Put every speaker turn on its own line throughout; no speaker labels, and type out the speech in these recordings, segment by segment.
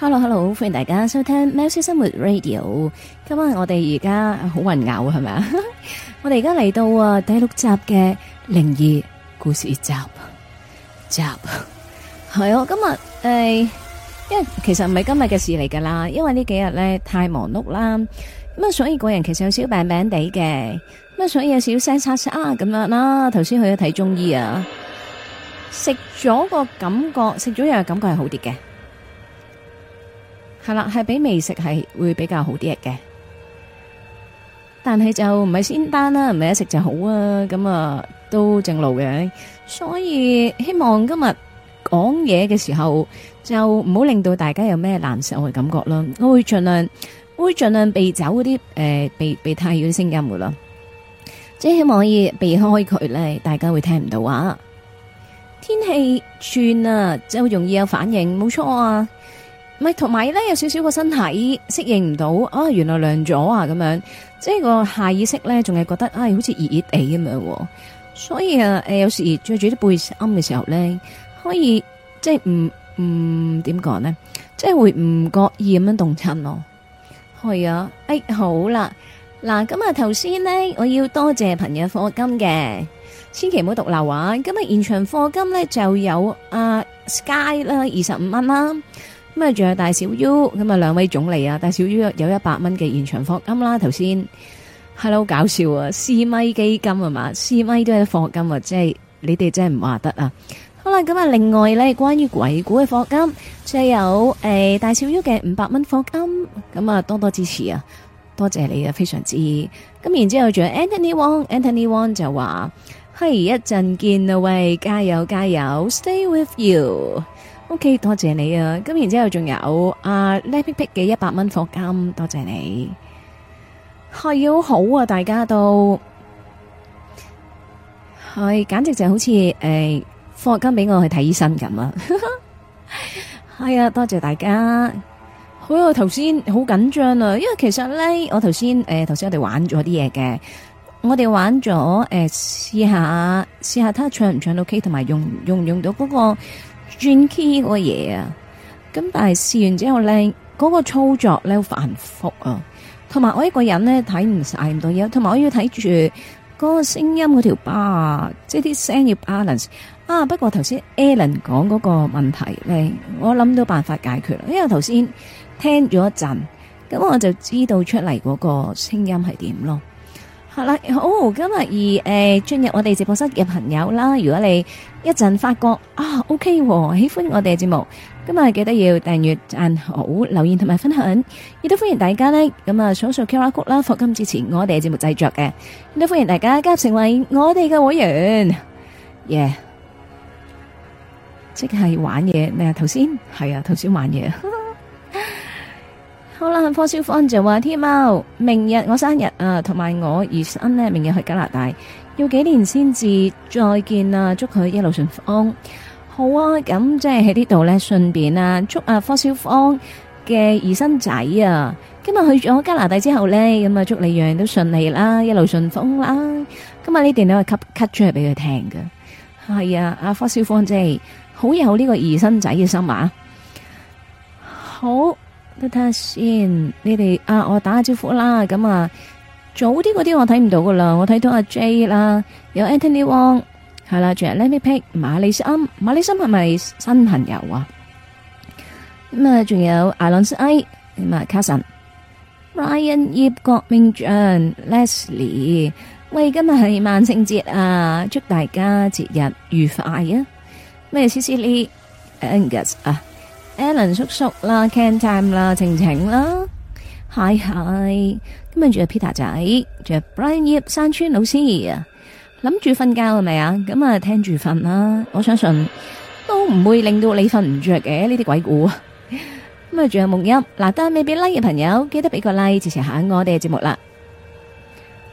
Hello，Hello，hello，歡迎大家收聽喵式生活 Radio。今日我哋而家好混淆，係咪啊？ 我哋而家嚟到啊第六集嘅靈異故事集集係啊， 今日誒、哎，因為其實唔係今日嘅事嚟噶啦，因為呢幾日咧太忙碌啦，咁啊所以個人其實有少少病病地嘅，咁啊所以有少少聲沙沙咁樣啦。頭先去咗睇中醫啊，食咗個感覺，食咗藥感覺係好啲嘅。係啦，係比未食係會比較好啲嘅，但係就唔係仙丹啦，唔係一食就好啊。咁啊都正路嘅，所以希望今日講嘢嘅時候就唔好令到大家有咩難受嘅感覺啦。我會盡量我會盡量避走嗰啲誒、避避，避太遠聲音嘅啦，即係希望可以避開佢咧，大家會聽唔到啊。天氣轉啊，就容易有反應，冇錯啊。唔係，同埋咧有少少個身體適應唔到，啊，原來涼咗啊，咁樣，即係個下意識咧，仲係覺得，啊、哎、好似熱熱地咁樣，所以啊，誒，有時着住啲背心嘅時候咧，可以即係唔唔點講咧，即係、嗯、會唔覺意咁樣凍親咯，係啊，誒、啊哎，好啦，嗱，咁啊，頭先呢，我要多謝，謝朋友課金嘅，千祈唔好獨留啊，咁啊，現場課金咧就有啊 Sky 啦，二十五蚊啦。咁啊，仲有大小 U，咁啊兩位總理啊，大小 U 有一百蚊嘅現場課金啦。頭先，係好搞笑啊！四米基金啊嘛，四米都係課金，即、就、係、是、你哋真係唔話得啊！好啦，咁啊，另外咧，關於鬼故嘅課金，再有誒、呃，大小 U 嘅五百蚊課金，咁啊，多多支持啊，多謝你啊，非常之意。咁然之後仲有 Anthony Wong，Anthony Wong 就話係，一、hey, 陣見，啊喂，加油加油，Stay with you。O、okay, K，多謝你啊！咁然之後仲有阿、啊、叻碧碧嘅一百蚊課金，多謝你係要好好啊！大家都係、啊、簡直就是好似誒課金俾我去睇醫生咁啊！係 啊，多謝大家！好、哎、啊，頭先好緊張啊，因為其實咧，我頭先誒頭先我哋玩咗啲嘢嘅，我哋玩咗誒試下試下睇下唱唔唱到 K，同埋用用唔用到嗰、那個。轉 key 嗰個嘢啊，咁但係試完之後咧，嗰個操作咧好繁複啊，同埋我一個人咧睇唔晒咁多嘢，同埋我要睇住嗰個聲音嗰條巴啊，即係啲聲要 balance 啊。不過頭先 Alan 講嗰個問題咧，我諗到辦法解決，因為頭先聽咗一陣，咁我就知道出嚟嗰個聲音係點咯。好，今日而誒進入我哋直播室嘅朋友啦，如果你一陣發覺啊，OK，啊喜歡我哋嘅節目，今日記得要訂閱、讚好、留言同埋分享，亦都歡迎大家呢，咁、嗯、啊，掃一掃 QR code 啦，課金支持我哋嘅節目製作嘅，亦都歡迎大家加入成為我哋嘅會員，yeah，即係玩嘢，咩啊頭先係啊頭先玩嘢。 好啦、啊，阿方小芳就話：天喵，明日我生日啊，同埋我姨甥咧，明日去加拿大，要幾年先至再見啊？祝佢一路順風。好啊，咁、嗯、即係喺呢度咧，順便啊，祝阿、啊、方小芳嘅姨甥仔啊，今日去咗加拿大之後咧，咁、嗯、啊，祝你樣樣都順利啦，一路順風啦。今日呢段都係 cut cut 出嚟俾佢聽嘅，係啊，阿、啊、方小芳真係好有呢個姨甥仔嘅心啊，好。睇下先，你哋啊，我打下招呼啦。咁啊，早啲嗰啲我睇唔到噶啦，我睇到阿 J 啦，有 Anthony Wong 係啦，仲有 Let me pick 馬里森，馬里森係咪新朋友啊？咁、嗯、啊，仲有 Alons I，咁啊 Casson Ryan 葉國明，John Leslie。喂，今日係萬聖節啊，祝大家節日愉快啊！咩 C C L Angus 啊？Alan 叔叔啦，Can Time 啦，晴晴啦，嗨嗨，今日仲有 Peter 仔，仲有 Brian 葉山村老師啊，諗住瞓覺係咪啊？咁啊，聽住瞓啦，我相信都唔會令到你瞓唔着嘅呢啲鬼故。咁啊，仲有木音嗱，但係未俾 like 嘅朋友記得俾個 like 支持下我哋嘅節目啦。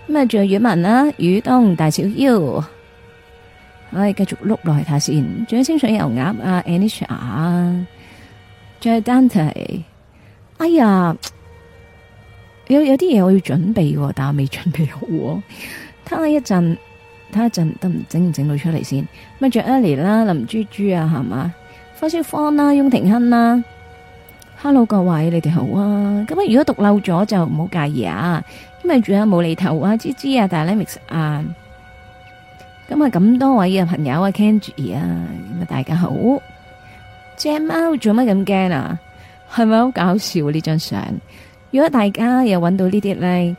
咁啊，仲有阮文啦，雨東大小 U，唉，繼續碌落去睇先。仲有清水牛鴨啊 Anisha。再單提，哎呀，有有啲嘢我要準備，但係未準備好。睇下一陣，睇下一陣，不弄不弄得唔整唔整到出嚟先。咪着 Elly 啦，林珠珠啊，係嘛，發燒 Fun 啦，雍廷亨啦、啊。Hello 各位，你哋好啊！咁啊，如果讀漏咗就唔好介意啊。咁啊，仲有冇厘頭啊，芝芝啊，大 limix 啊。咁啊，咁多位嘅朋友啊，Candie 啊，大家好。隻貓做乜咁驚啊？係咪好搞笑？呢張相，如果大家有搵到呢啲咧，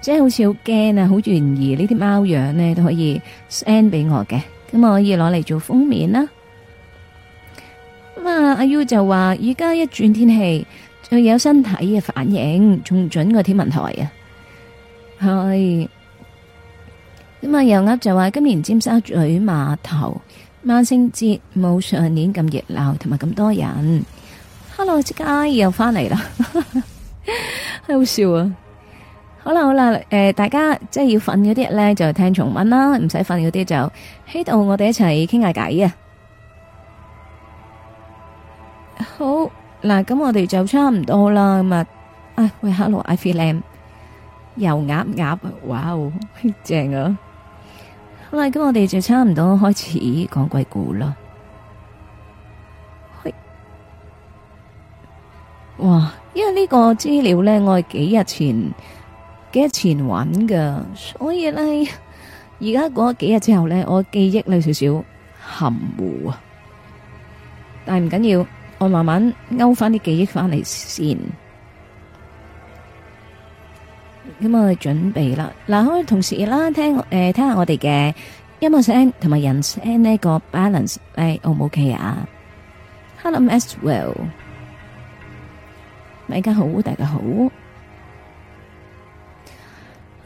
即係好似好驚啊，好懸疑呢啲貓樣咧都可以 send 俾我嘅，咁我可以攞嚟做封面啦。
咁
啊，阿 U 就話，而家一轉天氣，就有身體嘅反應，仲準過天文台啊。係、哎。咁啊，又呃就話，今年尖沙咀碼頭。萬聖節冇上年咁熱鬧，同埋咁多人。Hello，即刻又翻嚟啦，好笑啊！好啦好啦，誒，大家即係要瞓嗰啲咧就聽重溫啦，唔使瞓嗰啲就喺度我哋一齊傾下偈啊！好嗱，咁我哋就差唔多啦，咁啊，哎喂，Hello，I feel 靚，又鴨鴨，哇哦，正啊！好啦，咁我哋就差唔多開始講鬼故啦。哇，因為呢個資料呢，我係幾日前幾日前揾噶，所以呢，而家過咗幾日之後呢，我記憶有少少含糊啊。但係唔緊要，我慢慢勾翻啲記憶翻嚟先。咁我哋，準備啦！嗱，可以同時啦，聽誒，聽下我哋嘅音樂聲同埋人聲呢個 balance，誒，O 唔 O K 啊？Hello，as well，大家好，大家好。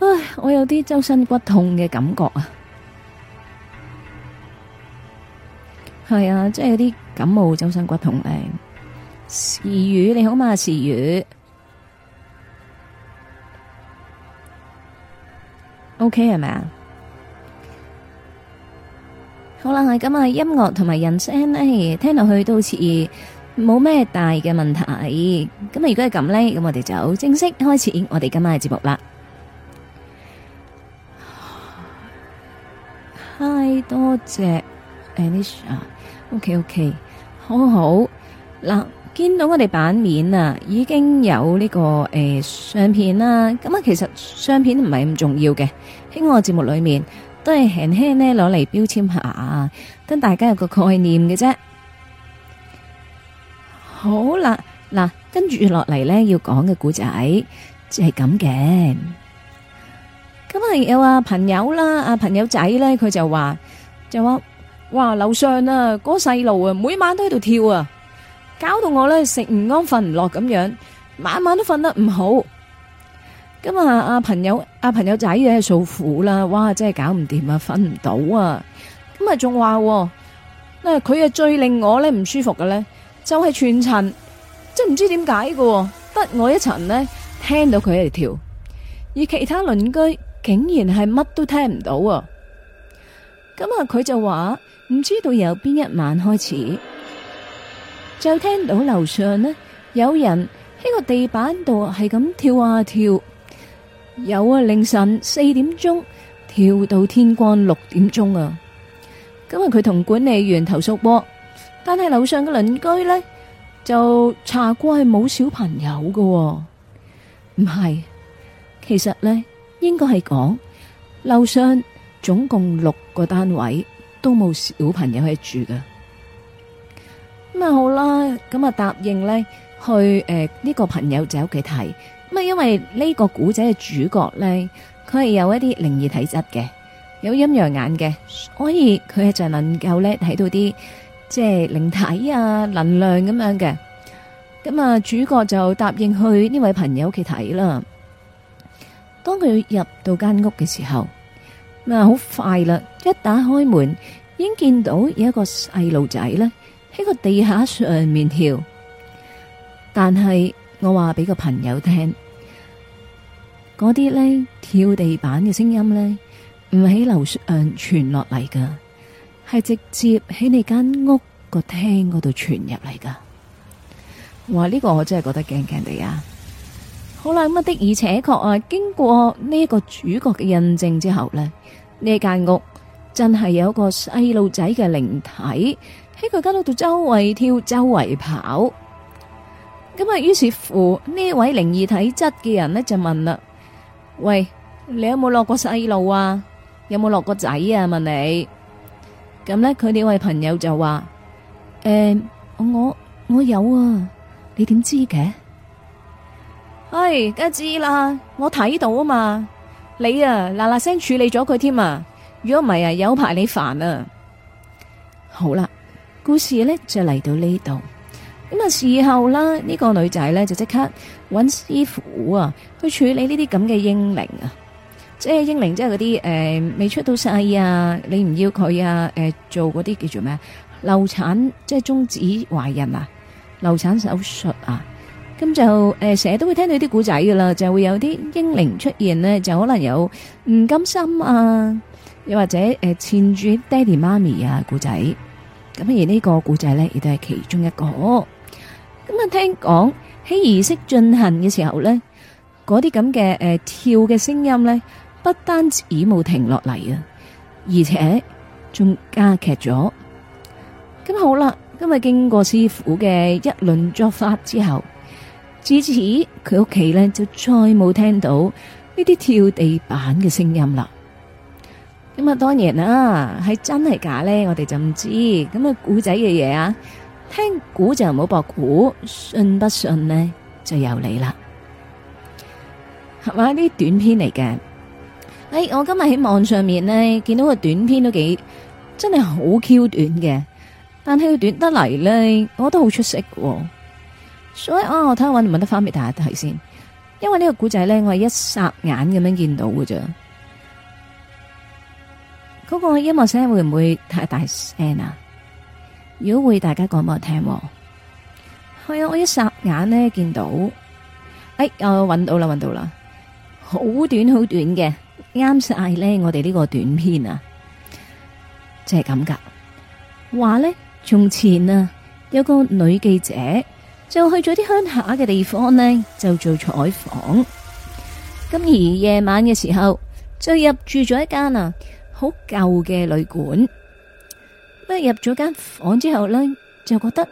唉，我有啲周身骨痛嘅感覺啊，係啊，即係有啲感冒周身骨痛誒。時雨你好嘛，時雨。O K，係咪啊？好啦，咁啊，音樂同埋人聲咧，聽落去都好似冇咩大嘅問題。咁啊，如果係咁咧，咁我哋就正式開始我哋今晚嘅節目啦。Hi，多謝 Anisha。O K，O K，好好嗱。見到我哋版面啊，已經有呢、這個誒、欸、相片啦。咁啊，其實相片唔係咁重要嘅，喺我節目裏面都係輕輕呢攞嚟標籤下，跟大家有個概念嘅啫。好啦，嗱，跟住落嚟呢要講嘅故仔就係咁嘅。咁啊，有啊朋友啦，啊朋友仔呢，佢就話就話，哇樓上啊，嗰個細路啊，每晚都喺度跳啊。搞到我咧食唔安，瞓唔落咁樣，晚晚都瞓得唔好。咁啊，阿朋友，阿朋友仔咧訴苦啦，哇，真係搞唔掂啊，瞓唔到啊。咁啊，仲話嗱，佢啊最令我咧唔舒服嘅咧，就係全層，即係唔知點解嘅，得我一層咧聽到佢喺度跳，而其他鄰居竟然係乜都聽唔到啊。咁啊，佢就話唔知道由邊一晚開始。就聽到樓上呢有人喺個地板度係咁跳啊跳，有啊凌晨四點鐘跳到天光六點鐘啊！咁啊佢同管理員投訴，但係樓上嘅鄰居呢就查過係冇小朋友㗎，唔係，其實呢應該係講樓上總共六個單位都冇小朋友喺住㗎。咁啊好啦，咁啊答應咧去誒呢個朋友仔屋企睇。咁啊因為呢個古仔嘅主角咧，佢係有一啲靈異體質嘅，有陰陽眼嘅，所以佢就能夠咧睇到啲即係靈體啊能量咁樣嘅。咁啊主角就答應去呢位朋友屋企睇啦。當佢入到間屋嘅時候，啊好快啦，一打開門已經見到有一個細路仔咧。喺個地下上面跳，但係我話俾個朋友聽，嗰啲咧跳地板嘅聲音咧，唔喺樓上傳落嚟噶，係直接喺你間屋個廳嗰度傳入嚟噶。話呢個我真係覺得驚驚地啊！好啦，咁啊，的而且確啊，經過呢一個主角嘅印證之後咧，呢間屋真係有一個細路仔嘅靈體。喺佢家度度周圍跳，周圍跑。咁啊，於是乎呢位靈異體質嘅人呢，就問啦：，喂，你有冇落過細路啊？有冇落過仔啊？問你，咁呢，佢呢位朋友就話：，誒、欸，我我有啊，你點知嘅，唉、哎，梗係知啦，我睇到啊嘛，你啊嗱嗱聲處理咗佢添啊，如果唔係啊，有排你煩啊。好啦。故事咧就嚟到呢度，咁啊事後啦，呢、這個女仔咧就即刻搵師傅啊，去處理呢啲咁嘅嬰靈啊，即係嬰靈，即係嗰啲誒未出到世啊，你唔要佢啊，誒、呃、做嗰啲叫做咩啊，流產，即係終止懷孕啊，流產手術啊，咁就誒成日都會聽到啲古仔噶啦，就會有啲嬰靈出現呢，就可能有唔甘心啊，又或者誒纏住爹哋媽咪啊古仔。咁而呢個古仔呢，亦都係其中一個。咁啊，聽講喺儀式進行嘅時候呢，嗰啲咁嘅誒跳嘅聲音呢，不單止冇停落嚟啊，而且仲加劇咗。咁好啦，今日經過師傅嘅一輪作法之後，至此佢屋企呢，就再冇聽到呢啲跳地板嘅聲音啦。咁啊，當然啦，係真係假咧，我哋就唔知。咁啊，古仔嘅嘢啊，聽古就唔好博古，信不信呢，就由你啦。係咪啲短片嚟嘅，誒、哎，我今日喺網上面呢，見到個短片都幾真係好 Q 短嘅，但係佢短得嚟呢，我覺得好出色。所以啊，我睇下搵唔搵得翻俾大家睇先。因為呢個古仔呢，我係一霎眼咁樣見到嘅咋。嗰個音樂聲會唔會太大聲啊？如果會，大家講俾我聽。係啊，我一霎眼咧，見到，哎，我搵到啦，搵到啦，好短好短嘅，啱晒咧我哋呢個短片啊，就係咁噶。話咧從前啊，有個女記者就去咗啲鄉下嘅地方呢，就做採訪。咁而夜晚嘅時候，就入住咗一間啊。好舊嘅旅館，不過入咗間房之後咧，就覺得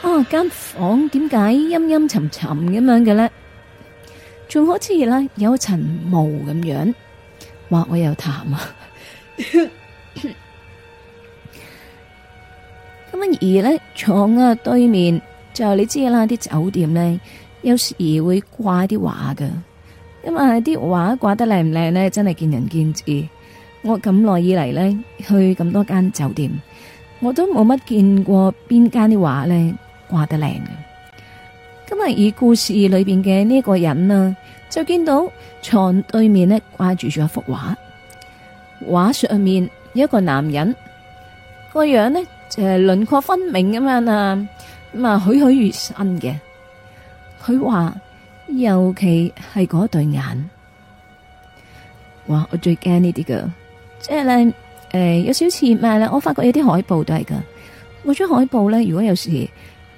啊，間房點解陰陰沉沉咁樣嘅咧？仲好似啦有層霧咁樣，哇！我又淡啊。咁啊而咧，床啊對面就你知啦，啲酒店咧有時會掛啲畫㗎。因為啲畫掛得靚唔靚呢？真係見仁見智。我咁耐以嚟呢，去咁多間酒店，我都冇乜見過邊間啲畫呢掛得靚嘅。今日以故事裏邊嘅呢一個人啊，就見到床對面呢掛住住一幅畫，畫上面有一個男人，個樣呢就係輪廓分明咁樣啊，咁啊栩栩如生嘅。佢話。尤其係嗰對眼，哇！我最驚呢啲噶，即係咧，誒、呃，有少似咩係咧，我發覺有啲海報都係噶。我咗海報咧，如果有時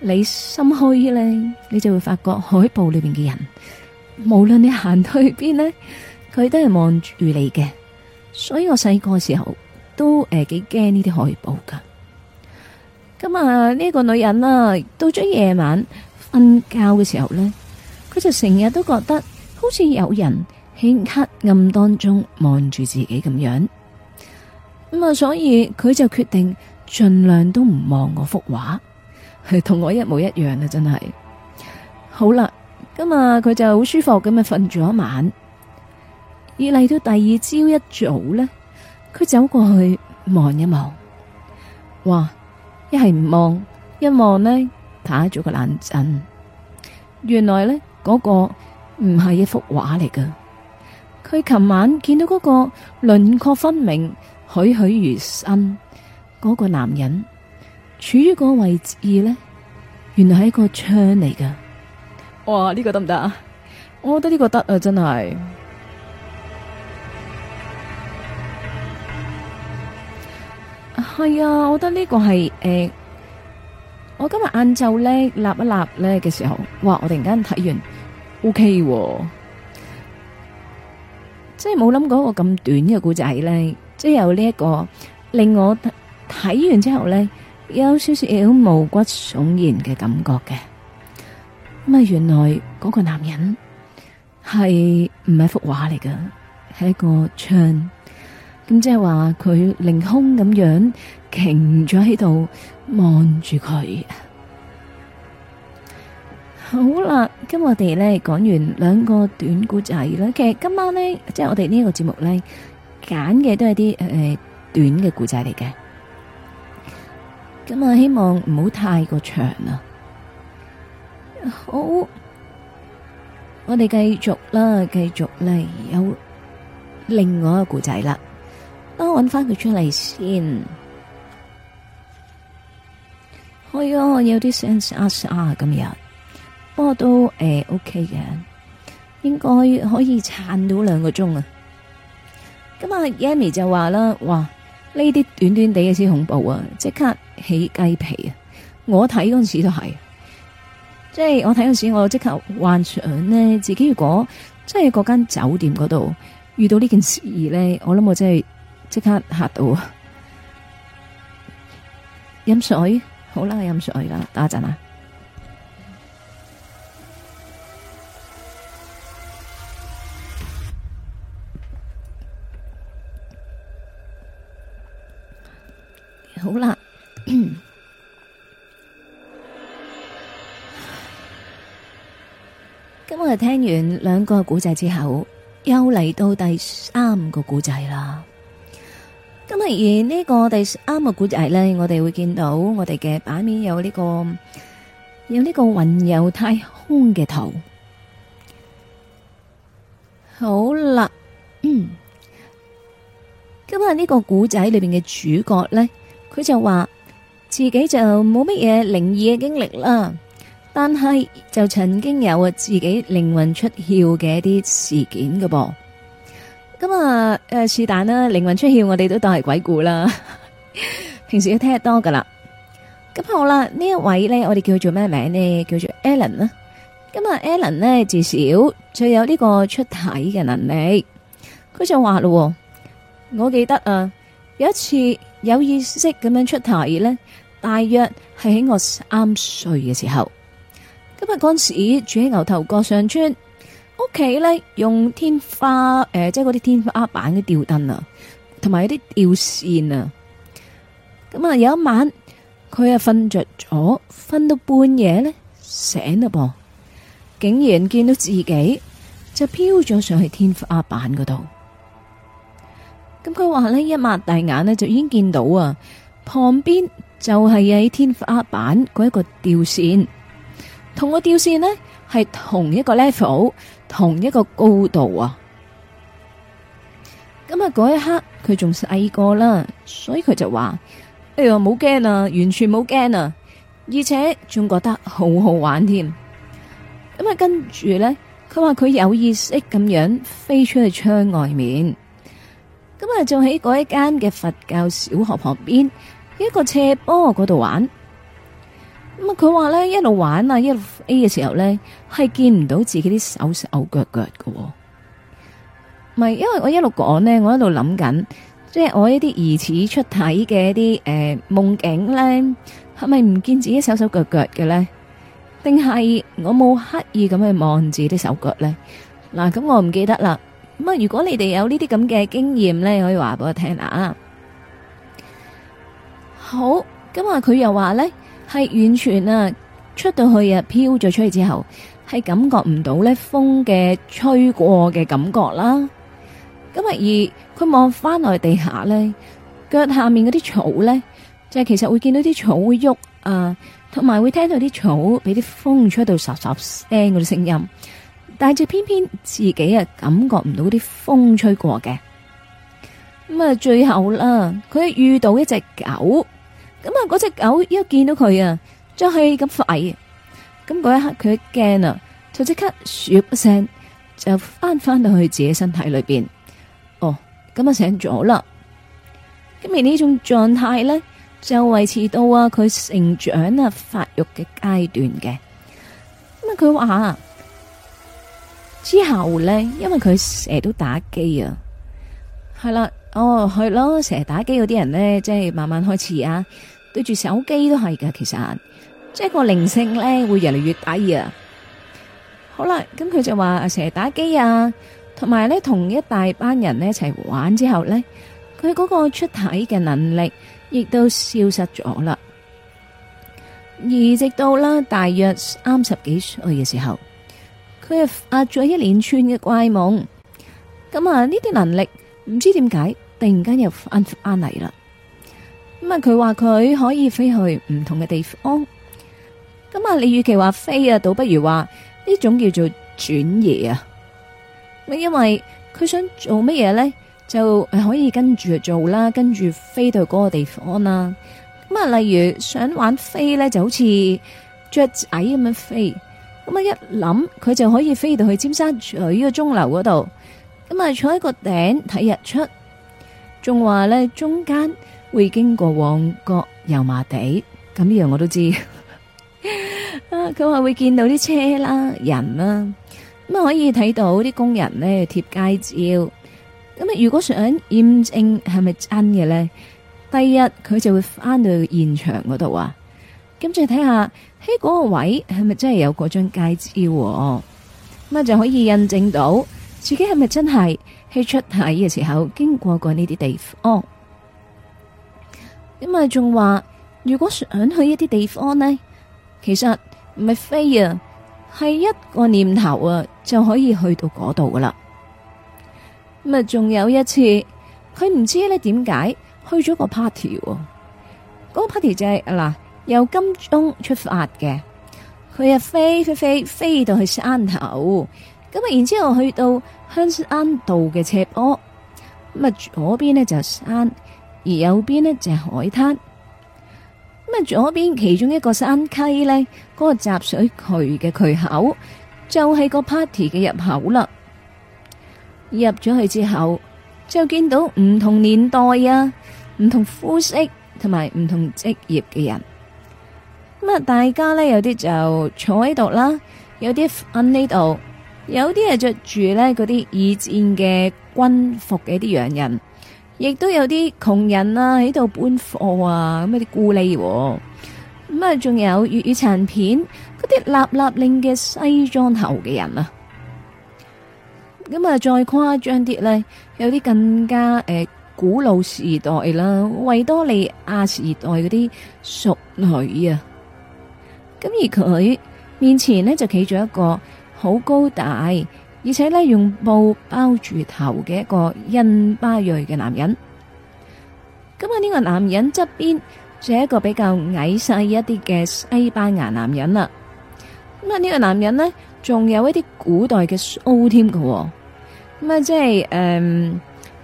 你心虛咧，你就會發覺海報裏邊嘅人，無論你行去邊咧，佢都係望住你嘅。所以我細個時候都誒幾驚呢啲海報噶。咁啊，呢、呃呢個女人啊，到咗夜晚瞓覺嘅時候咧。佢就成日都覺得好似有人喺黑暗當中望住自己咁樣，咁啊，所以佢就決定盡量都唔望我幅畫，係同我一模一樣啊。真係。好啦，今日佢就好舒服咁啊，瞓咗一晚。而嚟到第二朝一早呢，佢走過去望一望，嘩，一係唔望，一望呢，打咗個冷震，原來呢。嗰個唔係一幅畫嚟噶佢琴晚見到嗰個輪廓分明，栩栩如生嗰個男人，處於嗰個位置咧，原來係一個窗嚟噶。哇，呢個得唔得啊， 啊？我覺得呢個得啊，真係。係啊，我覺得呢個係誒，我今日晏晝咧立一立咧嘅時候，哇，我突然間睇完。O K，即係冇諗過一個咁短嘅故仔咧，即係有呢一個令我睇完之後咧，有少少毛骨悚然嘅感覺嘅。咁啊，原來嗰個男人係唔係一幅畫嚟㗎，係一個窗。咁即係話佢凌空咁樣擎咗喺度望住佢。好啦，咁我哋咧講完兩個短古仔啦。其實今晚咧，即係我哋呢一個節目咧，揀嘅都係啲誒短嘅古仔嚟嘅。咁、嗯、啊，希望唔好太過長啦。好，我哋繼續啦，繼續嚟有另外一個古仔啦。等我揾翻佢出嚟先。係啊，有啲 sense 啊咁樣。不過都誒 OK 嘅，應該可以撐到兩個鐘啊！咁啊，Yamy 就話啦，哇，呢啲短短地嘅先恐怖啊，即刻起雞皮啊！我睇嗰陣時都係，即係我睇嗰陣時，我即刻幻想呢，自己如果真係嗰間酒店嗰度遇到呢件事呢，我諗我真係即刻吓到啊！飲水好啦，飲水啦，等一陣啊！好啦，今日 聽完兩個古仔之後，又嚟到第三個古仔啦。今日而呢個第三個古仔咧，我哋會見到我哋嘅版面有呢個有呢個雲遊太空嘅圖。好啦，嗯，今日呢個古仔裏邊嘅主角咧。佢就話自己就冇乜嘢靈異嘅經歷啦，但係就曾經有啊自己靈魂出竅嘅啲事件噶噃。咁啊，誒是但啦，靈魂出竅我哋都當係鬼故啦。平時要聽得多噶啦。咁好啦，呢一位咧，我哋叫做咩名咧？叫做 Alan 啦。咁啊，Alan 咧自小就有呢個出體嘅能力。佢就話咯，我記得啊，有一次。有意識咁樣出題呢，大約係喺我三歲嘅時候。今日嗰時住喺牛頭角上村，屋企呢用天花誒、呃，即係嗰啲天花板嘅吊燈啊，同埋一啲吊線啊。咁啊，有一晚佢啊瞓着咗，瞓到半夜呢醒嘞噃，竟然見到自己就飄咗上去天花板嗰度。咁佢話呢，一擘大眼呢，就已經見到啊，旁邊就係喺天花板嗰一個吊扇，同個吊扇呢係同一個 level，同一個高度啊。咁啊，嗰一刻佢仲細個啦，所以佢就話：哎呀，冇驚啊，完全冇驚啊，而且仲覺得好好玩添。咁啊，跟住呢，佢話佢有意識咁樣飛出去窗外面。咁啊，就喺嗰一間嘅佛教小學旁邊，一個斜坡嗰度玩。咁啊，佢話咧一路玩啊一路 A 嘅時候咧，係見唔到自己啲手手腳腳嘅。唔係，因為我一路講咧，我一路諗緊，即係我一啲疑似出體嘅一啲誒夢境咧，係咪唔見自己手手腳腳嘅咧？定係我冇刻意咁去望自己啲手腳咧？嗱，咁我唔記得啦。咁啊！如果你哋有呢啲咁嘅經驗咧，可以話俾我聽下！好，咁啊，佢又話咧係完全啊出到去啊飄咗出去之後，係感覺唔到咧風嘅吹過嘅感覺啦。咁啊，而佢望翻落地下咧，腳下面嗰啲草咧，就係其實會見到啲草會喐啊，同埋會聽到啲草俾啲風吹到沙沙聲嗰啲聲音。但係就偏偏自己啊感覺唔到啲風吹過嘅。咁啊最後啦，佢遇到一隻狗，咁啊嗰隻狗一見到佢啊，就係咁吠，咁嗰一刻佢一驚啊，就即刻噓一聲，就翻翻到去自己身體裏邊。哦，咁啊醒咗啦，咁而呢種狀態咧就維持到啊佢成長啊發育嘅階段嘅，咁啊佢話。之後呢，因為佢成日都打機啊，係啦，哦，係咯，成日打機嗰啲人呢，即係慢慢開始啊，對住手機都係噶，其實即係個靈性呢會越嚟越低啊。好啦，咁佢就話成日打機啊，同埋呢，同一大班人呢一齊玩之後呢，佢嗰個出體嘅能力亦都消失咗啦。而直到啦大約三十幾歲嘅時候，佢係壓咗一連串嘅怪夢，咁啊呢啲能力唔知點解突然間又翻翻嚟啦。咁啊佢話佢可以飛去唔同嘅地方，咁啊你與其話飛啊，倒不如話呢種叫做轉移啊。咁因為佢想做乜嘢呢，就可以跟住做啦，跟住飛到嗰個地方啦。咁啊，例如想玩飛呢，就好似雀仔咁樣飛。咁啊！一諗佢就可以飛到去尖沙咀個鐘樓嗰度，咁啊坐喺個頂睇日出，仲話咧中間會經過旺角油麻地，咁呢樣我都知。啊，佢話會見到啲車啦、人啦、啊，咁啊可以睇到啲工人呢貼街招。咁啊，如果想驗證係咪真嘅咧，第二日，佢就會翻到去現場嗰度啊，咁再睇下。喺嗰個位係咪真係有嗰張戒指？咁啊就可以印證到自己係咪真係喺出體嘅時候經過過呢啲地方。咁啊仲話，如果想去一啲地方呢，其實唔係飛啊，係一個念頭啊就可以去到嗰度噶啦。咁啊仲有一次，佢唔知咧點解去咗個 party 嗰、啊嗰個 party 就係、是、啊嗱。由金鐘出發嘅，佢啊飛飛飛飛到去山頭，咁啊然之後去到香山道嘅斜坡，咁啊左邊呢就係山，而右邊呢就係海灘。咁啊左邊其中一個山溪呢，嗰個集水渠嘅渠口就係個 party 嘅入口啦。入咗去之後，就見到唔同年代啊，唔同膚色同埋唔同職業嘅人。咁啊，大家咧有啲就坐喺度啦，有啲喺呢度，有啲係着住咧嗰啲二戰嘅軍服嘅一啲洋人，亦都有啲窮人啊喺度搬貨啊，咁啊啲咕喱、哦，咁啊仲有粵語殘片，嗰啲立立令嘅西裝頭嘅人啊，咁啊再誇張啲咧，有啲更加誒、欸、古老時代啦，維多利亞時代嗰啲淑女啊。咁而佢面前咧就企咗一個好高大，而且咧用布包住頭嘅一個印巴裔嘅男人。咁啊呢個男人側邊就係一個比較矮細一啲嘅西班牙男人啦。咁啊呢個男人咧仲有一啲古代嘅鬚添㗎。咁啊即係誒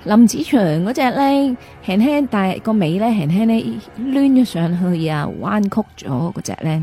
林子祥嗰隻咧，輕輕帶個尾咧輕輕咧攣咗上去啊，彎曲咗嗰隻咧。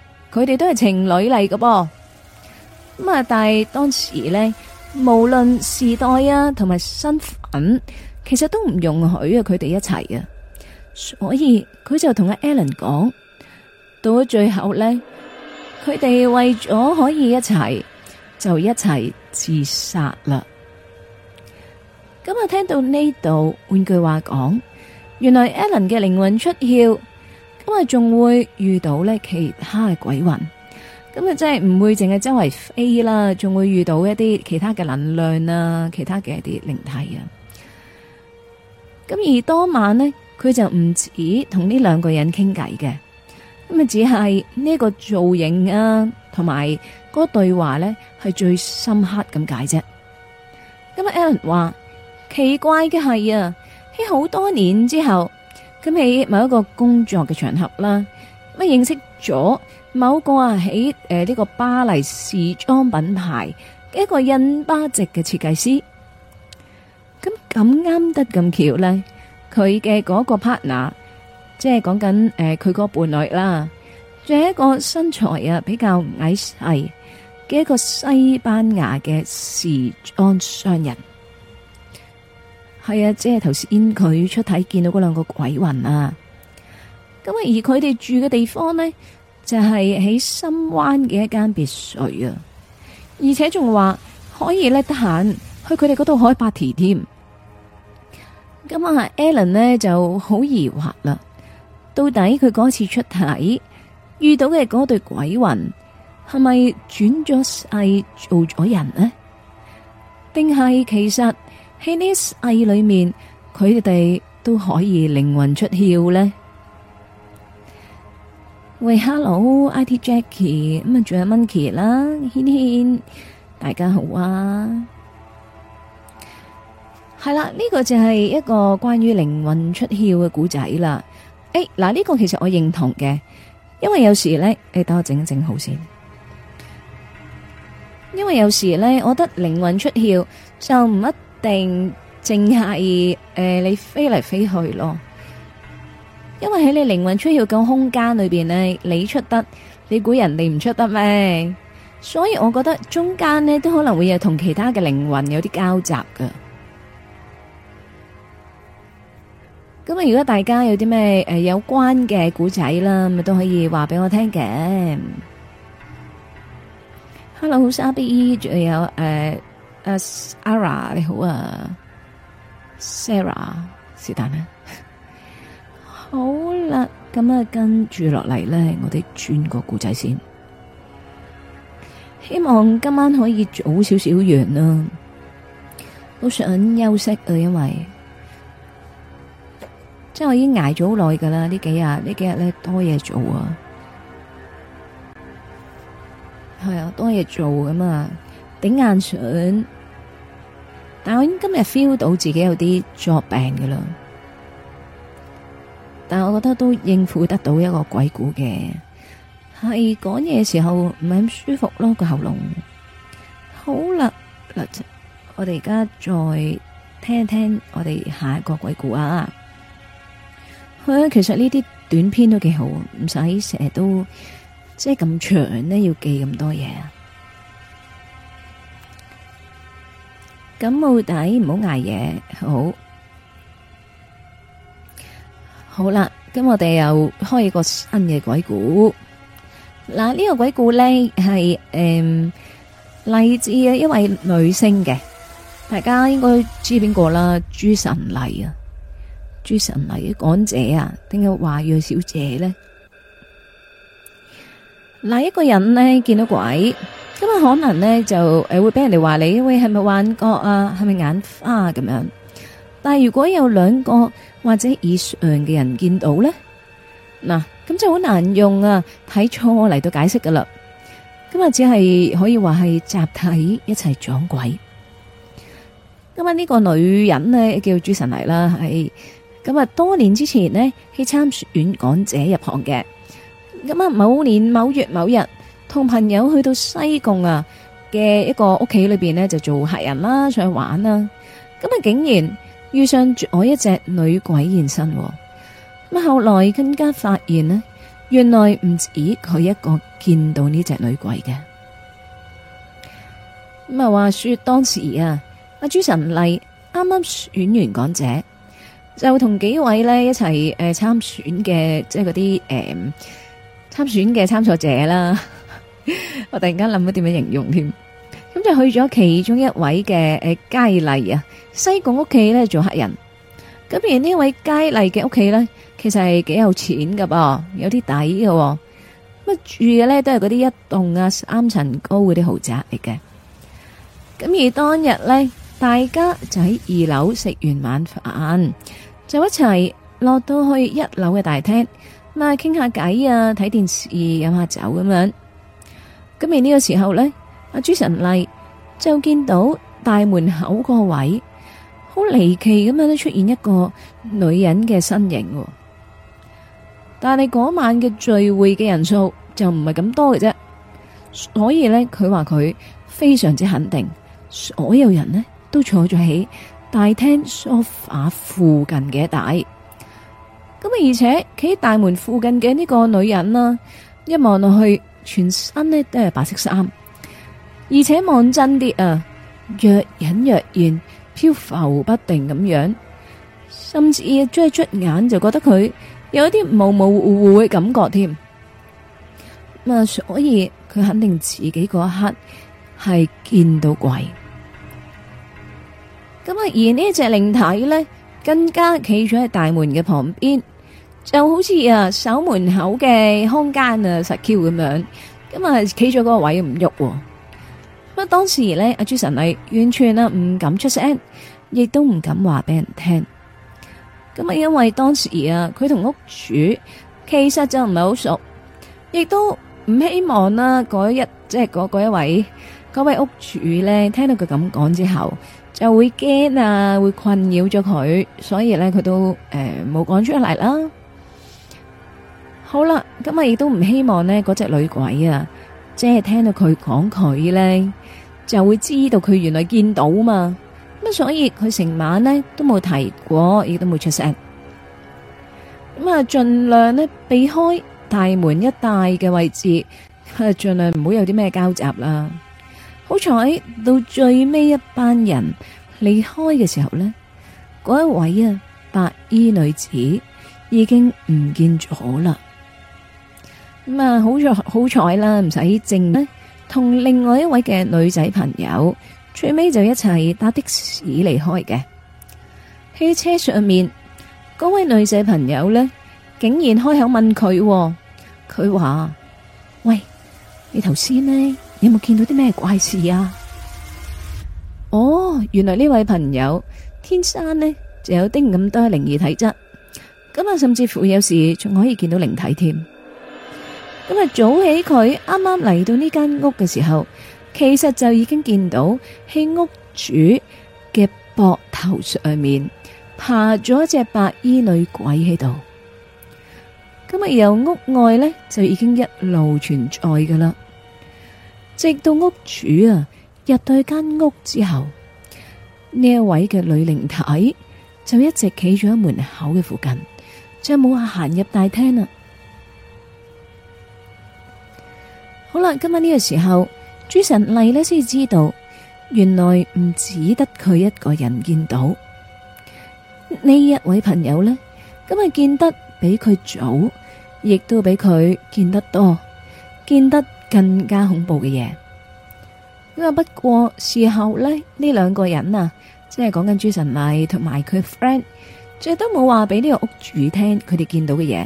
佢哋都係情侶嚟嘅噃，咁啊！但係當時呢，無論時代啊，同埋身份，其實都唔容許佢哋一齊嘅，所以佢就同阿 Alan 講。到咗最後呢，佢哋為咗可以一齊，就一齊自殺啦。咁啊，聽到呢度，換句話講，原來 Alan 嘅靈魂出竅。咁啊，仲會遇到咧其他嘅鬼魂，咁啊，即係唔會淨係周圍飛啦，仲會遇到一啲其他嘅能量啊，其他嘅一啲靈體啊。咁而當晚呢，佢就唔止同呢兩個人傾偈嘅，咁啊，只係呢個造型啊，同埋嗰對話呢係最深刻咁解啫。咁啊，Alan 話奇怪嘅係啊，喺好多年之後。咁喺某一個工作嘅場合啦，咁啊認識咗某個啊喺誒呢個巴黎時裝品牌嘅一個印巴籍嘅設計師，咁咁啱得咁巧咧，佢嘅嗰個 partner，即係講緊誒佢個伴侶啦，就係一個身材啊比較矮細嘅一個西班牙嘅時裝商人。係啊，即係頭先佢出體見到嗰兩個鬼魂啊，咁啊而佢哋住嘅地方呢，就係、是、喺深灣嘅一間別墅啊，而且仲話可以呢得閒去佢哋嗰度開 party 添。咁啊，Alan 呢就好疑惑啦，到底佢嗰次出體遇到嘅嗰對鬼魂係咪轉咗世做咗人呢？定係其實？喺呢戲裏面，佢哋都可以靈魂出竅呢。喂，hello，I T Jackie，咁啊，仲有 Monkey 啦，軒軒，大家好啊。係啦，呢個就係一個關於靈魂出竅嘅故仔啦。誒，嗱，呢個其實我認同嘅，因為有時咧，誒，等我整一整好先。因為有時咧，我覺得靈魂出竅就唔一。定淨係誒，你飛嚟飛去咯，因為喺你靈魂出竅嘅空間裏邊呢，你出得，你估人哋唔出得咩？所以我覺得中間呢，都可能會有同其他嘅靈魂有啲交集噶。咁啊，如果大家有啲咩誒有關嘅古仔啦，咪都可以話俾我聽嘅。Hello，好，莎碧姨，仲有誒。誒，Sarah 你好啊，Sarah 是但咧，好啦，咁啊跟住落嚟咧，我哋轉個故仔先，希望今晚可以早少少完啦，都想休息啊，因為即係我已經挨咗好耐噶啦，呢幾日呢幾日咧多嘢做啊，係啊，多嘢做噶嘛。頂硬上，但我已經今日 feel 到自己有啲作病嘅啦。但係我覺得都應付得到一個鬼故嘅，係講嘢嘅時候唔係咁舒服咯，個喉嚨。好啦，我哋而家再聽一聽我哋下一個鬼故啊。佢其實呢啲短篇都幾好，唔使成日都即係咁長咧，要記咁多嘢。感冒底唔好挨夜，好，好啦。咁我哋又開一個新嘅鬼故。嗱，呢個鬼故咧係誒，嚟自一位女星嘅，大家應該知邊個啦？朱晨麗啊，朱晨麗，港姐啊，點解話若小姐咧？嗱，一個人咧見到鬼。咁可能呢就誒會俾人哋話你，喂係咪幻覺啊，係咪眼花咁、啊、樣？但係如果有兩個或者以上嘅人見到呢，嗱咁就好難用啊，睇錯嚟到解釋噶啦。咁啊，只係可以話係集體一齊撞鬼。咁呢個女人呢，叫朱晨麗啦，係咁啊，多年之前呢去參選港姐入行嘅。咁啊，某年某月某日。同朋友去到西貢啊嘅一個屋企裏邊呢，就做客人啦，上去玩啦。咁啊，竟然遇上住我一隻女鬼現身。咁啊，後來更加發現呢，原來唔止佢一個見到呢隻女鬼嘅。咁啊，話說當時啊，阿朱晨麗啱啱選完港姐，就同幾位呢一齊誒參選嘅，即係嗰啲誒參選嘅參賽者啦。我突然間諗唔到點樣形容添，咁就去咗其中一位嘅誒佳麗啊西貢屋企咧做客人。咁而呢位佳麗嘅屋企咧，其實係幾有錢噶，噃有啲底嘅。咁住嘅咧都係嗰啲一棟啊三層高嗰啲豪宅嚟嘅。咁而當日咧，大家就喺二樓食完晚飯，就一齊落到去一樓嘅大廳，咁啊傾下偈啊，睇電視，飲下酒咁樣。咁而呢個時候呢，阿朱神麗就見到大門口個位好離奇咁樣都出現一個女人嘅身形。但係嗰晚嘅聚會嘅人數就唔係咁多嘅啫，所以呢，佢話佢非常之肯定，所有人呢都坐咗喺大廳沙發附近嘅一帶。咁啊，而且企喺大門附近嘅呢個女人啦，一望落去。全身咧都係白色衫，而且望真啲啊，若隱若現，漂浮不定咁樣，甚至一捽一捽眼就覺得佢有啲模模糊糊嘅感覺添。咁啊，所以佢肯定自己嗰一刻係見到鬼。咁啊，而呢隻靈體咧，更加企咗喺大門嘅旁邊。就好似啊，守門口嘅空間啊，實 Q 咁樣，咁啊企咗嗰個位唔喐。咁啊，當時咧，阿朱神尼完全啦唔敢出聲，亦都唔敢話俾人聽。咁啊，因為當時啊，佢同屋主其實就唔係好熟，亦都唔希望啦，啊，嗰一即係嗰個一位嗰位屋主咧，聽到佢咁講之後，就會驚啊，會困擾咗佢，所以咧，佢都誒冇講出嚟啦。好啦，咁啊亦都唔希望呢嗰隻女鬼啊，即係聽到佢講佢咧，就會知道佢原來見到嘛，咁所以佢成晚呢都冇提過，亦都冇出聲。咁啊盡量呢，避開大門一帶嘅位置，盡量唔好有啲咩交集啦。好彩到最尾一班人離開嘅時候呢，嗰一位啊白衣女子已經唔見咗啦。咁啊，好好彩啦，唔使靜呢，同另外一位嘅女仔朋友最尾就一齊搭的士離開嘅。汽車上面嗰位女仔朋友呢，竟然開口問佢，佢話：喂，你頭先呢，有冇見到啲咩怪事啊？哦，原來呢位朋友天生呢就有啲咁多靈異體質，咁啊，甚至乎有時仲可以見到靈體添。咁啊！早起佢啱啱嚟到呢間屋嘅時候，其實就已經見到喺屋主嘅膊頭上面爬咗隻白衣女鬼喺度。咁啊，由屋外呢就已經一路存在噶啦，直到屋主啊入到間屋之後，呢一位嘅女靈體就一直企喺門口嘅附近，就冇行入大廳啦。好啦，今晚呢個時候，朱晨麗呢先知道，原來唔只得佢一個人見到。呢一位朋友呢，今日見得比佢早，亦都比佢見得多，見得更加恐怖嘅嘢。咁啊，不過事後呢，呢兩個人啊，即係講緊朱晨麗同埋佢 friend，最都冇話俾呢個屋主聽佢哋見到嘅嘢。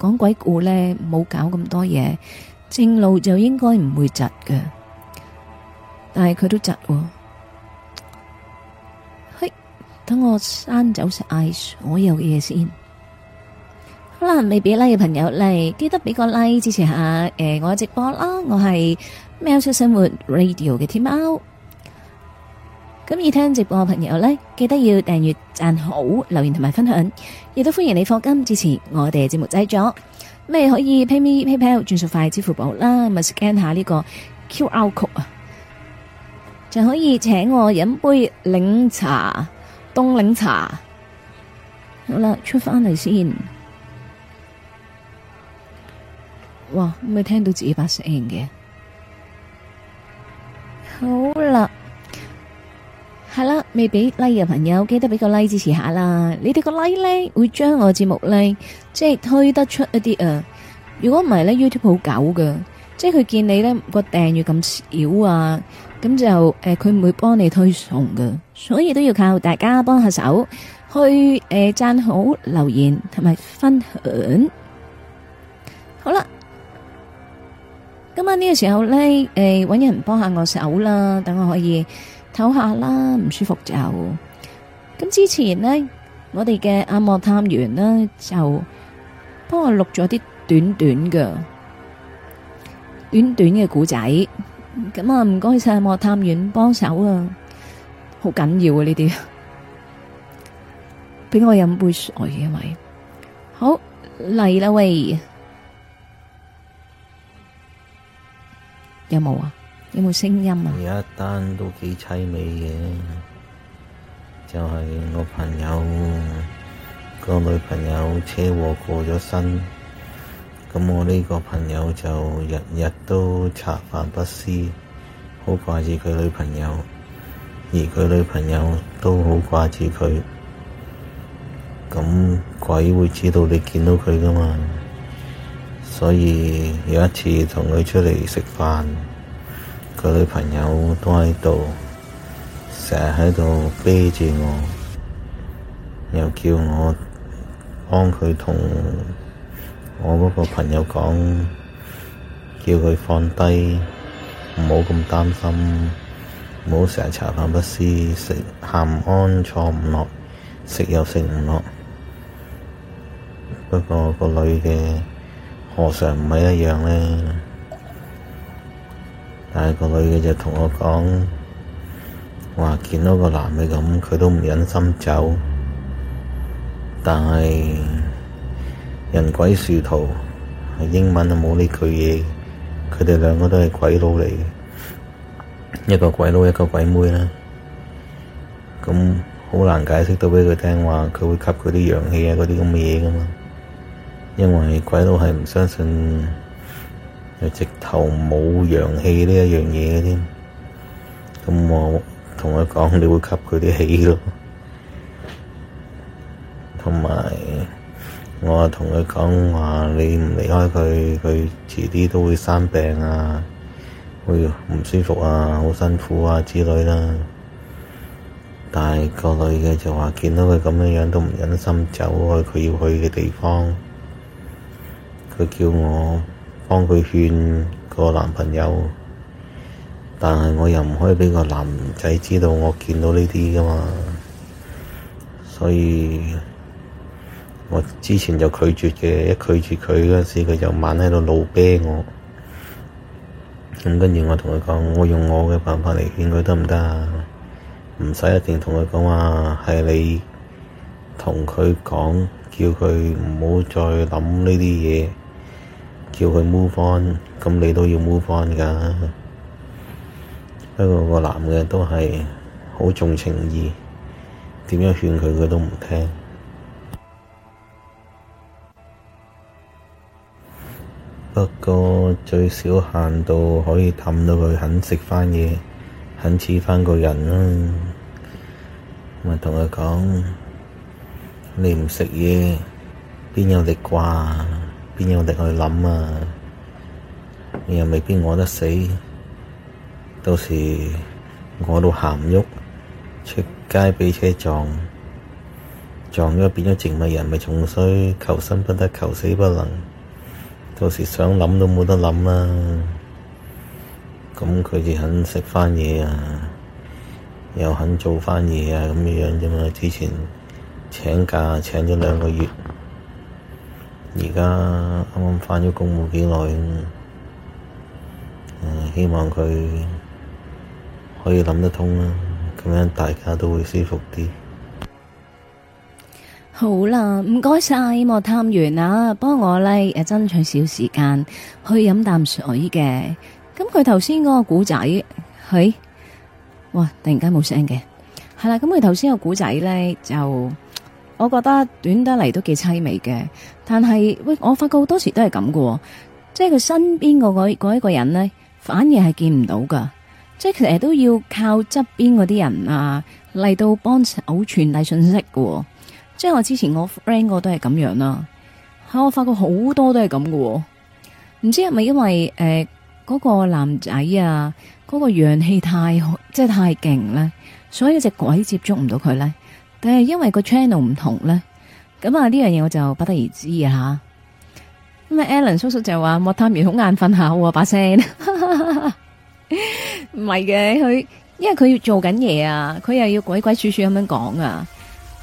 講鬼故咧，冇搞咁多嘢，正路就應該唔會窒嘅。但係佢都窒喎。嘿，等我刪走晒所有嘅嘢先。好啦，未俾 like 嘅朋友嚟，記得俾個 like 支持下。誒，我嘅直播啦，我係喵式生活 Radio 嘅天貓。咁而聽直播嘅朋友呢，記得要訂閱、讚好、留言同埋分享，亦都歡迎你課金支持我哋節目製作。咩可以 PayMe、PayPal 轉數快、支付寶啦，咪、啊、scan 下呢個 QR code 啊，就可以請我飲杯檸茶，冬檸茶。好啦，出翻嚟先。哇，咪唔聽到自己把聲嘅？好啦。係啦，未俾 like 嘅朋友，記得俾個 like 支持下啦。你哋個 like 咧，會將我節目咧，即係推得出一啲啊。如果唔係咧，YouTube 好狗㗎，即係佢見你咧個訂閱咁少啊，咁就誒，佢、呃、唔會幫你推送㗎。所以都要靠大家幫下手，去誒讚、呃、好、留言同埋分享。好啦，今晚呢個時候咧，誒、呃、搵人幫下我手啦，等我可以唞下啦，唔舒服就咁。之前呢，我哋嘅阿莫探員呢就幫我錄咗啲短短嘅短短嘅古仔。咁啊，唔該晒阿莫探員幫手啊，好緊要啊呢啲。俾我飲杯水，因為好嚟啦喂，有冇啊？有冇聲音啊？有
一單都幾淒美嘅，就係我朋友個女朋友車禍過咗身，咁我呢個朋友就日日都茶飯不思，好掛住佢女朋友，而佢女朋友都好掛住佢，咁鬼會知道你見到佢噶嘛？所以有一次同佢出嚟食飯。佢女朋友都喺度，成日喺度啤住我，又叫我幫佢同我嗰個朋友講，叫佢放低，唔好咁擔心，唔好成日茶飯不思，食唔安，坐唔落，食又食唔落。不過個女嘅何嘗唔係一樣呢？但係個女嘅就同我講，話見到個男嘅咁，佢都唔忍心走。但係人鬼殊途，係英文啊冇呢句嘢。佢哋兩個都係鬼佬嚟嘅，一個鬼佬一個鬼妹啦。咁好難解釋到俾佢聽，話佢會吸佢啲陽氣啊，嗰啲咁嘅嘢噶嘛。因為鬼佬係唔相信。直頭冇陽氣呢一樣嘢嘅添，咁我同佢講，你會吸佢啲氣咯，同埋我同佢講話，你唔離開佢，佢遲啲都會生病啊，會唔舒服啊，好辛苦啊之類啦。但係個女嘅就話見到佢咁嘅樣都唔忍心走去佢要去嘅地方，佢叫我。幫佢勸個男朋友，但係我又唔可以畀個男仔知道我見到呢啲噶嘛，所以我之前就拒絕嘅，一拒絕佢嗰陣時，佢就猛喺度怒啤我。咁跟住我同佢講，我用我嘅辦法嚟勸佢得唔得啊？唔使一定同佢講話係你同佢講，叫佢唔好再諗呢啲嘢。叫佢 move on，咁你都要 move on 㗎。不過個男嘅都係好重情義，點樣勸佢佢都唔聽。不過最少限度可以氹到佢肯食翻嘢，肯似翻個人啦。咪同佢講：你唔食嘢，邊有力啩？邊有力去諗啊！你又未必餓得死，到時我都行唔喐，出街俾車撞，撞咗變咗植物人，咪仲衰，求生不得，求死不能，到時想諗都冇得諗啊！咁佢就肯食翻嘢啊，又肯做翻嘢啊，咁樣啫嘛！之前請假請咗兩個月。而家啱啱翻咗工冇幾耐，嗯，希望佢可以諗得通啦，咁樣大家都會舒服啲。
好啦，唔該晒，莫探員啊，幫我嚟，誒，爭取少時間去飲啖水嘅。咁佢頭先嗰個古仔，佢哇突然間冇聲嘅，係啦。咁佢頭先個古仔咧就，我覺得短得嚟，都幾凄美嘅，但係喂，我發覺好多時都係咁喎，即係佢身邊，嗰個嗰一個人咧，反而係見唔到噶，即係其實都要靠側邊嗰啲人啊嚟到幫手傳遞信息喎，哦。即係我之前我 friend 過都係咁樣啦，吓，我發覺好多都係咁嘅，唔知係咪因為誒嗰，呃嗰個男仔啊，嗰，嗰個陽氣太即係太勁咧，所以隻鬼接觸唔到佢咧。但係因為個 channel 唔同咧，咁啊呢樣嘢我就不得而知啊吓。咁啊，Alan 叔叔就話莫探明好眼瞓下，把聲唔係嘅，佢 因為佢要做緊嘢啊，佢又要鬼鬼祟祟咁樣講啊。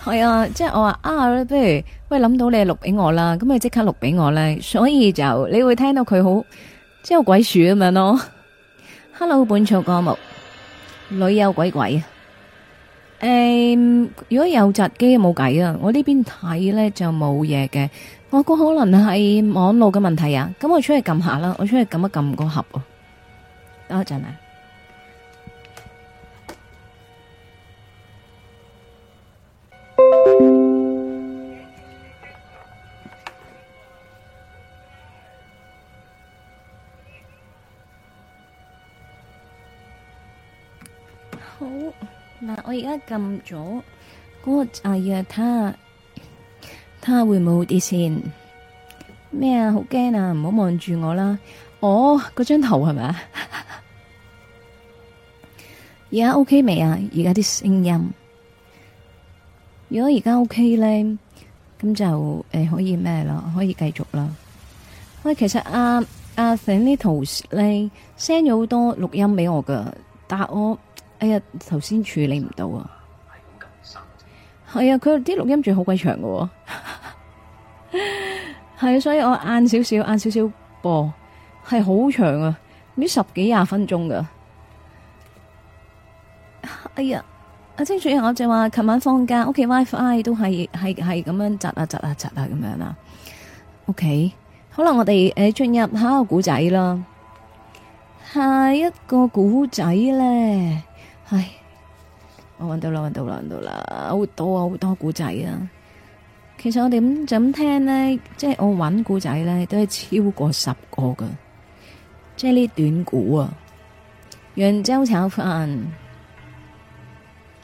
係啊，即係我話啊，不如喂諗到你錄俾我啦，咁你即刻錄俾我咧。所以就你會聽到佢好即係鬼鼠咁樣咯。Hello，本草綱目，女友鬼鬼啊。誒、um,，如果有閘機冇計啊！我呢邊睇咧就冇嘢嘅，我估可能係網絡嘅問題啊！咁我出去撳下啦，我出去撳一撳個盒啊，等一陣啊。我而家撳咗嗰個，哎呀，他他會冇啲先咩啊？好驚啊！唔好望住我啦。哦，嗰張頭係咪啊？而家 OK 未啊？而家啲聲音如果而家 OK 咧，咁就誒，可以咩咯？可以繼續啦。喂，其實阿阿醒呢圖咧 send 咗好多錄音俾我噶，但係我。哎呀，頭先處理唔到啊！係咁急係啊，佢啲錄音住好鬼長噶，係啊，所以我晏少少，晏少少播，係好長啊，啲十幾廿分鐘噶。哎呀，阿青主，我就話，琴晚放假，屋企、okay, WiFi 都係係係咁樣窒啊窒啊窒啊咁樣啦。OK，好啦，我哋誒進入下一個古仔啦。下一個古仔咧。唉，我揾到啦，揾到啦，揾到啦，好多好多古仔啊！其實我哋咁就咁聽呢，即係我揾古仔呢，都係超過十個噶，即係啲短古啊，揚州炒飯，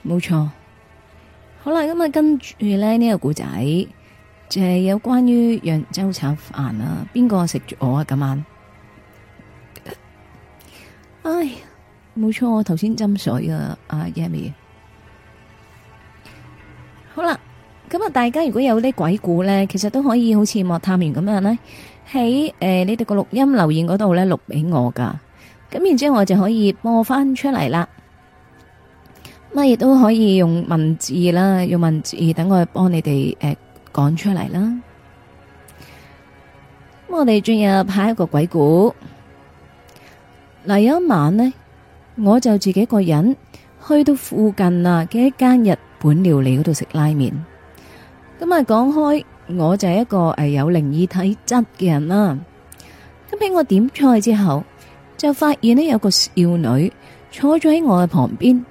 冇錯。好啦，咁、嗯這個就是、啊，跟住呢呢個古仔就係有關於揚州炒飯啊，邊個食住我啊？今晚，唉。冇錯，我頭先斟水啊，阿 Yami。好啦，咁啊，大家如果有啲鬼故咧，其實都可以好似莫探員咁樣咧，喺誒、呃、你哋個錄音留言嗰度咧錄俾我噶，咁然之後我就可以播翻出嚟啦。乜亦都可以用文字啦，用文字等我幫你哋誒、呃、講出嚟啦。咁我哋轉入下一個鬼故。嗱，有一晚呢。我就自己一個人去到附近啊嘅一間日本料理嗰度食拉麵。咁啊講開，我就係一個誒有靈異體質嘅人啦。咁喺我點菜之後，就發現呢，有個少女坐咗喺我嘅旁邊。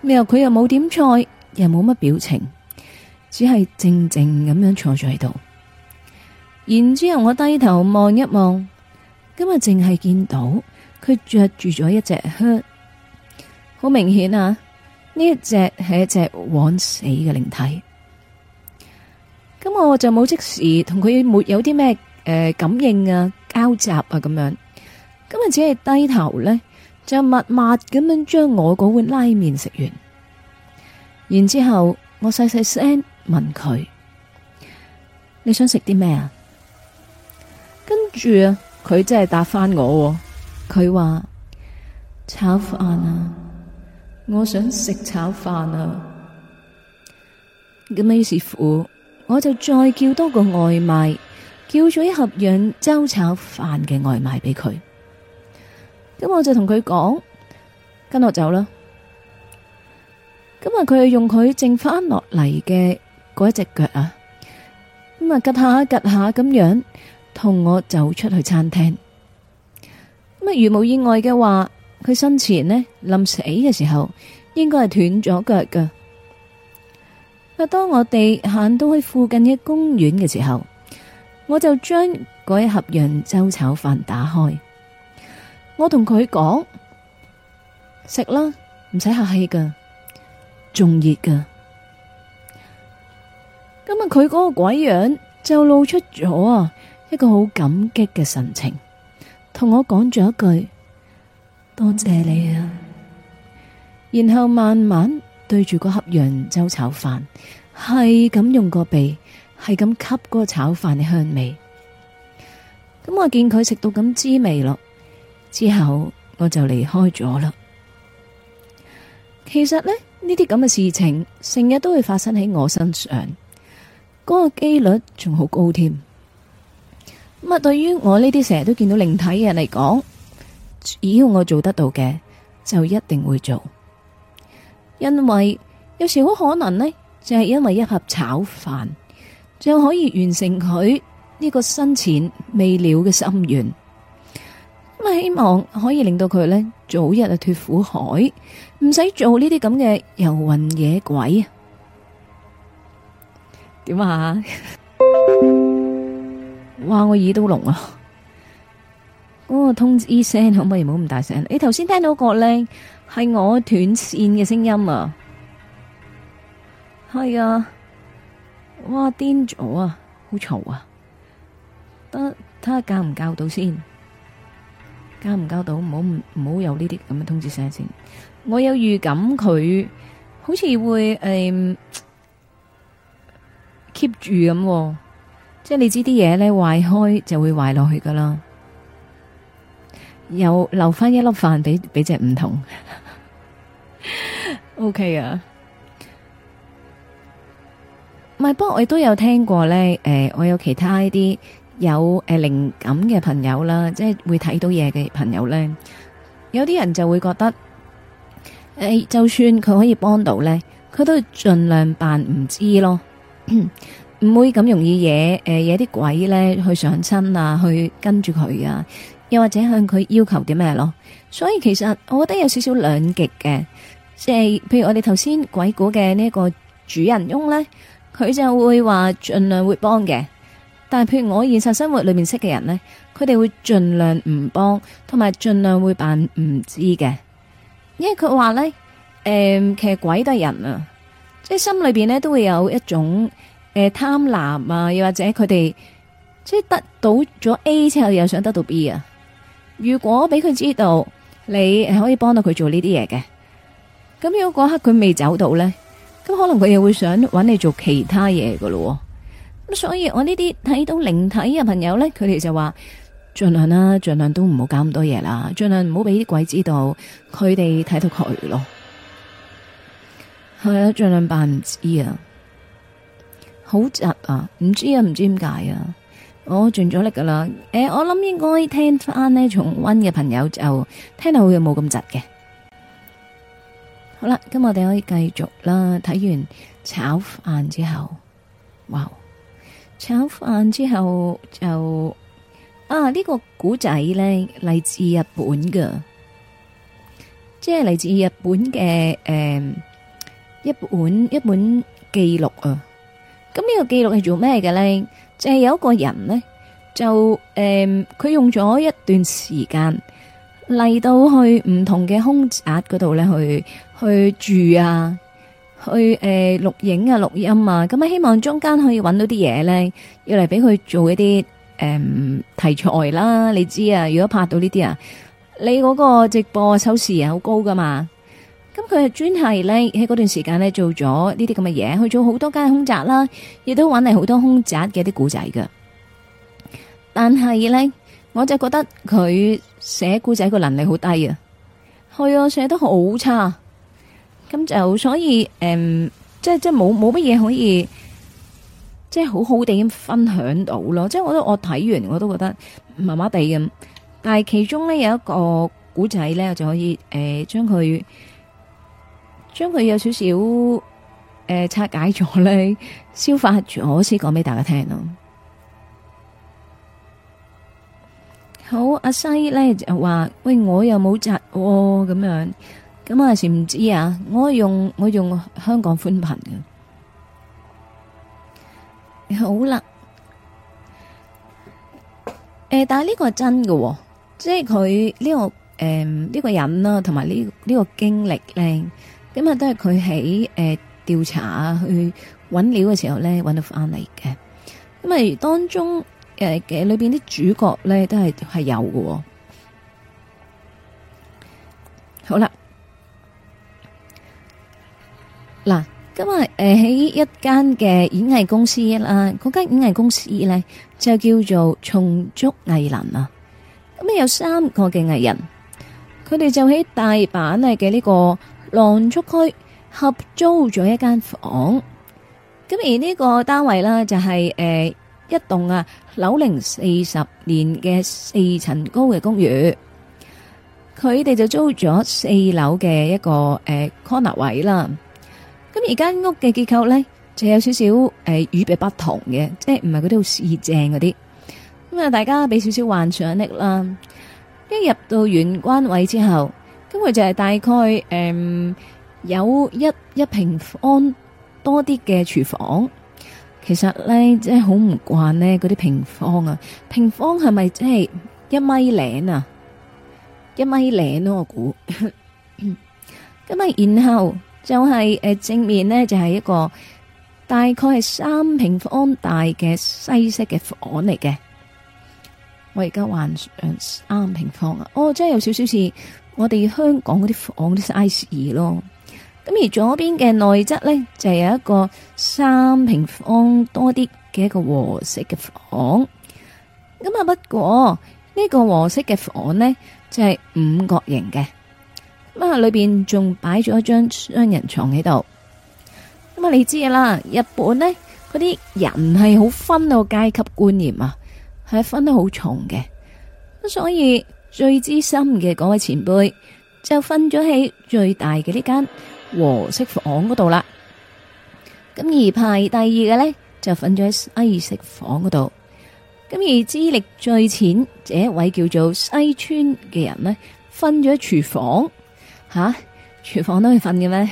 咩又佢又冇點菜，又冇乜表情，只係靜靜咁樣坐咗喺度。然之後我低頭望一望，今日淨係見到，佢着住咗一隻靴，好明顯啊！呢一隻係一隻枉死嘅靈體。咁我就冇即時同佢沒有啲咩誒感應啊，交集啊咁樣。咁啊，只係低頭呢，就默默咁樣將我嗰碗拉麵食完。然之後我細細聲問佢：你想食啲咩啊？跟住啊，佢真係答返我，啊。佢話炒飯啊，我想食炒飯啊。咁於是乎，我就再叫多個外賣，叫咗一盒揚州炒飯嘅外賣俾佢。咁我就同佢講，跟我走啦。咁啊，佢用佢剩翻落嚟嘅嗰一隻腳啊，咁啊，夾下夾下咁樣，同我走出去餐廳。咁如無意外嘅話，佢生前呢，臨死嘅時候，應該係斷咗腳噶。啊！當我哋行到去附近嘅公園嘅時候，我就將嗰盒揚州炒飯打開，我同佢講，食啦，唔使客氣噶，仲熱噶。咁啊，佢嗰個鬼樣就露出咗啊，一個好感激嘅神情。同我講咗一句多謝你啊，然後慢慢對住個盒揚州炒飯，係咁用個鼻，係咁吸嗰個炒飯嘅香味。咁我見佢食到咁滋味咯，之後我就離開咗啦。其實咧呢啲咁嘅事情，成日都會發生喺我身上，嗰個幾率仲好高添。咁啊！對於我呢啲成日都見到靈體嘅人嚟講，只要我做得到嘅，就一定會做。因為有時好可能呢，就係因為一盒炒飯，就可以完成佢呢個生前未了嘅心願。咁啊，希望可以令到佢呢早日啊脫苦海，唔使做呢啲咁嘅遊魂野鬼。點啊？ 哇！我耳都聾啊！嗰 個通知聲可唔可以唔好咁大聲？你頭先聽到個靚係我斷線嘅聲音啊！係啊！哇癲咗啊！好嘈啊！得睇下教唔教到先，教唔教到？唔好唔好有呢啲咁嘅通知聲先。我有預感佢好似會誒 keep 住咁。嗯即係你知啲嘢咧壞開就會壞落去噶啦，又留翻一粒飯俾俾只唔同。 o、okay、K 啊，唔係，不過我亦都有聽過咧。誒、呃，我有其他一啲有誒、呃、靈感嘅朋友啦，即係會睇到嘢嘅朋友咧。有啲人就會覺得誒、呃，就算佢可以幫到咧，佢都盡量扮唔知咯。 唔會咁容易惹誒，惹啲鬼咧去上親啊，去跟住佢啊，又或者向佢要求啲咩咯？所以其實我覺得有少少兩極嘅，即係譬如我哋頭先鬼故嘅呢一個主人翁呢，佢就會話盡量會幫嘅，但係譬如我現實生活裏面識嘅人呢，佢哋會盡量唔幫，同埋盡量會扮唔知嘅，因為佢話呢，誒、呃，其實鬼都係人啊，即係心裏邊呢都會有一種。誒、欸，貪婪啊，又或者佢哋即係得到咗 A 之後又想得到 B 啊？如果俾佢知道你係可以幫到佢做呢啲嘢嘅，咁如果嗰刻佢未走到咧，咁可能佢又會想搵你做其他嘢噶咯。咁所以我呢啲睇到靈體嘅朋友咧，佢哋就話盡量啦、啊，盡量都唔好搞咁多嘢啦，盡量唔好俾啲鬼知道佢哋睇到佢咯。係啊，盡量扮唔知啊。好窒啊！唔知啊，唔知點解啊！我盡咗力噶啦。誒，我諗應該聽翻呢重溫嘅朋友就聽到佢有冇咁窒嘅。好啦，咁我哋可以繼續啦。睇完炒飯之後，哇！炒飯之後就啊，呢個古仔咧嚟自日本㗎，即係嚟自日本嘅誒一本一本記錄啊！咁、這、呢個記錄係做咩嘅咧？就係、是、有一個人咧，就、呃、誒，佢用咗一段時間嚟到去唔同嘅空宅嗰度咧，去去住啊，去誒、呃、錄影啊、錄音啊，咁啊希望中間可以揾到啲嘢咧，要嚟俾佢做一啲誒、呃、題材啦。你知啊，如果拍到呢啲啊，你嗰個直播收視好高噶嘛。咁佢係專係咧喺嗰段時間咧做咗呢啲咁嘅嘢，去咗好多間凶宅啦，亦都搵嚟好多凶宅嘅啲古仔噶。但係咧，我就覺得佢寫古仔個能力好低啊，係啊，寫得好差。咁就所以誒、嗯，即係即係冇冇乜嘢可以，即係好好地咁分享到咯。即係我都我睇完，我都覺得麻麻地咁。但係其中咧有一個古仔咧我就可以誒，將、呃、佢。將將佢有少少誒拆解咗咧，消化咗先講俾大家聽咯。好，阿西咧就話喂，我又冇窒哦，咁樣咁啊，時唔知啊。我用我用香港寬頻嘅，好啦。誒，但係呢個真㗎，即係佢呢個誒呢個人啦，同埋呢呢個經歷咧。因為，都係佢喺誒調查啊，去揾料嘅時候咧，揾到翻嚟嘅。咁啊，當中誒嘅裏邊啲主角咧，都係係有嘅。好啦，嗱，今日誒喺一間嘅演藝公司啦，嗰間演藝公司咧就叫做松竹藝能啊。咁啊，有三個嘅藝人，佢哋就喺大阪啊嘅呢個。浪速區合租咗一間房間，咁而呢個單位啦就係、是、誒、呃、一棟啊樓齡四十年嘅四層高嘅公寓，佢哋就租咗四樓嘅一個誒 corner、呃、位啦。咁而間屋嘅結構呢，就有少少誒與別不同嘅，即係唔係嗰啲好四正嗰啲。咁啊，大家俾少少幻想力啦。一入到玄關位之後。因為就係、是、大概誒、嗯、有一一平方多啲嘅廚房，其實咧即係好唔慣呢嗰啲平方啊！平方係咪即係一米零啊？一米零咯、啊，我估。咁啊，然後就係、是、誒正面咧就係、是、一個大概係三平方大嘅西式嘅房嚟嘅。我而家還三平方啊！哦，即係有少少似。我哋香港嗰啲房啲 size 二咯。咁而左邊嘅內側呢，就有一個三平方多啲嘅一個和式嘅房，
咁
啊不過呢個和式嘅房呢，就係五角形嘅，咁啊裏邊仲擺咗一張雙人床喺度，咁啊你知啦，日本呢，嗰啲人係好分到階級觀念啊，係分得好重嘅，咁所以。最資深嘅嗰位前輩就瞓咗喺最大嘅呢間和式房嗰度啦。咁而排第二嘅呢，就瞓咗喺西式房嗰度。咁而資歷最淺，這一位叫做西村嘅人呢，瞓咗喺廚房吓，廚房都可以瞓嘅咩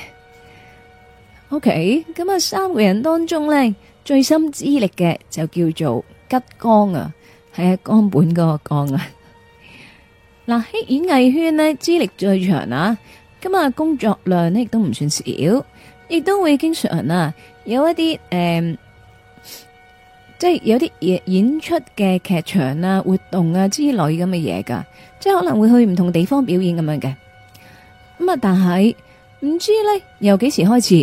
？OK，咁啊，okay, 三個人當中呢，最深資歷嘅就叫做吉江啊，係啊，江本嗰個江啊。嗱，演藝圈呢資歷最長啊，咁啊工作量呢亦都唔算少，亦都會經常啊有一啲誒，即、嗯、係、就是、有啲嘢演出嘅劇場啊、活動啊之類咁嘅嘢噶，即係可能會去唔同地方表演咁樣嘅。咁啊，但係唔知呢由幾時開始，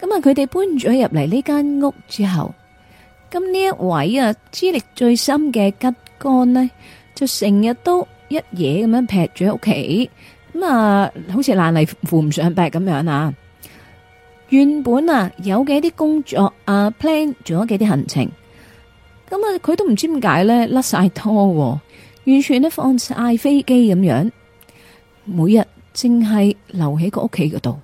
咁啊佢哋搬咗入嚟呢間屋之後，咁呢一位啊資歷最深嘅吉哥呢就成日都一嘢咁樣劈咗喺屋企，咁啊，好似爛泥扶唔上壁咁樣啊！原本啊，有嘅一啲工作啊，plan 做咗幾啲行程，咁啊，佢都唔知點解咧甩晒拖，啊，完全呢放晒飛機咁樣，每日淨係留喺個屋企嗰度。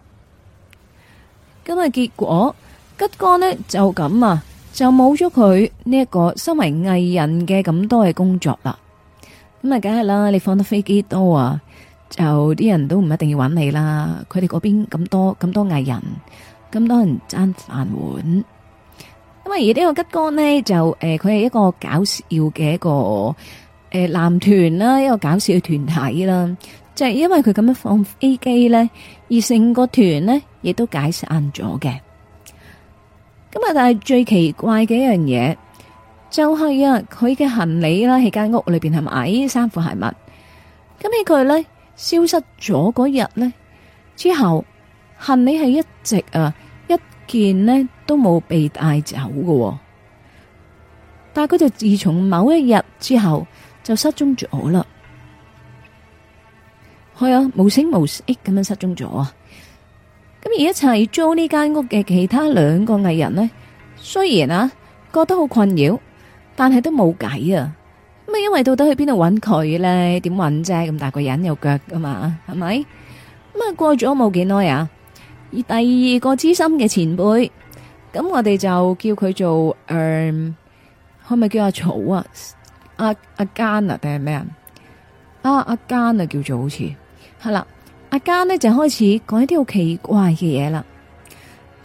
咁啊，結果吉哥呢，就咁啊，就冇咗佢呢一個身為藝人嘅咁多嘅工作啦。咁啊，梗係啦！你放得飛機多啊，就啲人都唔一定要搵你啦。佢哋嗰邊咁多咁多藝人，咁多人爭飯碗。咁啊，而呢個吉哥呢，就誒，佢、呃、係一個搞笑嘅一個誒、呃、男團啦，一個搞笑嘅團體啦，就係、是、因為佢咁樣放飛機呢，而成個團呢，亦都解散咗嘅。咁啊，但係最奇怪嘅一樣嘢。就係啊，佢嘅行李啦，喺間屋裏邊係買衫褲鞋襪，咁喺佢咧消失咗嗰日呢，之後，行李係一直啊一件呢都冇被帶走嘅喎，但係佢就自從某一日之後就失蹤咗啦，係啊，無聲無息咁樣失蹤咗啊，咁而一齊租呢間屋嘅其他兩個藝人呢，雖然啊覺得好困擾。但係都冇計啊，咁因為到底去邊度搵佢咧？點搵啫？咁大個人有腳噶嘛，係咪咁啊？過咗冇幾耐啊，而第二個資深嘅前輩，咁我哋就叫佢做，誒、呃，可唔可以叫阿草啊？阿阿間啊，定係咩啊？啊，阿間啊，叫做好似係啦。阿間呢，就開始講一啲好奇怪嘅嘢啦。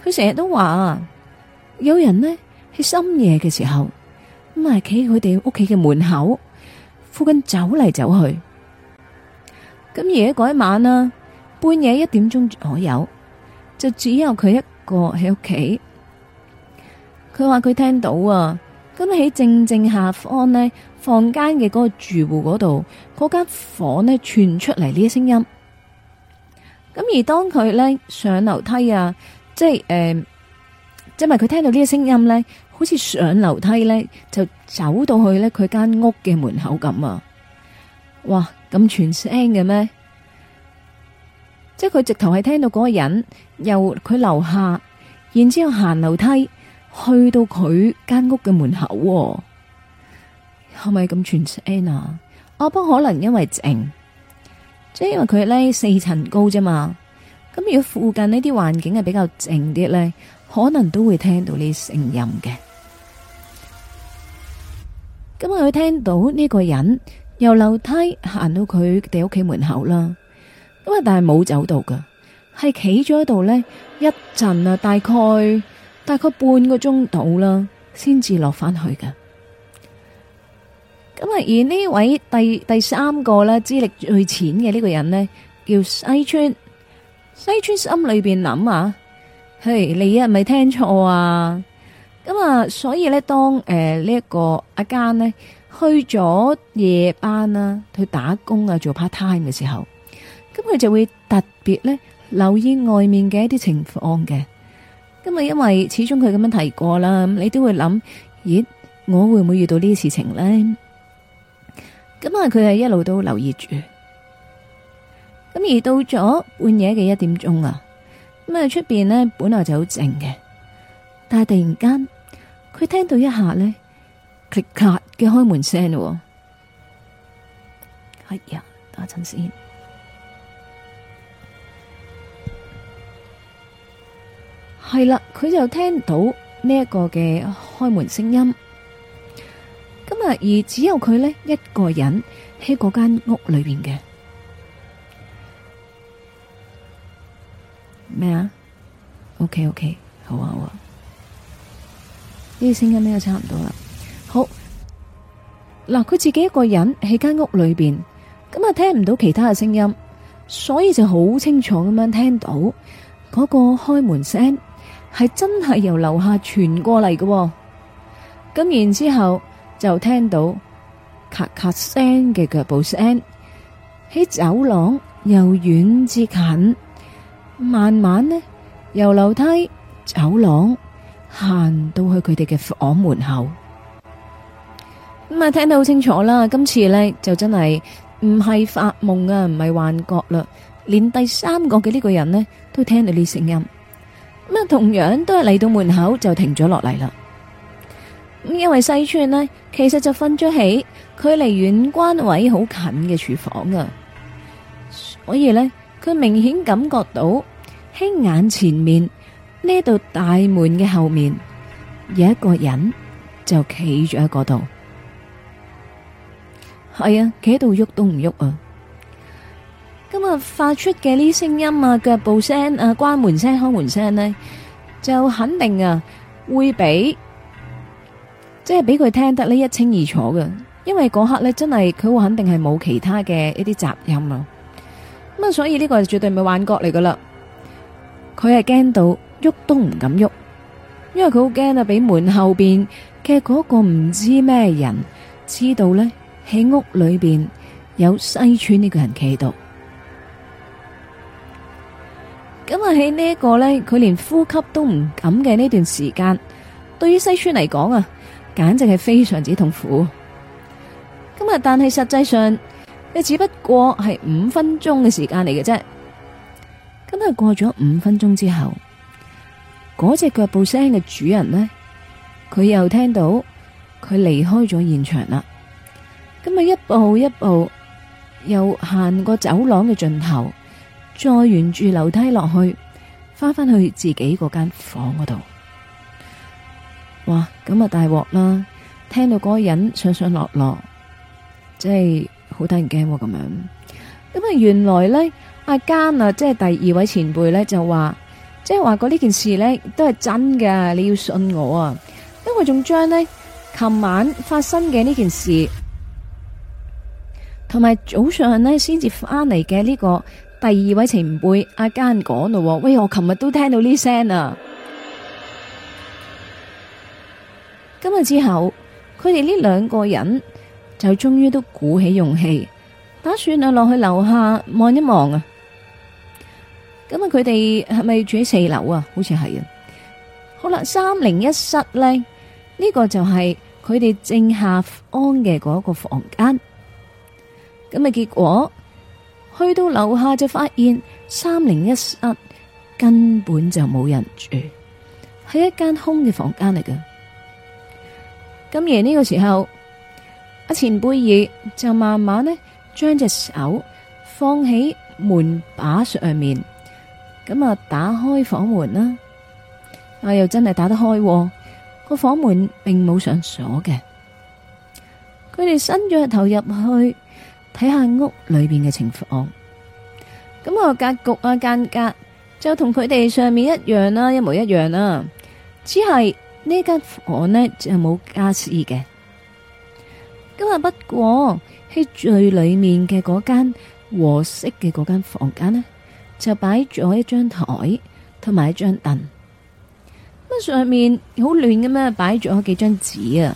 佢成日都話，有人呢，喺深夜嘅時候。咁係企佢哋屋企嘅門口，附近走嚟走去。咁而家嗰一晚啊，半夜一點鐘左右，就只有佢一個喺屋企。佢話佢聽到啊，咁喺正正下方呢，房間嘅嗰個住戶嗰度，嗰間房呢，傳出嚟呢啲聲音。咁而當佢咧上樓梯啊，即係誒、呃，即係咪佢聽到呢啲聲音咧？好似上樓梯咧，就走到去咧佢間屋嘅門口咁啊！哇，咁全聲嘅咩？即係佢直頭係聽到嗰個人由佢樓下，然之後行樓梯去到佢間屋嘅門口，係咪咁全聲啊？我不可能因為靜，即係因為佢咧四層高啫嘛。咁如果附近呢啲環境係比較靜啲咧，可能都會聽到呢啲聲音嘅。咁佢聽到呢個人由樓梯行到佢哋屋企門口啦，咁啊但係冇走到噶，係企咗喺度呢一陣啊，大概大概半個鐘到啦，先至落翻去㗎。咁啊而呢位第第三個啦資歷最淺嘅呢個人呢，叫西村，西村心裏邊諗啊，嘿你係咪聽錯啊？咁、嗯、啊，所以咧，當、呃、誒、這個、呢一個阿間呢去咗夜班啦、啊，去打工啊，做 part time 嘅時候，咁佢就會特別咧留意外面嘅一啲情況嘅。咁、嗯、啊，因為始終佢咁樣提過啦，咁你都會諗，咦，我會唔會遇到呢啲事情咧？咁、嗯、啊，佢係一路都留意住，咁、嗯、而到咗半夜嘅一點鐘啊，咁啊出邊呢，本來就好靜嘅。但係突然間，佢聽到一下呢，click 咔嘅開門聲咯。係呀，等下陣先。係啦，佢就聽到呢一個嘅開門聲音。今日而只有佢呢一個人喺嗰間屋裏邊嘅。咩啊？OK OK，好啊好啊。呢啲聲音咧又差唔多啦。好嗱，佢自己一個人喺間屋裏邊，咁啊聽唔到其他嘅聲音，所以就好清楚咁樣聽到嗰個開門聲係真係由樓下傳過嚟嘅。咁然之後就聽到咔咔聲嘅腳步聲喺走廊由遠至近，慢慢咧由樓梯走廊。行到去佢哋嘅房門口，咁啊，聽得好清楚啦。今次咧就真係唔係發夢啊，唔係幻覺啦。連第三個嘅呢個人咧都聽到呢聲音，咁啊，同樣都係嚟到門口就停咗落嚟啦。咁因為細串咧，其實就瞓咗起，佢離遠關位好近嘅廚房啊，所以咧佢明顯感覺到喺眼前面。呢度大門嘅後面有一個人就企住喺嗰度，係啊，企喺度喐都唔喐啊！咁啊，發出嘅呢聲音啊、腳步聲啊、關門聲、開門聲呢，就肯定啊會俾即係俾佢聽得呢一清二楚嘅，因為嗰刻呢，真係佢會肯定係冇其他嘅一啲雜音啊！咁啊，所以呢個絕對唔係幻覺嚟噶啦，佢係驚到。喐都唔敢喐，因為佢好驚啊！俾門後邊嘅嗰個唔知咩人知道呢，喺屋裏邊有西村呢個人企度。咁啊，喺呢一個呢佢連呼吸都唔敢嘅呢段時間，對於西村嚟講啊，簡直係非常之痛苦。今日，但係實際上，你只不過係五分鐘嘅時間嚟嘅啫。今日過咗五分鐘之後。嗰隻腳步聲嘅主人呢，佢又聽到佢離開咗現場啦。咁啊，一步一步又行過走廊嘅盡頭，再沿住樓梯落去，翻返去自己嗰間房嗰度。哇！咁啊大鑊啦！聽到嗰個人上上落落，即係好得人驚咁樣。咁啊，原來呢？阿嘉啊，即係第二位前輩呢，就話。即係話過呢件事咧都係真㗎，你要信我啊！因為仲將呢琴晚發生嘅呢件事，同埋早上咧先至翻嚟嘅呢個第二位前輩阿堅講到，喂，我琴日都聽到呢聲啊！今日之後，佢哋呢兩個人就終於都鼓起勇氣，打算啊落去樓下望一望啊！咁啊！佢哋係咪住喺四樓啊？好似係啊。好啦，三零一室咧，呢個就係佢哋正下方嘅嗰個房間。咁啊，結果去到樓下就發現三零一室根本就冇人住，係一間空嘅房間嚟㗎。咁而呢個時候，阿前輩兒就慢慢呢將隻手放喺門把上面。咁啊，打開房門啦！啊，又真係打得開，個房門並冇上鎖嘅。佢哋伸咗頭入去睇下屋裏邊嘅情況。咁啊，格局啊，間隔就同佢哋上面一樣啦，一模一樣啦。只係呢間房呢，就冇家私嘅。咁啊，不過喺最裏面嘅嗰間和式嘅嗰間房間呢，就擺咗一張檯同埋一張凳，咁上面好亂嘅咩？擺咗幾張紙啊，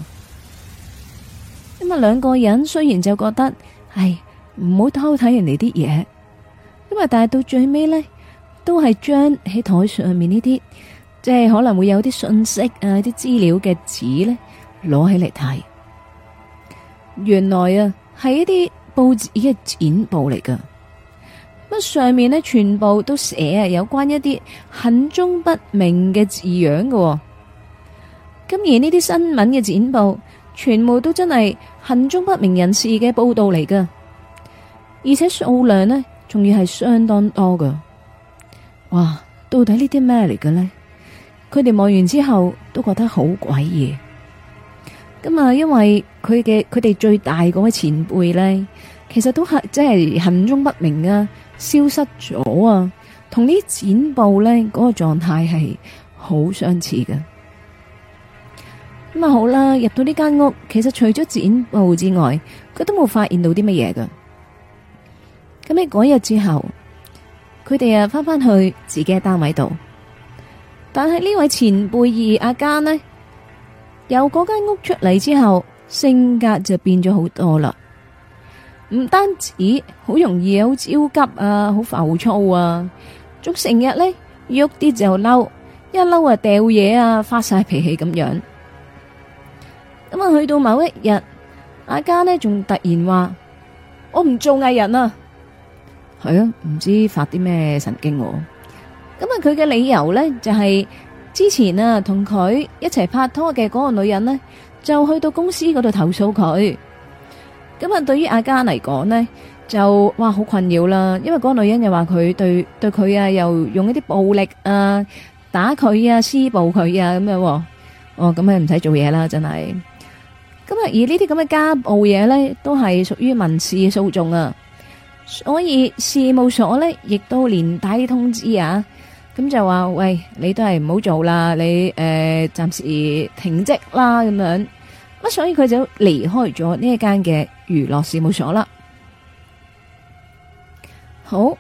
咁啊兩個人雖然就覺得唉，唔好偷睇人哋啲嘢，因為但係到最尾呢，都係將喺檯上面呢啲，即係可能會有啲信息啊、啲資料嘅紙呢，攞起嚟睇，原來啊，係一啲報紙嘅剪報嚟噶。.乜上面咧全部都寫啊有關一啲行蹤不明嘅字樣嘅，哦，咁而呢啲新聞嘅展布全部都真係行蹤不明人士嘅報道嚟嘅，而且數量呢，仲要係相當多嘅。哇，到底呢啲咩嚟嘅呢？佢哋望完之後都覺得好詭異。咁啊，因為佢嘅佢哋最大嗰位前輩呢，其實都係真係行蹤不明啊。消失咗啊！同啲剪布呢嗰個狀態係好相似嘅。咁啊好啦，入到呢間屋，其實除咗剪布之外，佢都冇發現到啲乜嘢㗎。咁喺嗰日之後，佢哋啊翻返去自己嘅單位度，但係呢位前輩二阿嘉呢，由嗰間屋出嚟之後，性格就變咗好多啦。唔單止好容易，好焦急啊，好浮躁啊，仲成日呢，喐啲就嬲，一嬲啊掉嘢啊，發晒脾氣咁樣。咁啊，去到某一日，阿嘉呢仲突然話：我唔做藝人啊。係啊，唔知發啲咩神經。咁啊，佢嘅理由呢，就係之前啊，同佢一齊拍拖嘅嗰個女人呢，就去到公司嗰度投訴佢。咁啊，對於阿嘉嚟講呢，就哇好困擾啦！因為嗰個女人又話佢對對佢啊，又用一啲暴力啊，打佢啊，施暴佢啊咁樣啊。哦，咁啊唔使做嘢啦，真係。咁啊，而呢啲咁嘅家暴嘢呢，都係屬於民事訴訟啊。所以事務所呢，亦都連帶啲通知啊，咁就話喂，你都係唔好做、呃、啦，你誒暫時停職啦咁樣。所以佢就離開咗呢一間嘅娛樂事務所啦。好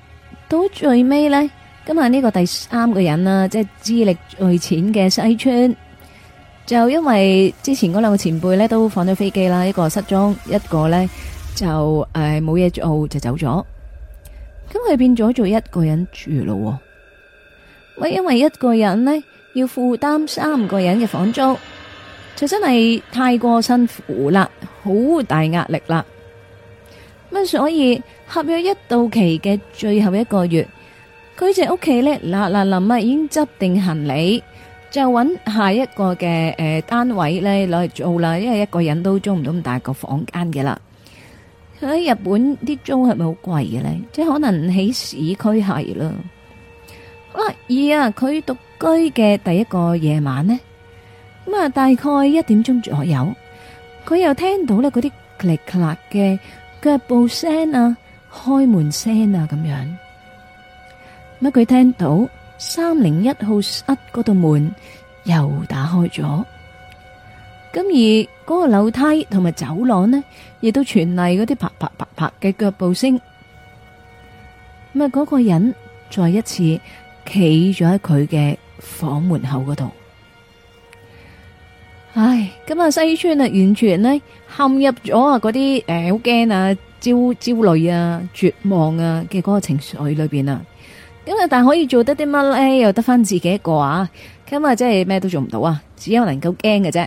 到最尾呢，今日呢個第三個人啦，啊，即係資歷最淺嘅西村，就因為之前嗰兩個前輩呢都放咗飛機啦，一個失蹤，一個呢就誒冇嘢做就走咗。咁佢變咗做一個人住咯，哦。咁因為一個人呢要負擔三個人嘅房租，就真係太過辛苦啦，好大壓力啦。咁所以合約一到期嘅最後一個月，佢隻屋企咧嗱嗱臨啊，立立立已經執定行李，就揾下一個嘅誒、呃、單位咧攞嚟做啦，因為一個人都租唔到咁大一個房間嘅啦。喺日本啲租係咪好貴嘅呢？即係可能喺市區係咯。好啦，二啊，佢獨居嘅第一個夜晚呢。咁啊，大概一點鐘左右，佢又聽到咧嗰啲 click click 嘅腳步聲啊、開門聲啊咁樣。咁佢聽到三零一號室嗰度門又打開咗，咁而嗰個樓梯同埋走廊呢，亦都傳嚟嗰啲啪啪啪啪嘅腳步聲。咁啊，嗰個人再一次企咗喺佢嘅房門口嗰度。唉，咁啊，西村啊，完全呢，陷入咗啊嗰啲誒好驚啊、焦焦慮啊、絕望啊嘅嗰個情緒裏邊啊。咁啊，但可以做得啲乜咧？又得返自己一個啊。咁啊，即係咩都做唔到啊，只有能夠驚嘅啫。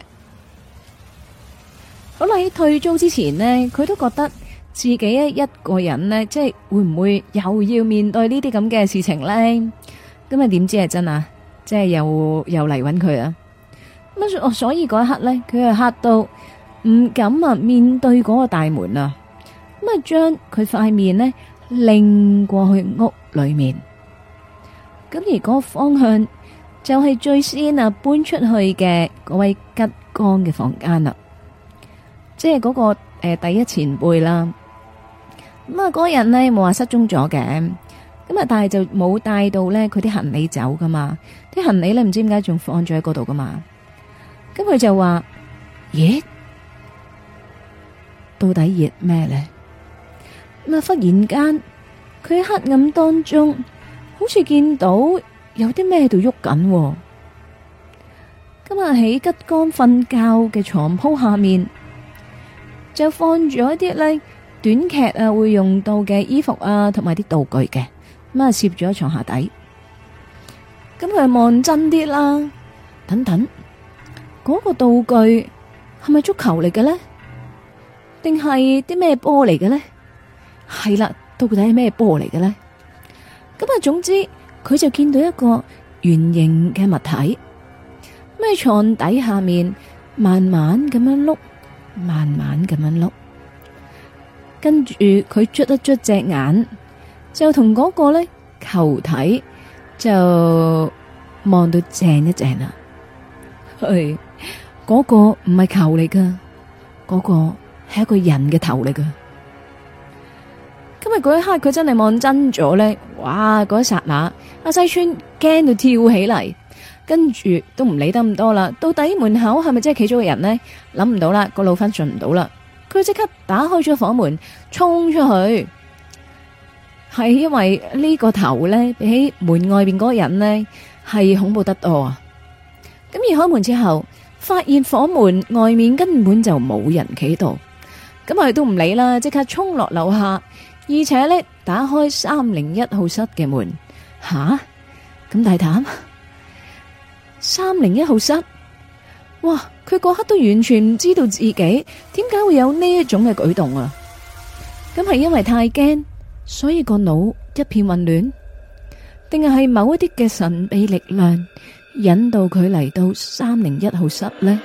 好啦，喺退租之前呢，佢都覺得自己一一個人呢，即係會唔會又要面對呢啲咁嘅事情呢？咁啊，點知係真啊？即係又又嚟搵佢啊！乜、哦、所以嗰一刻呢，佢係嚇到唔敢啊，面對嗰個大門啊，咁啊將佢塊面呢擰過去屋裏面。咁而嗰個方向就係最先啊搬出去嘅嗰位吉江嘅房間啦，即係嗰個誒、呃、第一前輩啦。咁啊，嗰人呢冇話失蹤咗嘅，咁啊，但係就冇帶到呢佢啲行李走噶嘛，啲行李咧唔知點解仲放咗喺嗰度噶嘛。咁佢就話：熱？到底熱咩呢？咁啊，忽然間佢喺黑暗當中，好似見到有啲咩喺度喐緊。今日喺吉剛瞓覺嘅床鋪下面，就放住一啲咧短劇啊會用到嘅衣服啊，同埋啲道具嘅。咁啊，攝咗喺床下底。咁佢望真啲啦，等等。嗰、那個道具係咪足球嚟嘅呢？定係啲咩波嚟嘅呢？係啦，到底係咩波嚟嘅呢？咁啊，總之佢就見到一個圓形嘅物體，咩床底下面慢慢地，慢慢咁樣碌，慢慢咁樣碌，跟住佢捽一捽隻眼，就同嗰個咧球體就望到正一正啦，係。嗰個唔係球嚟噶，嗰個係一個人嘅頭嚟噶。今日嗰一刻佢真係望真咗咧，哇！嗰一剎那，阿西村驚到跳起嚟，跟住都唔理得咁多啦。到底門口係咪真係企咗個人呢？諗唔到啦，個腦筋進唔到啦。佢即刻打開咗房門，衝出去，係因為呢個頭咧比起門外邊嗰個人呢，係恐怖得多啊！咁而開門之後。發現火門外面根本就冇人企度，咁佢都唔理啦，即刻衝落樓下，而且呢，打開三零一號室嘅門，吓！咁大膽！三零一號室，哇！佢嗰刻都完全唔知道自己點解會有呢一種嘅舉動啊！咁係因為太驚，所以個腦一片混亂，定係係某一啲嘅神秘力量？引導佢嚟到三零一號室呢。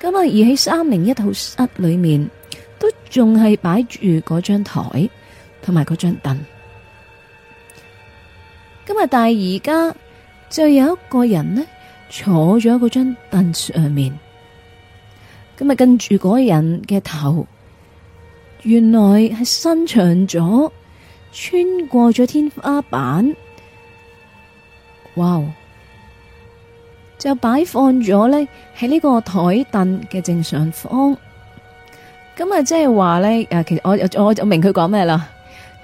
咁啊而喺三零一號室裏面都仲係擺住嗰張台同埋嗰張凳，咁啊但係而家就有一個人呢坐咗嗰張凳上面，咁啊跟住嗰個人嘅頭原來係伸長咗，穿過咗天花板。哇、wow，就擺放咗呢喺呢個台凳嘅正上方。咁啊，即係話呢，誒，其實我我就明佢講咩啦。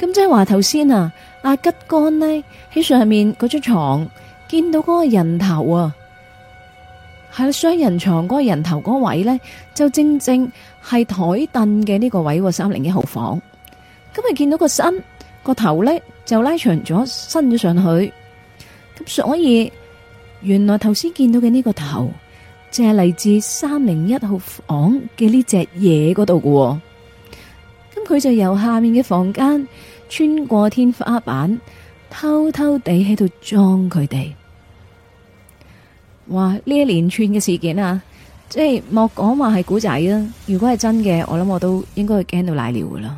咁即係話頭先啊，阿吉乾呢喺上面嗰張床見到嗰個人頭啊，係啦，雙人床嗰個人頭嗰位呢，就正正係台凳嘅呢個位喎，三零一號房。咁啊見到個身個頭呢，就拉長咗伸咗上去。所以原來頭先見到嘅呢個頭，就係、是、嚟自三零一號房嘅呢隻嘢嗰度嘅。咁佢就由下面嘅房間穿過天花板，偷偷地喺度裝佢哋。哇！呢一連串嘅事件啊，即係莫講話係古仔啊，如果係真嘅，我諗我都應該會驚到瀨尿㗎啦。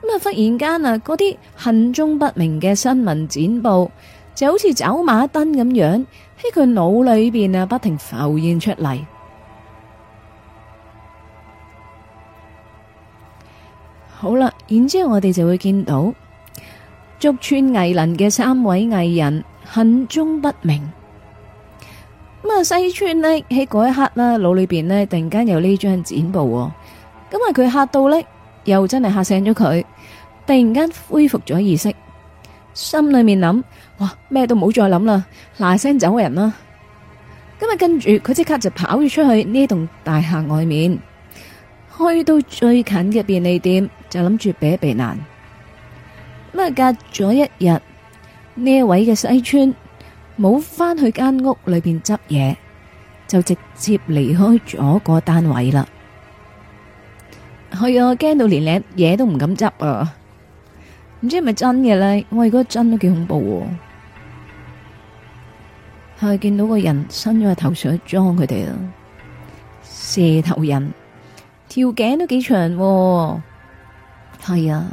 咁啊，忽然間啊，嗰啲行蹤不明嘅新聞剪報。就好似走馬燈咁樣喺佢腦裏邊啊，不停浮現出嚟。好啦，然之後我哋就會見到竹村藝能嘅三位藝人，恨中不明。咁啊，西村呢喺嗰一刻啦，腦裏邊呢突然間有呢張剪報，咁啊佢嚇到咧，又真係嚇醒咗佢，突然間恢復咗意識，心裏面諗。哇，咩都冇再諗啦，嗱聲走人啦。咁啊，跟住佢即刻就跑咗出去呢棟大廈外面，去到最近嘅便利店就諗住避一避難。咁啊，隔咗一日，呢位嘅西村冇翻去間屋裏邊執嘢，就直接離開咗個單位啦。係啊，驚到連嘢都唔敢執啊！唔知係咪真嘅咧？我如果真的都幾恐怖。佢見到個人伸咗個頭上裝佢哋啦，蛇頭人條頸都幾長，哦，係啊。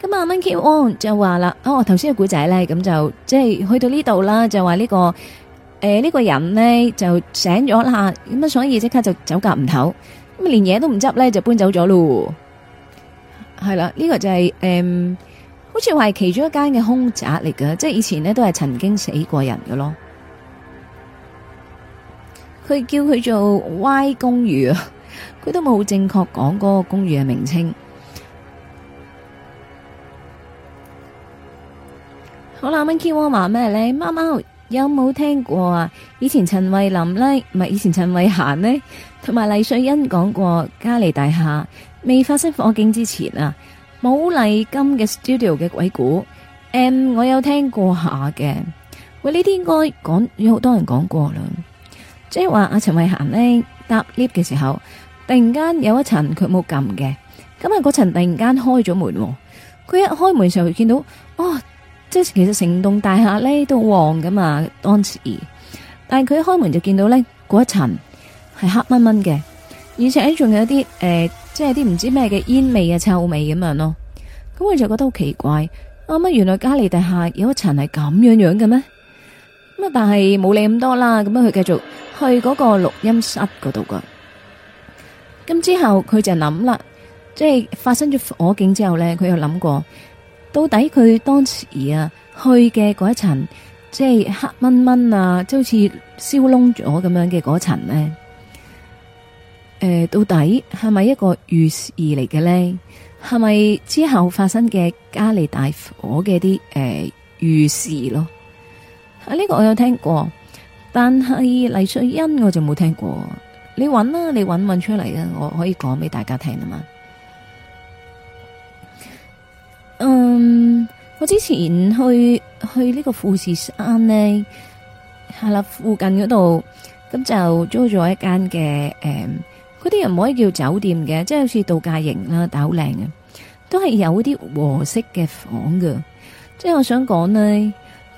咁阿 Monkey On 就話啦：，哦，頭先嘅古仔咧，咁就即係、就是、去到呢度啦，就話呢、這個誒呢、呃這個人呢，就醒咗啦，咁啊，所以即刻就走夾唔唞咁連嘢都唔執咧，就搬走咗咯。係、嗯、啦、呢、啊這個就係、是、誒、嗯，好似話係其中一間嘅凶宅嚟㗎，即、就、係、是、以前呢都係曾經死過人㗎咯。佢叫佢做 Y 公寓啊，佢 都冇正確講嗰個公寓嘅名稱。 好啦 monkey 我話咩咧？貓貓有冇聽過啊？以前陳慧琳咧，唔係以前陳慧嫻呢，同埋黎瑞恩講過嘉利大廈未發生火警之前啊，寶麗金嘅 studio 嘅鬼故。誒、 嗯，我有聽過下嘅。喂，呢啲應該講有好多人講過啦。即係話阿陳慧嫻咧搭 lift 嘅時候，突然間有一層佢冇撳嘅，咁啊嗰層突然間開咗門，佢一,、哦、一開門就見到呢，哦，即係其實成棟大廈咧都旺噶嘛，當時，但係佢一開門就見到咧嗰一層係黑蚊蚊嘅，而且仲有啲誒、呃，即係啲唔知咩嘅煙味啊、臭味咁樣咯，咁我就覺得好奇怪，啊乜原來嘉利大廈有一層係咁樣樣嘅咩？咁啊但係冇理咁多啦，咁樣佢繼續。去嗰個錄音室嗰度噶，咁之後佢就諗啦，即係發生咗火警之後咧，佢又諗過，到底佢當時啊去嘅嗰一層，即係黑蚊蚊啊，即好似燒窿咗咁樣嘅嗰層咧，誒，到底係咪一個預示嚟嘅咧？係咪之後發生嘅加利大火嘅啲誒預示咯？啊，呢個我有聽過。但係黎瑞恩我就冇聽過，你搵啦，你搵搵出嚟啊，我可以講俾大家聽啊嘛。嗯，我之前去去呢個富士山呢，下落附近嗰度，咁就租咗一間嘅誒，嗰啲人唔可以叫酒店嘅，即係好似度假營啦，但好靚嘅，都係有啲和式嘅房噶，即係我想講呢。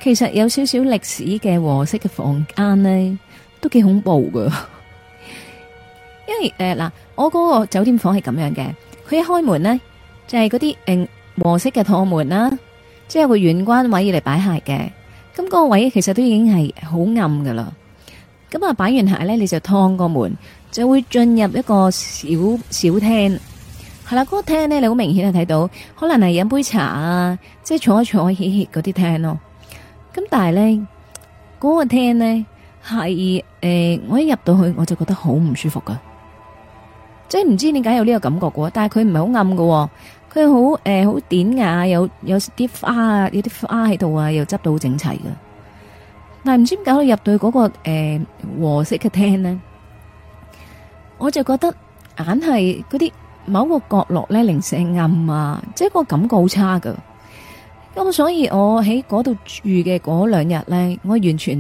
其實有少少歷史嘅和式嘅房間呢，都幾恐怖噶。 因為誒嗱、呃，我嗰個酒店房係咁樣嘅，佢一開門呢，就係嗰啲誒和式嘅趟門啦，即係會玄關位嚟擺鞋嘅。咁、那、嗰個位其實都已經係好暗噶啦。咁、嗯、啊，擺完鞋呢，你就趟個門，就會進入一個小小廳。係啦，嗰個廳呢你好明顯啊睇到，可能係飲杯茶啊，即係坐一坐、歇歇嗰啲廳咯。咁但係咧，嗰個廳咧係誒，我一入到去我就覺得好唔舒服噶，即係唔知點解有呢個感覺嘅。但係佢唔係好暗嘅，佢好誒好典雅，有有啲花啊，有啲花喺度啊，又執到好整齊嘅。但係唔知點解入到去嗰個誒和式嘅廳咧，我就覺得硬係嗰啲某個角落咧零舍暗啊，即係個感覺好差嘅。咁所以，我喺嗰度住嘅嗰兩日咧，我完全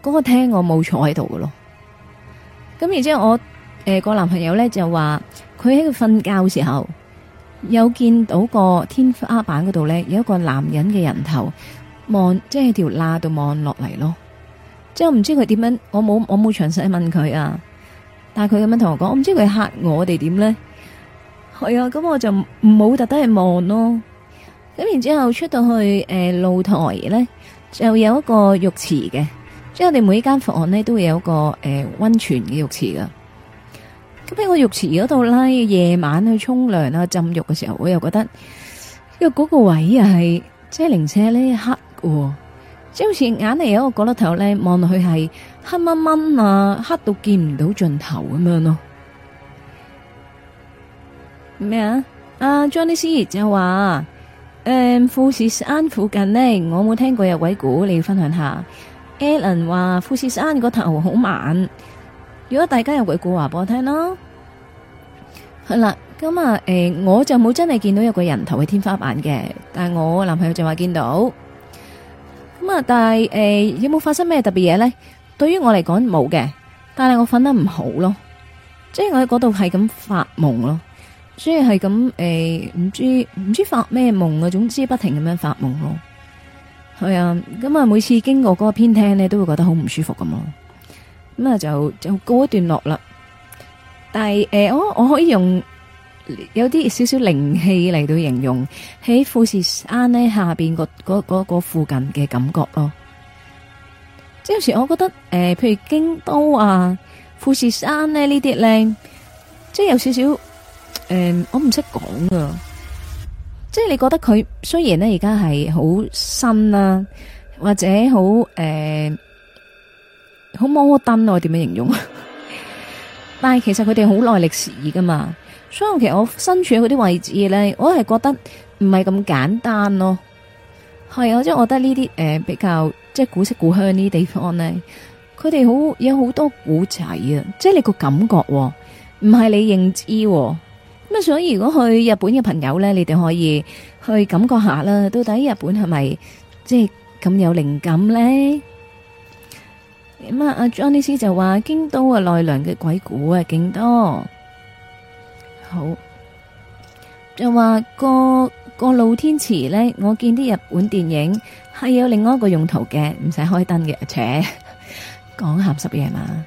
嗰、個廳我冇坐喺度嘅咯。咁然之後，我、呃、誒、個男朋友咧就話，佢喺度瞓覺嘅時候，有見到個天花板嗰度咧有一個男人嘅人頭望，即係條罅度望落嚟咯。即係我唔知佢點樣，我冇我冇詳細問佢啊。但係佢咁樣同我講，我唔知佢吓我哋點咧。係啊，咁我就冇特登去望咯。咁然之後出到去誒、呃、露台咧，就有一個浴池嘅。即係我哋每一間房咧都會有一個誒、呃、温泉嘅浴池㗎。咁喺個浴池嗰度咧，夜晚去沖涼啊、浸浴嘅時候，我又覺得，因為嗰個位又係車零車呢，黑嘅，即係好似眼嚟，有一個角落頭咧，望落去係黑掹掹啊，黑到見唔到盡頭咁樣咯。咩啊？阿 Johnny C 就話。誒，富士山附近呢，我冇聽過有鬼故，你要分享下。Alan 話富士山個頭好猛，如果大家有鬼故話，俾我聽咯。係啦，咁啊，誒，我就冇真係見到有個人頭係天花板嘅，但係我男朋友就話見到。咁啊，但係誒、啊，有冇發生咩特別嘢呢？對於我嚟講冇嘅，但係我瞓得唔好咯，即係我喺嗰度係咁發夢咯。所以係咁誒，唔知唔知發咩夢啊，總之不停咁樣發夢咯。係啊，咁啊，每次經過嗰個偏廳咧，都會覺得好唔舒服咁咯。咁啊，就就告一段落啦。但係誒，我我可以用有啲少少靈氣嚟到形容喺富士山咧下邊個嗰嗰個附近嘅感覺咯。即係有時我覺得誒，譬如京都啊、富士山咧呢啲咧，即係有少少。誒、嗯，我唔識講噶，即係你覺得佢雖然咧而家係好新啦，啊，或者好誒好摩登，我點樣形容？ 但係其實佢哋好耐歷史噶嘛，所以其實我身處佢啲位置咧，我係覺得唔係咁簡單咯。係，我即係覺得呢啲誒比較即係古色古香呢啲地方咧，佢哋好有好多古仔啊！即係你個感覺唔係你認知。咁啊，所以如果去日本嘅朋友咧，你哋可以去感覺下啦，到底日本係咪即係咁有靈感咧？咁啊，阿 Johnny C 就話，京都啊、奈良嘅鬼故啊，勁多。好，就話個個露天池咧，我見啲日本電影係有另外一個用途嘅，唔使開燈嘅。且講鹹濕嘢嘛，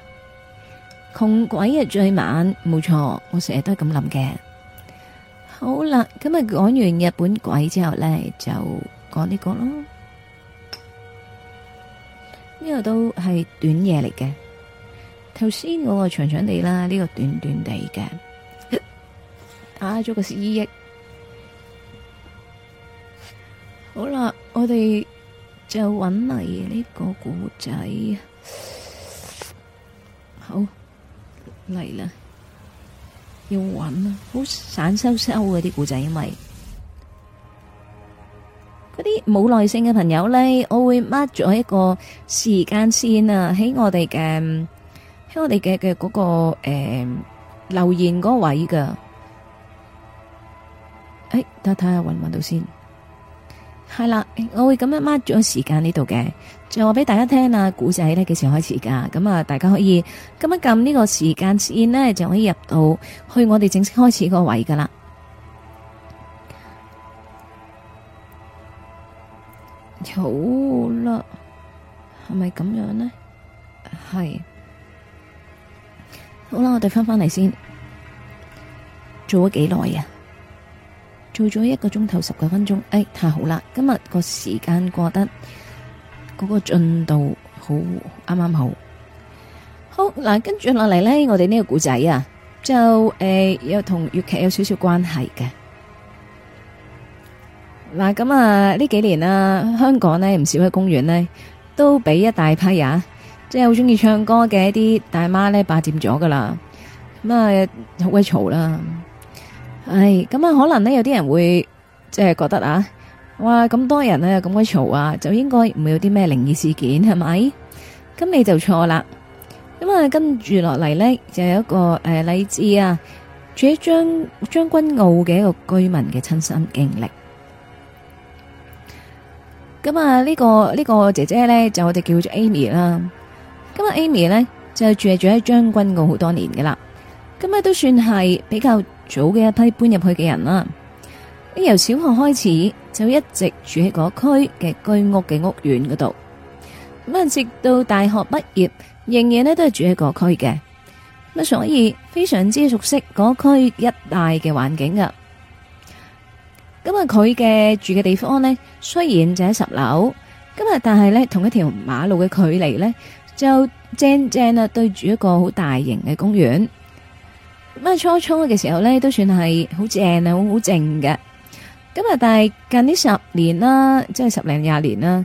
窮鬼啊最猛，冇錯，我成日都係咁諗嘅。好啦，今日講完日本鬼之後咧，就講呢個咯。呢個都係短嘢嚟嘅，頭先嗰個長長地啦，呢個短短地嘅，打咗個四億。好啦，我哋就搵嚟呢個古仔，好嚟啦。要揾啊，好散修修嘅啲古仔，因為嗰啲冇耐性嘅朋友咧，我會 mark 咗一個時間線啊，喺我哋嘅喺我哋嘅嘅嗰個誒留言嗰位噶，誒，等我睇下揾唔揾到先，係啦，我會咁樣 mark 咗時間呢度嘅。就話俾大家聽啊，古仔咧幾時開始噶？咁啊，大家可以撳一撳呢個時間線呢，就可以入到去我哋正式開始個位噶啦。好啦，係咪咁樣呢？係，好啦，我哋翻返嚟先。做咗幾耐啊？做咗一個鐘頭十個分鐘，哎，太好啦！今日個時間過得。嗰、那個進度好啱啱好，好嗱，跟住落嚟呢，我哋呢個古仔啊，就誒、呃、有同粵劇有少少關係嘅。嗱咁啊，呢幾年啦、啊、香港呢，唔少嘅公園呢，都俾一大批啊，即係好中意唱歌嘅一啲大媽呢，霸佔咗噶啦，咁、哎、啊好鬼嘈啦。唉，咁啊可能呢，有啲人會即係覺得啊。哇！咁多人咧、啊，咁鬼嘈啊，就應該唔會有啲咩靈異事件係咪？咁你就錯啦。咁啊，跟住落嚟呢，就有一個誒例子啊，住喺將將軍澳嘅一個居民嘅親身經歷。咁啊，呢、呢個呢、呢個姐姐呢，就我哋叫做 Amy 啦。咁啊，Amy 呢，就住住喺將軍澳好多年噶啦，咁啊都算係比較早嘅一批搬入去嘅人啦。由小學開始就一直住喺嗰區嘅居屋嘅屋苑嗰度，咁啊直到大學畢業仍然呢都係住喺嗰區嘅，咁所以非常之熟悉嗰區一帶嘅環境噶。咁啊佢嘅住嘅地方呢，雖然就係十樓，咁啊但係呢同一條馬路嘅距離呢就正正啊對住一個好大型嘅公園。咁啊初初嘅時候呢都算係好正啊，好好靜嘅。咁啊！但係近呢十年啦，即係十零廿年啦，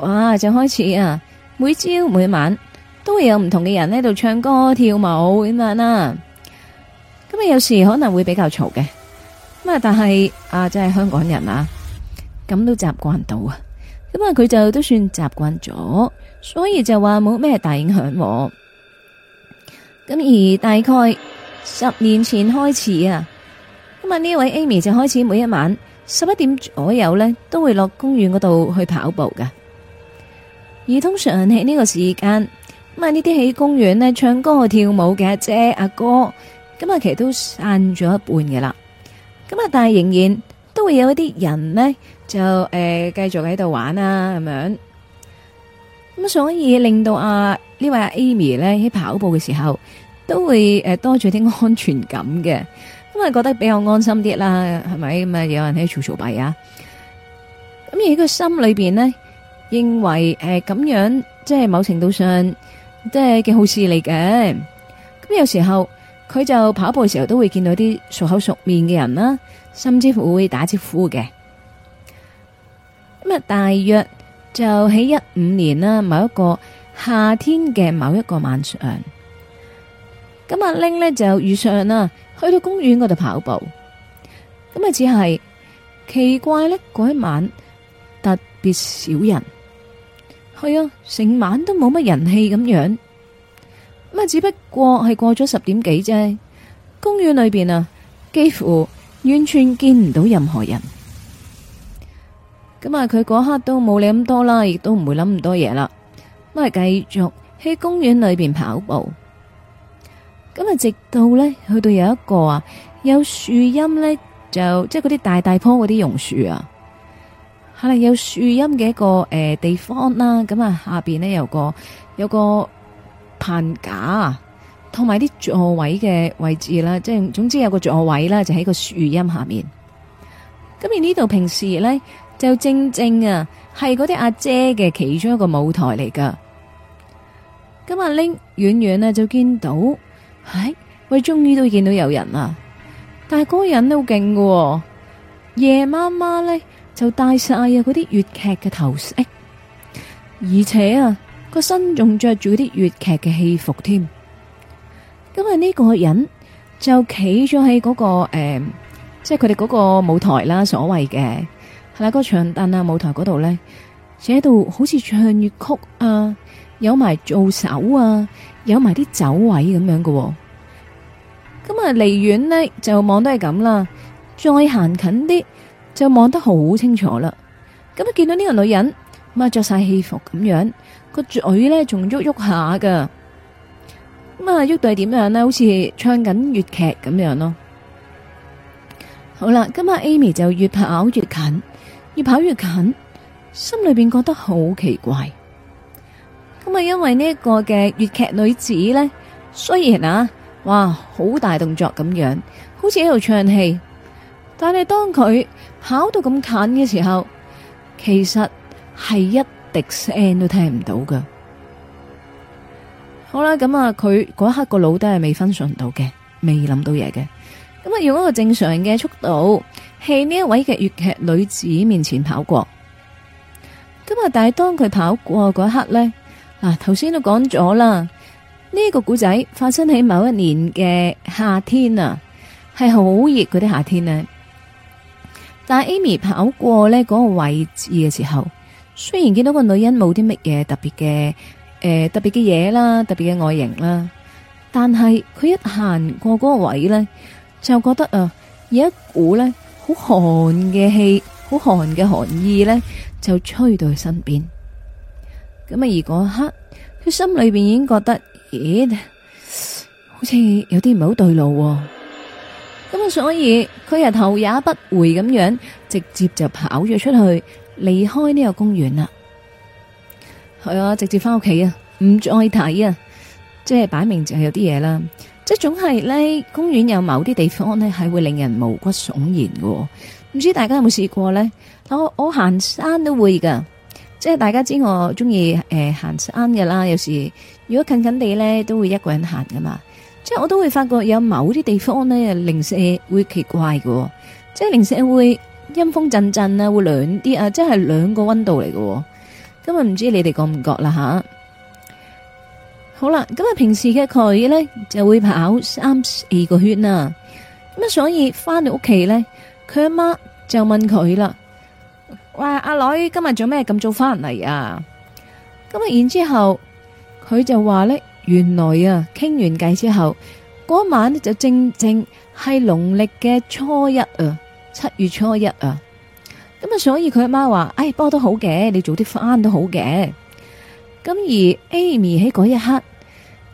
哇！就開始啊，每朝每晚都會有唔同嘅人喺度唱歌跳舞咁樣啦。咁啊，有時可能會比較嘈嘅。咁啊，但係啊，即係香港人啊，咁都習慣到啊。咁啊，佢就都算習慣咗，所以就話冇咩大影響喎。咁而大概十年前開始啊，咁啊呢位 Amy 就開始每一晚，十一點左右咧，都會落公園嗰度去跑步噶。而通常喺呢個時間，咁啊呢啲喺公園呢唱歌、跳舞嘅阿姐阿哥，咁啊其實都散咗一半嘅啦。咁啊，但係仍然都會有一啲人呢，就誒繼續喺度玩啊，咁樣。咁所以令到啊呢位 Amy 呢喺跑步嘅時候，都會誒多咗啲安全感嘅。因啊，覺得比較安心啲啦，係咪咁啊？有人喺嘈嘈閉啊！咁而喺個心裏邊呢，認為誒咁、呃、樣，即係某程度上，即係嘅好事嚟嘅。咁有時候佢就跑步嘅時候，都會見到啲熟口熟面嘅人啦，甚至乎會打招呼嘅。咁啊，大約就喺一五年啦，某一個夏天嘅某一個晚上，咁阿玲呢，就遇上啦。去到公園嗰度跑步，咁啊只係奇怪咧，嗰一晚特別少人，係啊，成晚都冇乜人氣咁樣。咁啊只不過係過咗十點幾啫，公園裏邊啊幾乎完全見唔到任何人。咁啊佢嗰刻都冇諗咁多啦，亦都唔會諗咁多嘢啦，咁啊繼續喺公園裏邊跑步。咁啊！直到咧去到有一個啊，有樹蔭咧，就即係嗰啲大大棵嗰啲榕樹啊，係有樹蔭嘅一個誒、呃、地方啦。咁啊，下邊呢，有個有個棚架啊，同埋啲座位嘅位置啦、啊。即係總之有個座位啦、啊，就喺個樹蔭下面。咁而呢度平時咧就正正啊，係嗰啲阿姐嘅其中一個舞台嚟㗎。咁啊，拎遠遠呢，就見到。唉、哎、喂，終於都見到有人啦！但係嗰人都好勁㗎，夜媽媽咧就戴晒啊嗰啲粵劇嘅頭飾、哎，而且啊個身仲着住啲粵劇嘅戲服添。咁啊呢個人就企咗喺嗰個誒，即係佢哋嗰個舞台啦，所謂嘅係啦，嗰個唱凳啊舞台嗰度咧，喺度好似唱粵曲啊，有埋做手啊。有埋啲走位咁樣嘅，哦，咁啊離遠呢，就望都係咁啦，再行近啲就望得好清楚啦。咁啊見到呢個女人，咁啊着晒戲服咁樣，個嘴咧仲喐喐下㗎。咁啊喐到係點樣呢？好似唱緊粵劇咁樣咯。好啦，今日 Amy 就越跑越近，越跑越近，心裏邊覺得好奇怪。咁啊，因為呢一個嘅粵劇女子呢，雖然啊，哇，好大動作咁樣，好似喺度唱戲，但係當佢跑到咁近嘅時候，其實係一滴聲都聽唔到噶。好啦，咁啊，佢嗰一刻個腦都係未分神到嘅，未諗到嘢嘅。咁啊，用一個正常人嘅速度喺呢一位嘅粵劇女子面前跑過。咁啊，但係當佢跑過嗰一刻呢。啊，頭先都講咗啦，呢、這個故仔發生喺某一年嘅夏天啊，係好熱嗰啲夏天呢，但 Amy 跑過呢個位置嘅時候，雖然見到個女人冇啲乜嘢特別嘅，誒特別嘅嘢啦，特別嘅外形啦，但係佢一行過嗰個位呢，就覺得啊，有一股呢好寒嘅氣，好寒嘅寒意呢，就吹到佢身邊。咁啊！而嗰刻，佢心裏邊已經覺得，咦、欸，好似有啲唔好對路。咁啊，所以佢日頭也不回咁樣，直接就跑咗出去，離開呢個公園啦。係啊，直接翻屋企啊，唔再睇啊，即係擺明就係有啲嘢啦。即係總係呢公園有某啲地方呢係會令人毛骨悚然嘅。唔知大家有冇試過呢？我我行山都會噶。即係大家知我中意誒行山嘅啦，有時如果近近地咧，都會一個人行噶嘛。即係我都會發覺有某啲地方咧，零舍會奇怪嘅哦。即係零舍會陰風陣陣啊，會涼啲啊，即係兩個温度嚟嘅哦。今日唔知你哋覺唔覺啦吓。好啦，咁啊平時嘅佢咧就會跑三四個圈啊。咁啊，所以翻到屋企咧，佢阿媽就問佢啦。哇！阿女今日做咩咁早翻嚟啊？咁啊，然之後佢就話呢：「原來啊，傾完偈之後，嗰晚呢就正正係農曆嘅初一啊，七月初一啊。咁啊，所以佢阿媽話：「哎，不過都好嘅，你早啲翻都好嘅。咁而 Amy 喺嗰一刻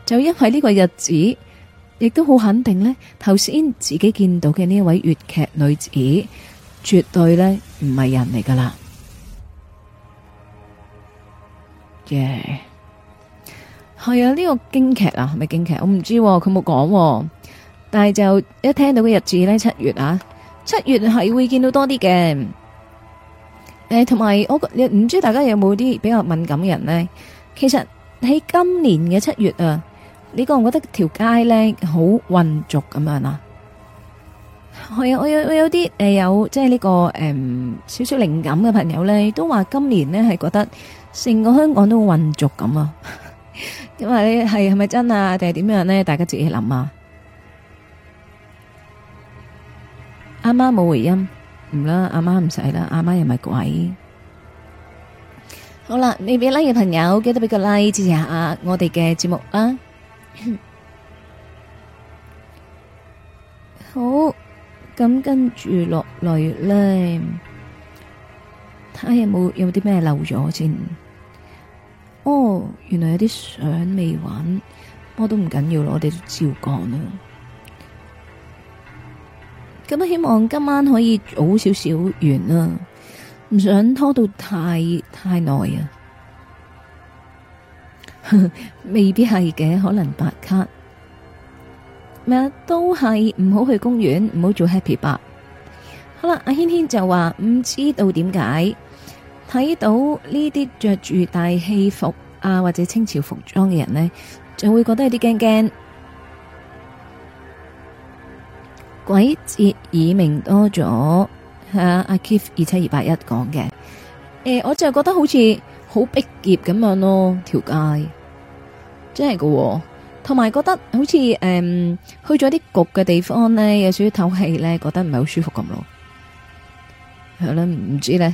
就因為呢個日子，亦都好肯定呢頭先自己見到嘅呢位粵劇女子。絕對咧唔係人嚟噶啦，耶係啊！呢個京劇啊，係咪京劇？我唔知佢冇講，但係就一聽到嘅日子咧，七月啊，七月係會見到多啲嘅。誒，同埋我唔知大家有冇啲比較敏感嘅人咧？其實喺今年嘅七月啊，你覺唔覺得條街咧好混濁咁樣啊？係啊，我有我有啲誒有即係呢個誒少少靈感嘅朋友咧，都話今年咧係覺得成個香港都好混濁咁啊！因為，係係咪真啊？定係點樣咧？大家自己諗啊！阿媽冇回音，唔啦，阿媽唔使啦，阿媽又咪鬼。好啦，你俾 like 嘅朋友記得俾個 like 支持下我哋嘅節目啦。好。咁跟住落嚟咧，睇下有冇有啲咩漏咗先。哦，原來有啲相未玩，不過我都唔緊要咯，我哋照講啦。咁希望今晚可以早少少完啦，唔想拖到太太耐啊。未必係嘅，可能白卡。咩都係唔好去公園，唔好做 happy 八。好啦，阿軒軒就話唔知道點解睇到呢啲着住大戲服啊或者清朝服裝嘅人呢，就會覺得有啲驚驚。鬼節以命多咗，吓阿 Keith 二七二八一講嘅。誒、欸，我就覺得好似好逼仄咁樣咯，條街真係噶、哦。同埋覺得好似誒、嗯，去咗啲焗嘅地方咧，有少少透氣咧，覺得唔係好舒服咁咯。係啦，唔知咧，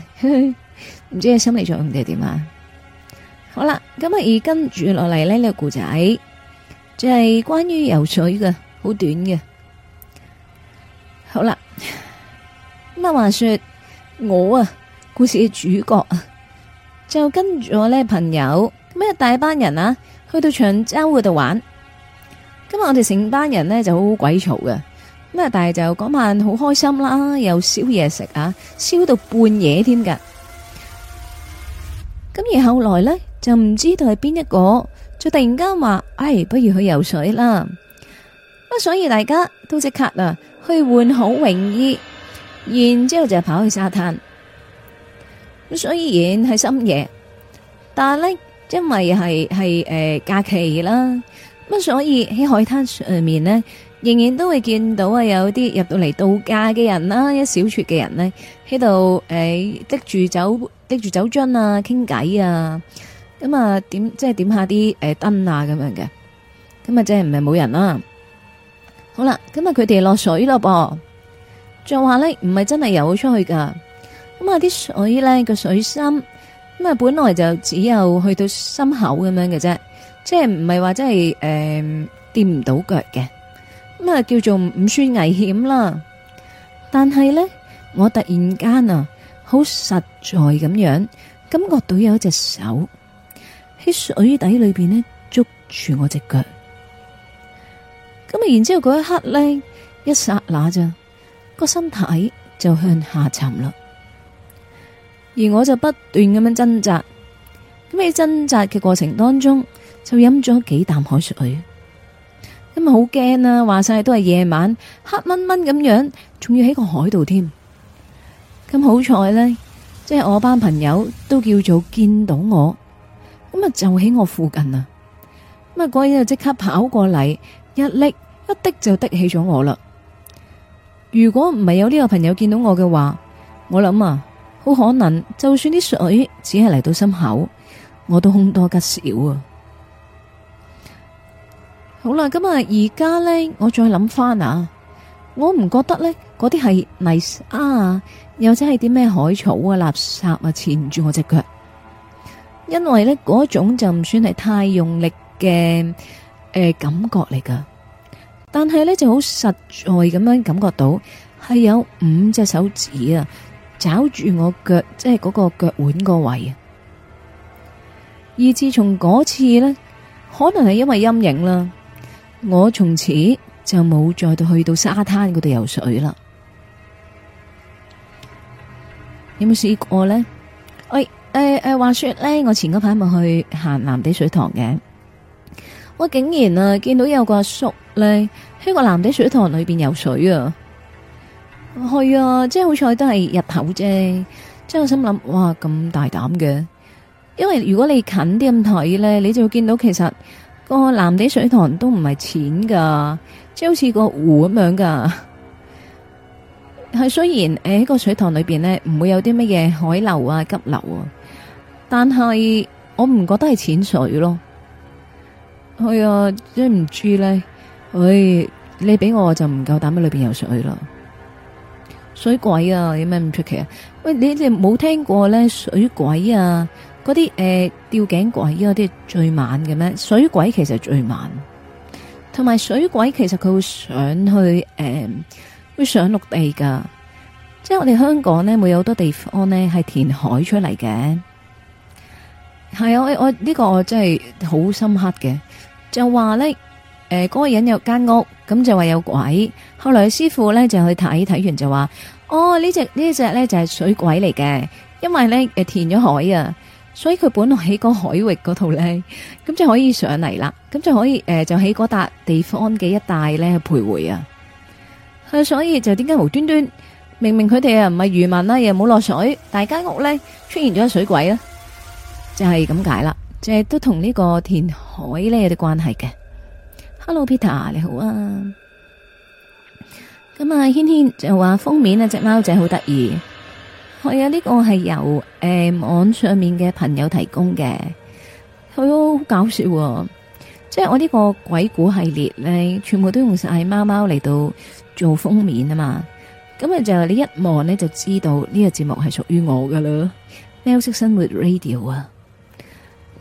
唔 知係心理作用定係點啊？好啦，咁啊而跟住落嚟咧，呢、這個故仔就係、是、關於游水嘅，好短嘅。好啦，咁啊話說我啊，故事嘅主角啊，就跟住我咧朋友咁啊大班人啊，去到長洲嗰度玩。今日我哋成班人呢就好鬼嘈嘅，咁啊。但係就嗰晚好開心啦，又燒嘢食啊，燒到半夜添㗎。咁而後來呢，就唔知道係邊一個，就突然間話，哎，不如去游水啦！所以大家都即刻啊去換好泳衣，然之後就跑去沙灘。咁雖然係深夜，但係呢，因為係係誒假期啦。咁，所以喺海灘上面呢，仍然都會見到啊，有啲入到嚟度假嘅人啦，一小撮嘅人呢，喺度誒，拎住酒拎住酒樽啊，傾偈啊，咁啊點即係點下啲誒燈啊咁樣嘅，咁啊即係唔係冇人啦。好啦，咁啊佢哋落水咯噃，就話呢，唔係真係游出去噶，咁啊啲水呢，個水深，咁啊本來就只有去到心口咁樣嘅啫。即係唔係話真係誒掂唔到腳嘅咁啊，就叫做唔算危險啦。但係呢，我突然間啊，好實在咁樣，感覺到有一隻手喺水底裏邊呢捉住我隻腳。咁啊，然之後嗰一刻呢，一剎那咋個身體就向下沉啦。而我就不斷咁樣掙扎，咁喺掙扎嘅過程當中。就飲咗幾啖海水，咁、嗯、啊好驚呀。話晒都係夜晚黑蚊蚊咁樣，仲要喺個海度添。咁、嗯、好彩呢，即係我班朋友都叫做見到我，咁啊就喺我附近啊。咁啊，嗰人就即刻跑過嚟，一拎一滴就滴起咗我啦。如果唔係有呢個朋友見到我嘅話，我諗啊，好可能就算啲水只係嚟到心口，我都凶多吉少啊。好啦，咁啊，而家咧，我再諗翻啊，我唔覺得咧，嗰啲係泥沙啊，又或者係啲咩海草啊、垃圾啊纏住我隻腳，因為咧嗰種就唔算係太用力嘅誒、呃、感覺嚟噶，但係咧就好實在咁樣感覺到係有五隻手指啊，抓住我腳，即係嗰個腳腕個位啊。而自從嗰次咧，可能係因為陰影啦。我從此就冇再到去到沙灘嗰度游水啦。有冇試過呢？誒誒誒，話說咧，我前嗰排咪去行藍地水塘嘅，我竟然啊見到有個阿叔咧喺個藍地水塘裏邊游水啊！係啊，啊，即係好彩都係入口啫。即係我心諗，哇，咁大膽嘅，因為如果你近啲咁睇咧，你就會見到其實。個藍地水塘都唔係淺噶，即係好似個湖咁樣噶。係 雖然誒，喺、欸這個水塘裏邊咧，唔會有啲乜嘢海流啊、急流啊，但係我唔覺得係淺水咯。係啊，真唔知咧。喂，你俾、哎、我就唔夠膽喺裏邊游水去啦。水鬼啊，有咩唔出奇啊？喂，你哋冇聽過咧水鬼啊？嗰啲誒吊頸鬼嗰啲最猛嘅咩？水鬼其實是最猛，同埋水鬼其實佢會,、呃、會上去誒會上陸地噶。即係我哋香港咧，會有好多地方咧係填海出嚟嘅。係我我呢、這個我真係好深刻嘅，就話咧誒嗰個人有間屋，咁就話有鬼。後來師傅咧就去睇睇完就話：哦呢隻呢隻咧就係水鬼嚟嘅，因為咧誒填咗海啊。所以佢本來喺嗰海域嗰度咧，咁就可以上嚟啦，咁就可以誒、呃，就喺嗰笪地方嘅一帶咧徘徊啊。佢所以就點解無端端，明明佢哋啊唔係漁民啦，又冇落水，大間屋咧出現咗水鬼啊，就係咁解啦，即係、是、都同呢個填海咧有啲關係嘅。Hello，Peter 你好啊。咁啊，軒軒就話封面啊隻貓仔好得意。係、這、啊、個，呢個係由誒網上面嘅朋友提供嘅，好、哦、搞笑、哦。即係我呢個鬼故系列咧，全部都用晒貓貓嚟到做封面啊嘛。咁啊就你一望咧就知道呢個節目係屬於我噶啦。喵式生活 Radio 啊。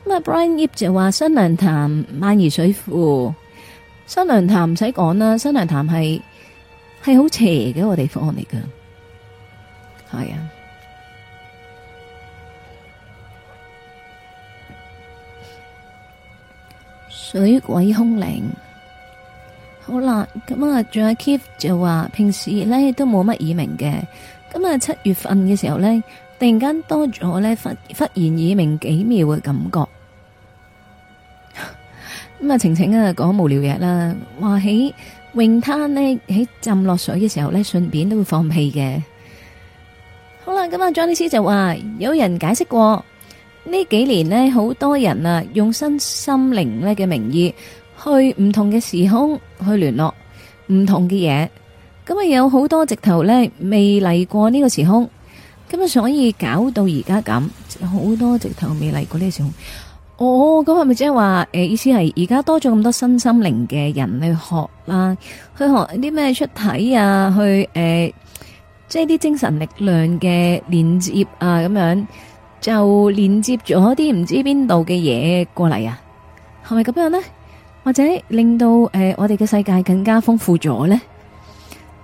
咁啊 Brian 葉就話新娘潭萬宜水庫，新娘潭唔使講啦，新娘潭係係好邪嘅一個地方嚟噶，係啊。水鬼空靈，好啦，咁啊，仲有 Keith 就話平時呢都冇乜耳鳴嘅，咁啊七月份嘅時候呢，突然間多咗呢，忽忽然耳鳴幾秒嘅感覺。咁 啊晴晴啊講無聊嘢啦，話起泳灘呢，喺浸落水嘅時候呢，順便都會放屁嘅。好啦，咁啊 Johnny 就話有人解釋過。呢幾年呢，好多人啊，用身心靈咧嘅名義去唔同嘅時空去聯絡唔同嘅嘢，咁啊有好多直頭呢未嚟過呢個時空，咁所以搞到而家咁，好多直頭未嚟過呢個時空。哦，咁係咪即係話誒意思係而家多咗咁多身心靈嘅人去學啦，去學啲咩出體啊，去誒即係啲精神力量嘅連接啊咁樣。就連接咗啲唔知邊度嘅嘢過嚟啊，係咪咁樣呢？或者令到誒我哋嘅世界更加豐富咗呢？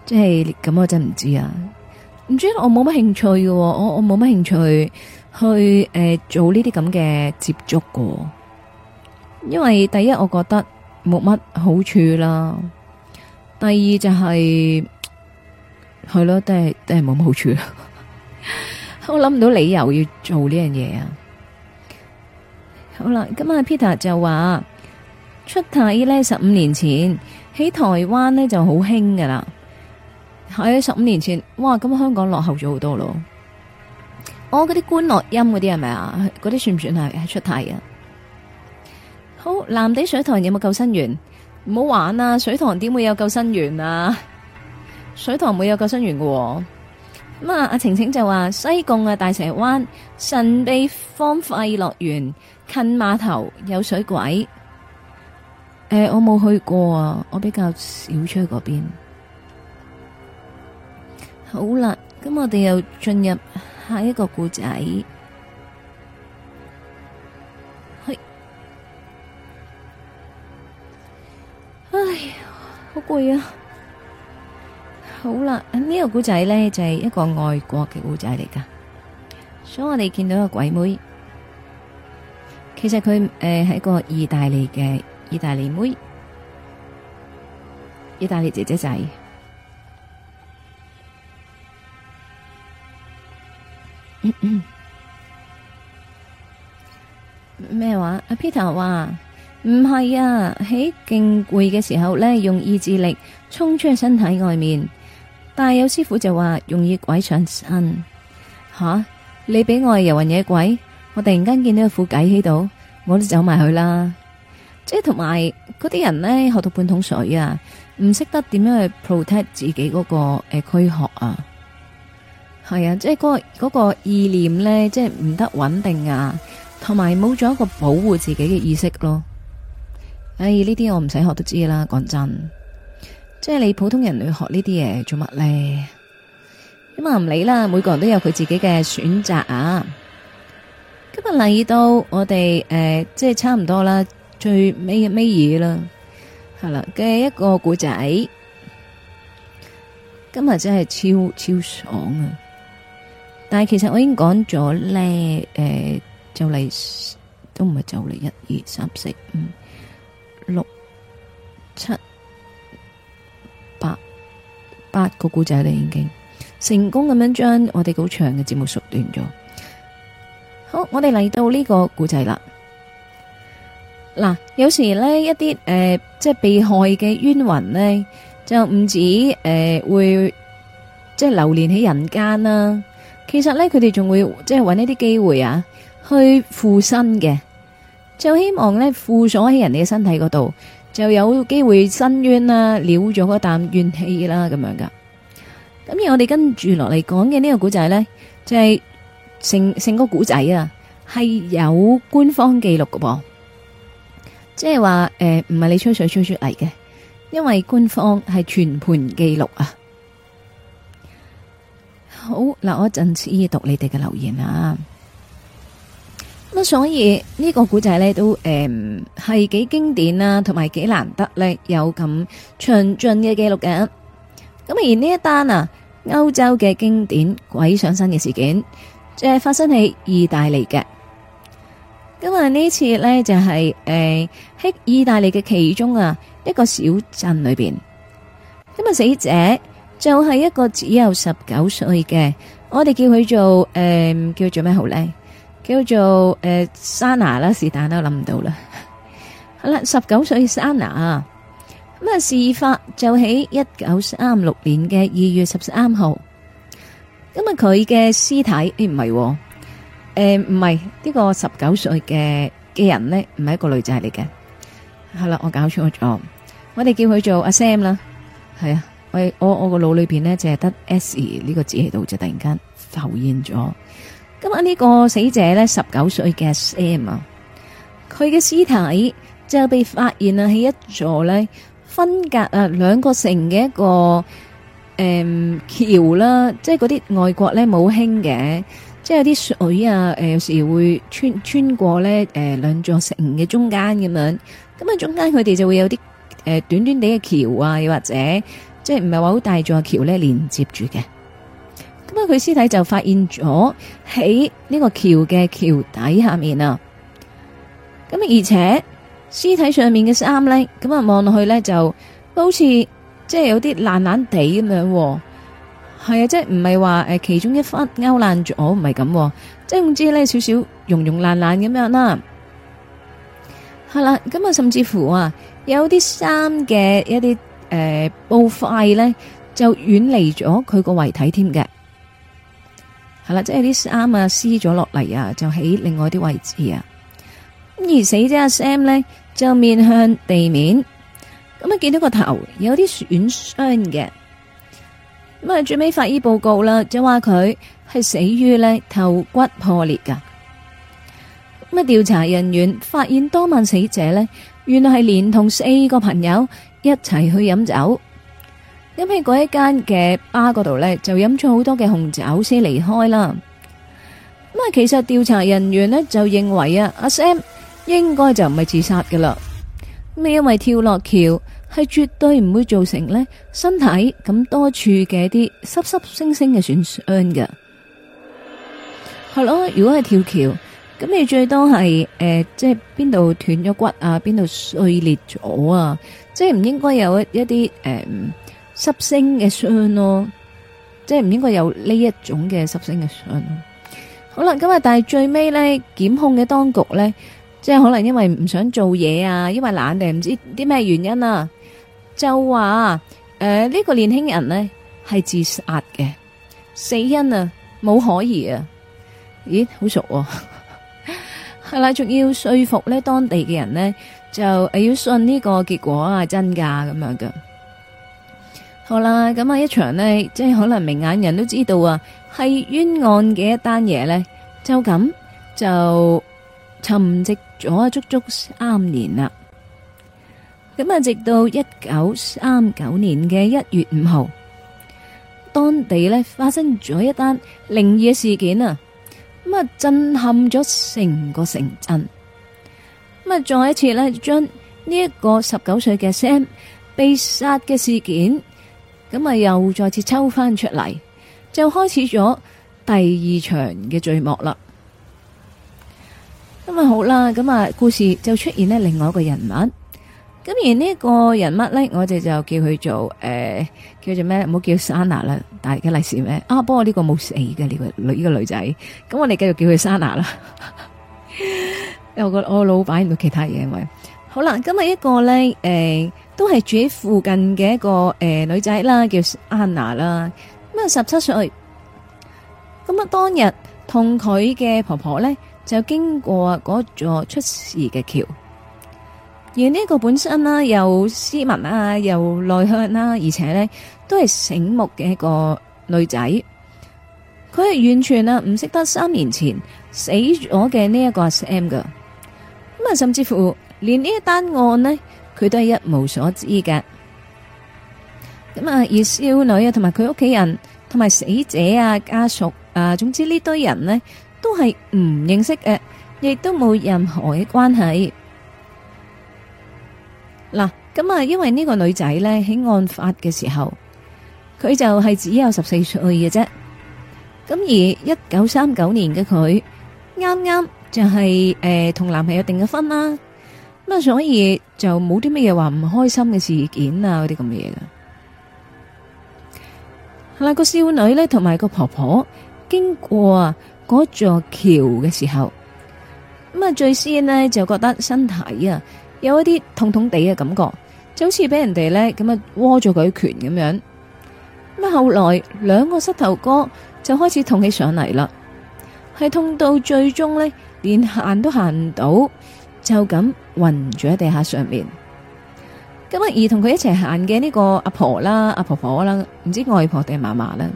即係咁，我真唔知啊，唔知，我冇乜興趣嘅，我我冇乜興趣去誒做呢啲咁嘅接觸個，因為第一我覺得冇乜好處啦，第二就係，係咯，都係都係冇乜好處。我諗唔到理由要做呢樣嘢。啊好！好啦，今晚 Peter 就話出題呢，十五年前喺台灣呢就好興噶啦，喺十五年前，哇！咁香港落後咗好多咯，哦。我嗰啲觀樂音嗰啲係咪啊？嗰啲算唔算係出題啊？好，藍地水塘有冇救生員？唔好玩啊！水塘點會有救生員啊？水塘唔會有救生員噶。咁啊，阿晴晴就話西貢嘅大蛇灣神秘荒廢樂園，近碼頭有水鬼。誒，我冇去過啊，我比較少出去嗰邊。好啦，咁我哋又進入下一個故仔。嘿，哎呀，好攰啊！好啦，這個、呢個古仔呢就係、是、一個外國嘅古仔嚟㗎，所、so，以我哋見到一個鬼妹，其實佢誒係一個意大利嘅意大利妹，意大利姐姐仔。咩、嗯、話？阿、嗯、Peter 話唔係啊，喺勁攰嘅時候呢，用意志力衝出身體外面。但係有師傅就話容易鬼上身，吓你俾我遊魂野鬼，我突然間見到副鬼喺度，我都走埋去啦。即係同埋嗰啲人呢，學到半桶水啊，唔識得點樣去 protect 自己嗰、嗰個誒軀殼啊，係啊，即係嗰個嗰個意念呢，即係唔得穩定啊，同埋冇咗一個保護自己嘅意識咯。唉，呢啲我唔使學都知啦，講真。即係你普通人去學這些東西呢啲嘢，做乜咧？咁啊唔理啦，每個人都有佢自己嘅選擇啊。今日嚟到我哋誒、呃，即係差唔多啦，最尾嘅尾嘢啦，係啦嘅一個古仔。今日真係超超爽啊！但係其實我已經講咗咧，誒、呃，就嚟都唔係就嚟一二三四五六七。八個故仔咧，已經成功咁樣將我哋好長嘅節目縮短咗。好，我哋嚟到呢個故仔啦。嗱，有時呢一啲誒、呃，即係被害嘅冤魂呢，就唔止誒、呃、會即係流連喺人間啦、啊。其實呢，佢哋仲會即係搵一啲機會啊，去附身嘅，就希望呢附咗喺人哋嘅身體嗰度。就有機會伸冤啦，了咗嗰啖怨氣啦，咁樣噶。咁而我哋跟住落嚟講嘅呢個古仔咧，就係成成個古仔啊，係有官方記錄嘅噃，即係話誒，唔係你吹水吹出嚟嘅，因為官方係全盤記錄啊。好，嗱，我一陣先讀你哋嘅留言啊。咁所以、這個、呢個古仔咧都誒係幾經典啊，同埋幾難得咧有咁詳盡嘅記錄嘅。咁而呢一單啊，歐洲嘅經典鬼上身嘅事件，係、就係、發生喺意大利嘅。咁啊呢次呢，就係誒喺意大利嘅其中啊一個小鎮裏邊。咁啊死者就係一個只有十九歲嘅，我哋叫佢做誒、嗯、叫做咩好呢？叫做誒，Sana 啦，是但都諗唔到啦。好啦，十九歲 Sana 啊，咁啊，事發就喺一九三六年嘅二月十三號。咁啊，佢嘅屍體誒唔係，誒唔係呢個十九歲嘅嘅人咧，唔係一個女仔嚟嘅。係啦，我搞錯咗，我哋叫佢做阿 Sam 啦。係啊，喂，我我個腦裏邊咧淨係得 S 呢個字喺度就突然間浮現咗。咁啊！呢個死者咧，十九歲嘅 Sam 啊，佢嘅屍體就被發現啊喺一座咧分隔啊兩個城嘅一個誒橋啦，即係嗰啲外國咧冇興嘅，即係有啲水啊，誒，有時會穿穿過咧誒兩座城嘅中間咁樣。咁啊，中間佢哋就會有啲誒短短地嘅橋啊，又或者即係唔係話好大座橋咧連接住嘅。咁啊，佢屍體就發現咗喺呢個橋嘅橋底下面啊！咁而且屍體上面嘅衫咧，咁啊望落去咧，就好似即係有啲爛爛地咁樣。係啊，即係唔係話誒其中一忽勾爛咗，唔係咁，即係總之咧少少融融爛爛咁樣啦。係啦，咁啊，甚至乎啊，有啲衫嘅一啲誒布塊咧，就遠離咗佢個遺體添嘅。係啦，即係啲衫啊撕咗落嚟啊，就喺另外啲位置啊。咁而死者阿 Sam 呢，就面向地面，咁啊見到個頭有啲損傷嘅。咁啊最尾法醫報告啦，就話佢係死於呢頭骨破裂噶。咁啊調查人員發現當晚死者呢，原來係連同四個朋友一齊去飲酒。咁喺嗰一間嘅吧嗰度咧，就飲咗好多嘅紅酒先離開啦。咁啊，其實調查人員呢，就認為啊，阿 Sam 應該就唔係自殺噶啦。咁你因為跳落橋係絕對唔會造成呢身體咁多處嘅一啲濕濕星星嘅損傷㗎。係、嗯、咯，如果係跳橋，咁你最多係誒、呃，即係邊度斷咗骨啊，邊度碎裂咗啊，即係唔應該有一一啲誒。呃濕星嘅傷咯，即係唔應該有呢一種嘅濕星嘅傷。好啦，今日但係最尾咧，檢控嘅當局咧，即係可能因為唔想做嘢啊，因為懶定唔知啲咩原因啊，就話誒呢個年輕人咧係自殺嘅，死因啊冇可疑啊。咦，好熟係、啊、啦，仲 要說服咧當地嘅人咧，就要信呢個結果係真噶咁樣噶。好啦，咁啊一場呢，即係可能明眼人都知道啊，係冤案嘅一單嘢呢，就咁就沉寂咗足足三年啦。咁啊，直到一九三九年嘅一月五號，當地呢發生咗一單靈異嘅事件啊，咁啊震撼咗成個城鎮。咁啊，再一次呢將呢一個十九歲嘅 Sam 被殺嘅事件。咁啊，又再次抽翻出嚟，就開始咗第二場嘅序幕啦。咁、嗯、啊好啦，咁、嗯、啊故事就出現另外一個人物。咁、嗯、而呢個人物咧，我哋就叫佢做誒、呃，叫做咩？唔好叫珊娜啦，大家嚟是咩？啊，不過呢個冇死嘅呢、這個女呢、這個女仔。咁、嗯、我哋繼續叫佢珊娜啦。又 個我老闆到其他嘢咪好啦。今日一個咧誒。呃都係住喺附近嘅一個誒、呃、女仔 Sanna, 啦，叫安娜啦，咁啊十七歲，咁啊當日同佢嘅婆婆咧就經過嗰座出事嘅橋，而呢一個本身啦又斯文啊，又內向啦，而且咧都係醒目嘅一個女仔，佢係完全啊唔識得三年前死咗嘅呢一個 Sam 噶咁啊甚至乎連呢一單案呢。佢都係一無所知嘅，咁啊，而少女啊，同埋佢屋企人，同埋死者啊家屬啊，總之呢堆人呢，都係唔認識嘅，亦都冇任何嘅關係。嗱，咁啊，因為呢個女仔呢，喺案發嘅時候，佢就係只有十四歲嘅啫。咁而一九三九年嘅佢，啱啱就係誒同男朋友訂咗婚啦。所以就冇啲乜嘢話唔開心嘅事件啊，嗰啲咁嘅嘢嘅。嗱，個少女咧，同埋個婆婆經過啊嗰座橋嘅時候，咁啊最先呢就覺得身體啊有一啲痛痛地嘅感覺，就好似俾人哋咧咁啊窩咗佢拳咁樣。咁啊後來兩個膝頭哥就開始痛起上嚟啦，係痛到最終咧連行都行唔到。就咁暈住喺地下上面，咁啊而同佢一齊行嘅呢個阿婆啦，阿婆婆啦，唔知外婆定係嫲嫲啦，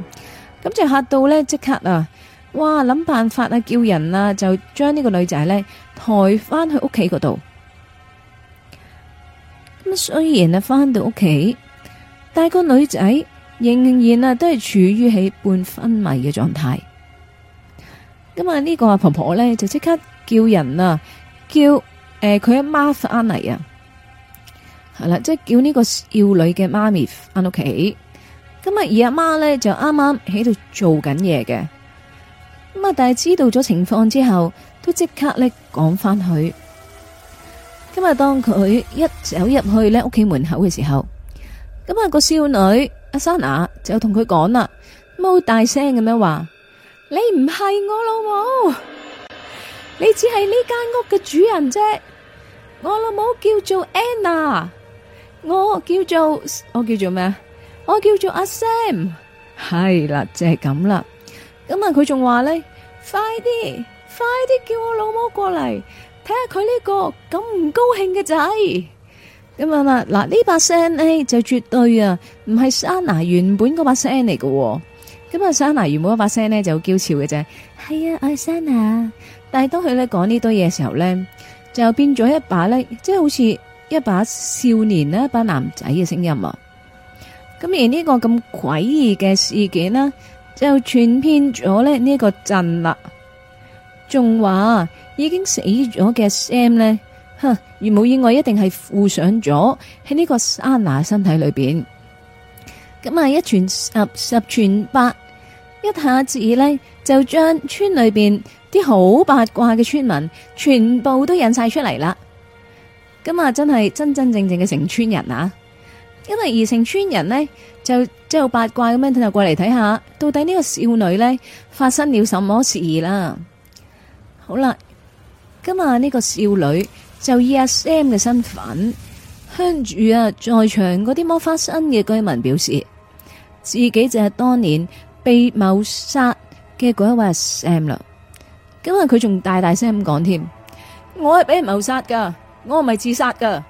咁就嚇到咧，即刻啊，哇諗辦法啊，叫人啊，就將呢個女仔咧抬翻去屋企嗰度。咁雖然啊翻到屋企，但係個女仔仍然啊都係處於喺半昏迷嘅狀態。咁啊呢個阿婆婆咧就即刻叫人啊叫。誒，佢阿媽翻嚟啊，係啦，即係叫呢個少女嘅媽咪翻屋企。咁啊，而阿媽咧就啱啱喺度做緊嘢嘅。咁啊，但係知道咗情況之後，都即刻咧講翻佢。今日當佢一走入去咧屋企門口嘅時候，咁、那、啊個少女阿珊娜就同佢講啦，冇大聲咁樣話：你唔係我老母，你只係呢間屋嘅主人啫。我老母叫做 Anna，我叫做我叫做咩啊？我叫做阿 Sam，係啦，即係咁啦。咁、嗯、啊，佢仲話咧，快啲，快啲叫我老母過嚟睇下佢呢個咁唔高興嘅仔。咁啊喇，嗱呢把聲咧就絕對啊，唔係 Sana 原本嗰把聲嚟嘅。咁啊 Sana 原本嗰把聲咧就好嬌俏嘅啫。係啊我係 Sana 但係當佢咧講呢堆嘢嘅時候咧。就變咗一把咧，即係好似一把少年啦，一把男仔嘅聲音啊！咁而呢個咁詭異嘅事件咧，就傳遍咗咧呢個鎮啦。仲話已經死咗嘅 Sam 呢，哼，如冇意外一定係附上咗喺呢個安娜身體裏邊。咁啊，一傳十，十傳百，一下子呢，就將村裏邊，啲好八卦嘅村民全部都引晒出嚟啦。咁啊，真係真真正正嘅成村人啊，因為而成村人呢，就即係八卦咁樣，就過嚟睇下到底呢個少女呢發生了什麼事啦。好啦，咁啊，呢個少女就阿 s m 嘅身份，向住啊在場嗰啲魔法生嘅居民表示自己就係當年被謀殺嘅嗰一位 s M 啦。因為佢仲大大聲咁講添，我係俾人謀殺噶，我唔係自殺噶。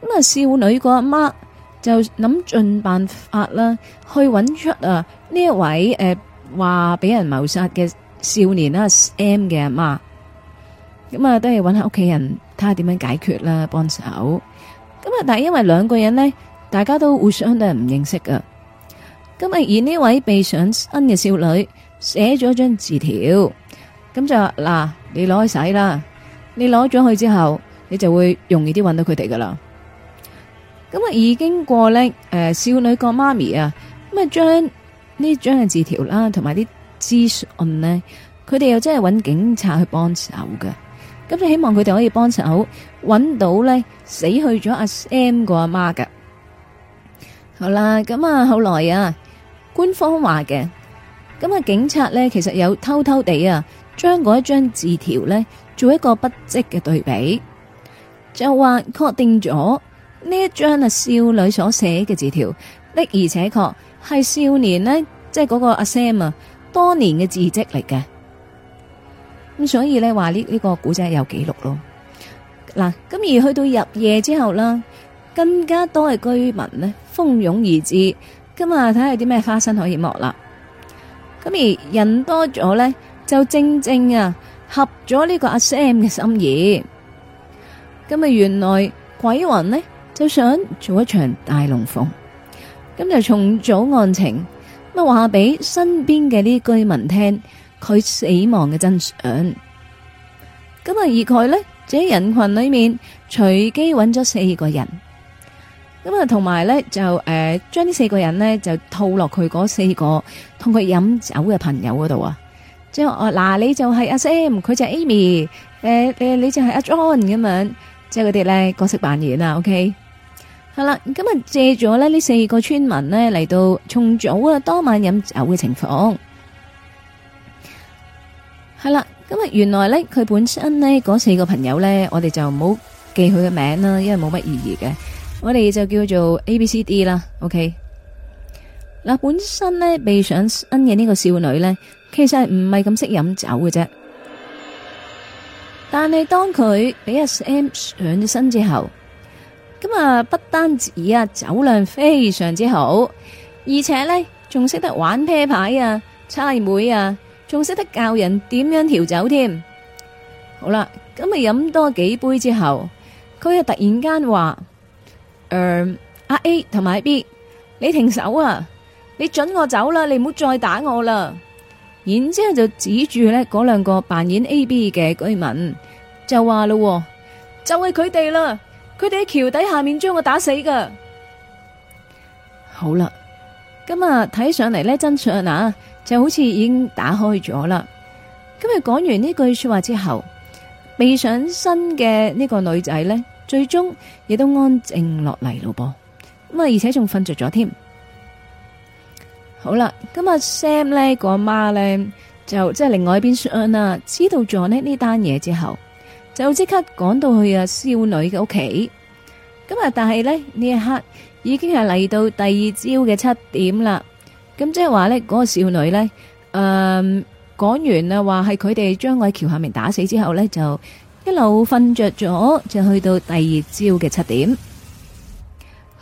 咁啊，少女個阿媽就諗盡辦法啦，去揾出啊呢一位誒話俾人謀殺嘅少年啦，M 嘅阿媽。咁啊，都係揾下屋企人睇下點樣解決啦，幫手。咁啊，但係因為兩個人呢，大家都互相都係唔認識噶。咁啊，而呢位被上身嘅少女。寫咗張字條，咁就嗱、啊，你攞去洗啦。你攞咗去之後，你就會容易啲揾到佢哋噶啦。咁啊，已經過呢，誒、呃，少女個媽咪啊，咁啊，將呢張嘅字條啦，同埋啲資訊呢，佢哋又真係揾警察去幫手噶。咁就希望佢哋可以幫手揾到咧死去咗阿 Sam 個阿媽噶。好啦，咁啊，後來啊，官方話嘅。咁啊！警察呢其實有偷偷地啊，將嗰一張字條呢做一個筆迹嘅對比，就話確定咗呢一張啊少女所寫嘅字條的，而且確係少年呢即係嗰個阿 Sam 啊，多年嘅字迹嚟嘅。咁所以呢話呢呢個古仔、這個、有記錄咯。嗱，咁而去到入夜之後啦，更加多嘅居民呢蜂擁而至。今日睇下有啲咩花生可以剝啦。咁而人多咗咧，就正正啊，合咗呢個阿 Sam 嘅心意。咁啊，原來鬼魂咧就想做一場大龍鳳。咁就重組案情，咁話下俾身邊嘅啲居民聽佢死亡嘅真相。咁啊，而佢咧，喺人群裏面隨機揾咗四個人。咁啊，同埋咧就誒，將、呃、呢四個人呢，就套落佢嗰四個同佢飲酒嘅朋友嗰度啊，即係話哦嗱，你就係阿 Sam，佢就係 Amy，誒、呃、誒，你就係阿 John 咁樣，即係嗰啲咧角色扮演啊，OK，係啦，咁啊借咗咧呢四個村民呢嚟到重組啊當晚飲酒嘅情況，係啦，咁、嗯、啊原來咧佢本身呢，嗰四個朋友咧，我哋就唔好記佢嘅名啦，因為冇乜意義嘅。我哋就叫做 A、B、C、D 啦，OK。嗱，本身呢，未上身嘅呢個少女呢，其實係唔係咁識飲酒嘅啫。但係當佢俾阿 Sam 上咗身之後，咁啊不單止啊酒量非常之好，而且呢，仲識得玩啤牌啊、猜枚啊，仲識得教人點樣調酒添。好啦，咁啊飲多幾杯之後，佢又突然間話。誒，阿 A 同埋 B，你停手啊！你准我走啦，你唔好再打我啦。然之後就指住咧嗰兩個扮演 A、B 嘅居民，就說了，就話、是、咯，就係佢哋啦，佢哋喺橋底下面將我打死噶。好啦，咁啊，睇上嚟咧，真相啊，就好似已經打開咗啦。今日講完呢句說話之後，未上身嘅呢個女仔咧。最終亦都安靜落嚟咯噃，咁啊，而且仲瞓着咗添。好啦，咁阿 Sam 咧個阿媽咧就即係另外一邊說啦，知道咗呢呢單嘢之後，就即刻趕到去阿少女嘅屋企。咁啊，但係咧呢一刻已經係嚟到第二朝嘅七點啦。咁即係話咧，嗰個少女咧，嗯，講完啊，話係佢哋將我喺橋下面打死之後咧就。一路瞓着咗，就去到第二朝嘅七點。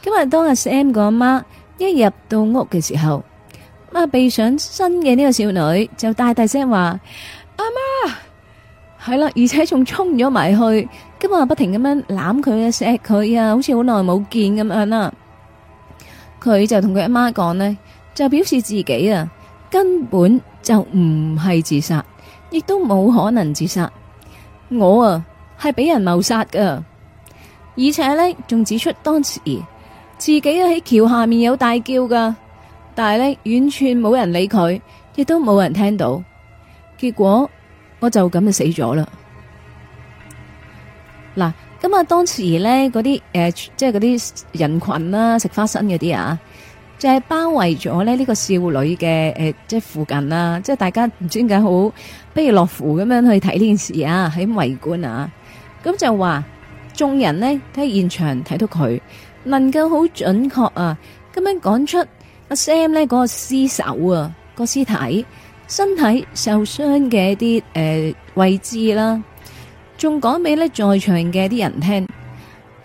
今日當阿 Sam 個阿媽一入到屋嘅時候，咁啊，被上身嘅呢個少女就大大聲話：阿媽，係啦，而且仲衝咗埋去。今日，不停咁樣攬佢啊，錫佢啊，好似好耐冇見咁樣啦。佢就同佢阿媽講呢，就表示自己啊根本就唔係自殺，亦都冇可能自殺。我啊係俾人謀殺噶，而且咧仲指出當時自己喺橋下面有大叫噶，但係咧完全冇人理佢，亦都冇人聽到，結果我就咁就死咗啦。嗱，咁啊，當時咧嗰啲誒，即係嗰啲人群啦、啊，食花生嗰啲啊，就係、是、包圍咗咧呢、這個少女嘅誒、呃，即係附近啦、啊，即係大家唔知點解好。不如落符咁樣去睇呢件事啊，喺圍觀啊，咁就話眾人呢喺現場睇到佢能夠好準確啊，咁樣講出阿 Sam 呢嗰個屍首啊，個屍體身體受傷嘅啲誒位置啦，仲講俾呢在場嘅啲人聽。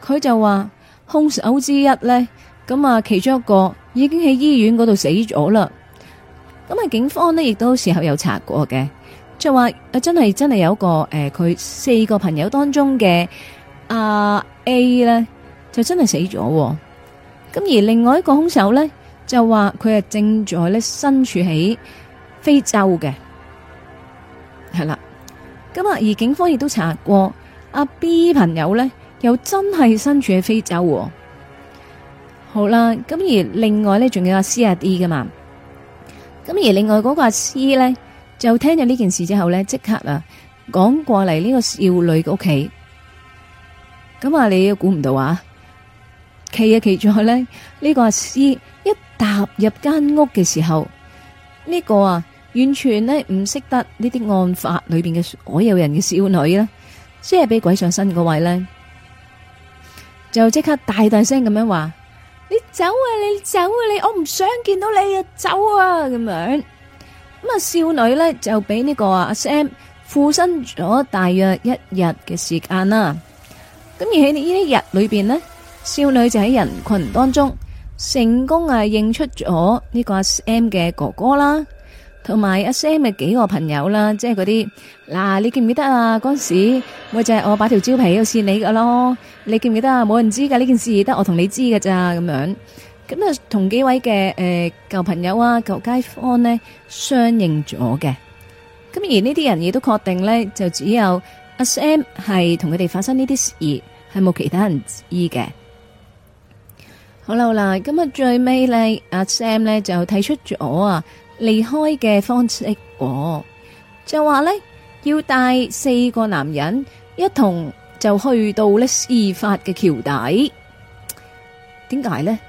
佢就話凶手之一呢，咁啊其中一個已經喺醫院嗰度死咗啦。咁啊，警方呢亦都事後有查過嘅。就話誒，真係真係有一個誒，佢、呃、四個朋友當中嘅阿、啊、A 呢，就真係死咗、啊。咁而另外一個凶手呢，就話佢係正在咧身處喺非洲嘅，係啦。咁啊，而警方亦都查過阿 B 朋友呢，又真係身處喺非洲、啊。好啦，咁而另外呢，仲有阿 C 阿、啊、D 㗎嘛，咁而另外嗰個阿 C 呢？就聽咗呢件事之後呢，即刻啊，講過嚟呢個少女嘅屋企。咁啊，你估唔到啊？企啊企咗，呢、呢個阿師一踏入間屋嘅時候，呢、呢個啊完全呢唔識得呢啲案發裏邊嘅所有人嘅少女啦，即係俾鬼上身個位呢，就即刻大大聲咁樣話：你走啊，你走啊，你我唔想見到你啊，走啊咁樣。咁啊，少女咧就俾呢個阿 Sam 附身咗大約一日嘅時間啦。咁而喺呢呢一日裏邊咧，少女就喺人群當中成功啊認出咗呢個阿 Sam 嘅哥哥啦，同埋阿 Sam 嘅幾個朋友啦，即係嗰啲嗱，你記唔記得啊？嗰時我就係我擺條招牌要試你噶咯，你記唔記得啊？冇人知噶呢件事，得我同你知噶咋咁樣。咁啊，同幾位嘅、誒、舊朋友啊、舊街坊呢相認咗嘅。咁而呢啲人亦都確定呢，就只有阿 Sam 係同佢哋發生呢啲事，係冇其他人知嘅。好啦，嗱，今日最尾呢，阿、啊、Sam 呢就提出咗啊離開嘅方式，哦、就話呢，要帶四個男人一同就去到呢司法嘅橋底，點解呢？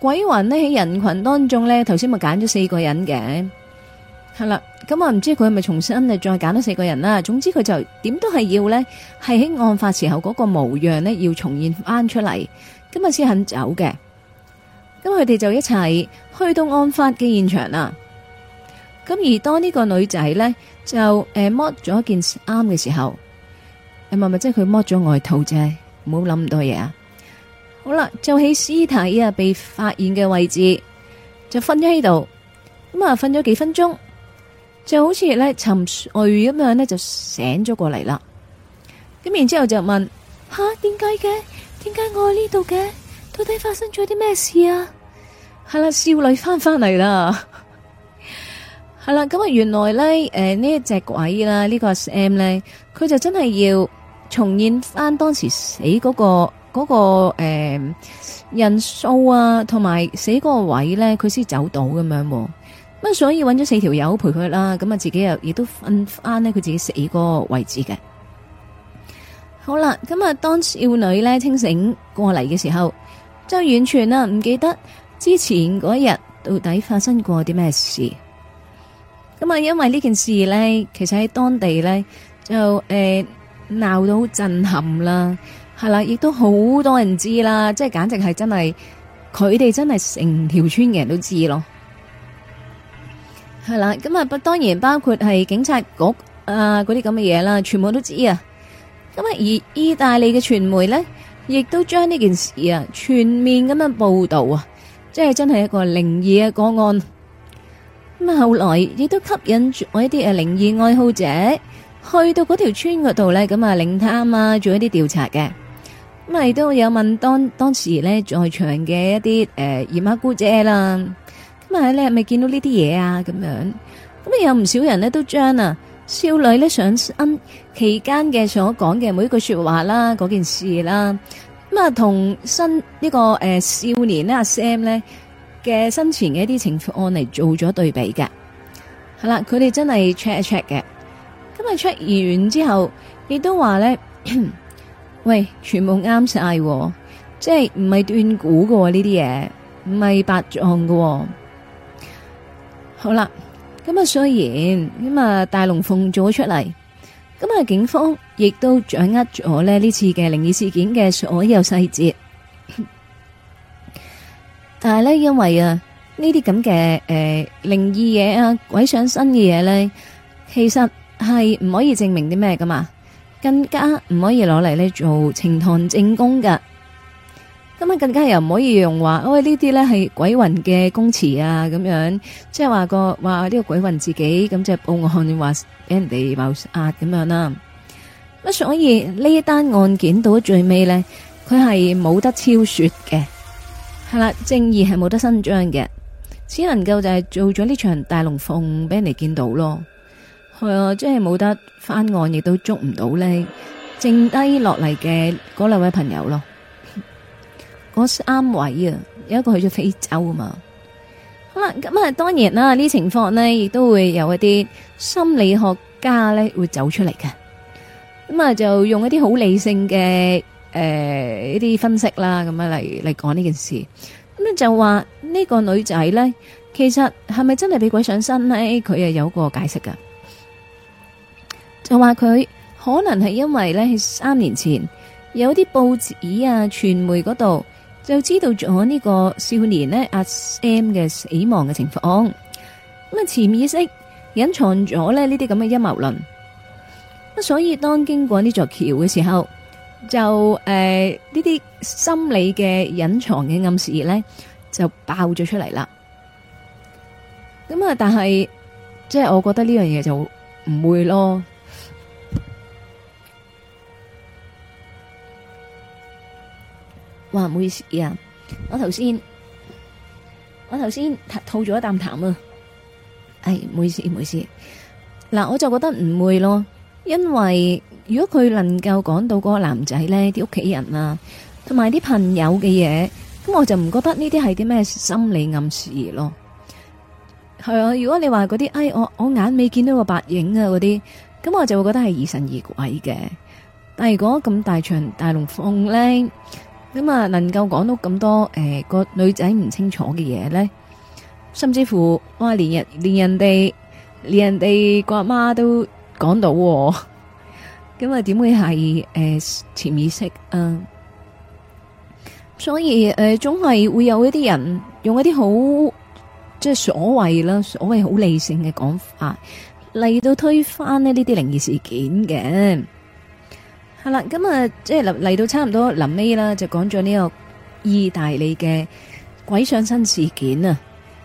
鬼魂呢喺人群當中呢，頭先咪揀咗四個人嘅，係啦，咁啊唔知佢係咪重新再揀咗四個人啦？總之佢就點都係要呢，係喺案發時候嗰個模樣呢，要重現翻出嚟，咁啊先肯走嘅。咁佢哋就一齊去到案發嘅現場啦。咁而當呢個女仔呢，就誒、呃、摸咗件衫嘅時候，係咪咪即係佢摸咗外套啫，唔好諗咁多嘢啊！好啦，就喺屍體啊被發現嘅位置就瞓咗喺度，咁啊瞓咗幾分鐘，就好似咧沉睡咁樣咧就醒咗過嚟啦。咁然之後就問：吓點解嘅？點解我喺呢度嘅？到底發生咗啲咩事啊？係啦，少女翻翻嚟啦，係 啦，咁啊原來咧誒呢一隻、呃這個、鬼啦，這個、SM 呢個 S M 咧，佢就真係要重現翻當時死嗰、那個。嗰、那個誒、欸、人數啊，同埋死嗰個位咧，佢先走到咁樣，咁啊，所以揾咗四條友陪佢啦，咁啊，自己又亦都瞓翻咧，佢自己死嗰個位置嘅。好啦，咁啊，當少女咧清醒過嚟嘅時候，就完全啊唔記得之前嗰一日到底發生過啲咩事。咁啊，因為呢件事咧，其實喺當地咧就誒鬧、欸、到震撼啦。係啦，亦都好多人知啦，即係簡直係真係，佢哋真係成條村嘅人都知咯。係啦，咁啊，當然包括係警察局啊，嗰啲咁嘅嘢啦，全部都知啊。咁啊，而意大利嘅傳媒呢，亦都將呢件事啊，全面咁樣報道啊，即係真係一個靈異嘅個案。咁啊，後來亦都吸引住我一啲啊靈異愛好者去到嗰條村嗰度呢，咁啊，靈探啊做一啲調查嘅。咁咪都有問當當時咧在場嘅一啲誒姨媽姑姐啦，咁啊你係咪見到呢啲嘢啊？咁樣咁啊有唔少人咧都將啊少女咧上身期間嘅所講嘅每一句說話啦，嗰件事啦，咁啊同新呢、這個誒、呃、少年咧、啊、阿 Sam 咧嘅生前嘅一啲情況案嚟，做咗對比㗎。係啦，佢哋真係 check 一 check 嘅。咁啊 check 完之後，亦都話咧。喂，全部啱晒，即係唔係斷估嘅呢啲嘢，唔係白撞嘅。好啦，咁啊雖然咁啊大龍鳳做咗出嚟，咁啊警方亦都掌握咗呢呢次嘅靈異事件嘅所有細節，但係呢因為啊呢啲咁嘅誒靈異嘢啊鬼上身嘅嘢呢，其實係唔可以證明啲咩噶嘛。更加唔可以攞嚟呢做呈堂證供㗎。咁啊更加又唔可以用話，喂，呢啲呢係鬼魂嘅供詞啊，咁樣即係話個話呢、這個鬼魂自己咁係、即係、報案話俾人哋謀殺咁樣啦。咁所以呢單案件到咗最尾呢，佢係冇得超說嘅，係啦，正義係冇得伸張嘅，只能夠就係做咗呢場大龍鳳俾人哋見到咯，係啊，即係冇得。翻案亦都捉唔到咧，剩低落嚟嘅嗰兩位朋友咯，嗰三位啊，有一個去咗非洲啊嘛。好啦，咁啊，當然啦，呢情況咧亦都會有一啲心理學家咧會走出嚟嘅，咁啊就用一啲好理性嘅誒一啲分析啦，咁樣嚟嚟講呢件事，咁咧就話呢個女仔咧，其實係咪真係俾鬼上身咧？佢啊有個解釋噶。就話佢可能係因為咧，喺三年前有啲報紙啊、傳媒嗰度就知道咗呢個少年呢阿 M 嘅死亡嘅情況，咁啊潛意識隱藏咗咧呢啲咁嘅陰謀論，咁所以當經過呢座橋嘅時候，就誒呢啲心理嘅隱藏嘅暗示咧就爆咗出嚟啦。咁啊，但係即係我覺得呢樣嘢就唔會咯。哇，唔好意思啊，我頭先我頭先吐咗一啖痰啊，唉、哎，唔好意思，唔好意思。嗱，我就覺得唔會咯，因為如果佢能夠講到嗰個男仔咧，啲屋企人啊，同埋啲朋友嘅嘢，咁我就唔覺得呢啲係啲咩心理暗示咯。係啊，如果你話嗰啲，哎，我我眼尾見到個白影啊，嗰啲，咁我就會覺得係疑神疑鬼嘅。但係如果咁大場大龍鳳咧。咁啊，能夠講到咁多誒個女仔唔清楚嘅嘢咧，甚至乎話連，人連人連人哋連人哋個阿媽都講到、哦，咁啊點會係誒潛意識啊？所以誒、呃，總係會有一啲人用一啲好即係所謂啦，所謂好理性嘅講法嚟到推翻呢啲靈異事件嘅。係、嗯、啦，咁、嗯、啊，即係嚟嚟到差唔多臨尾啦，就講咗呢個意大利嘅鬼上身事件啊，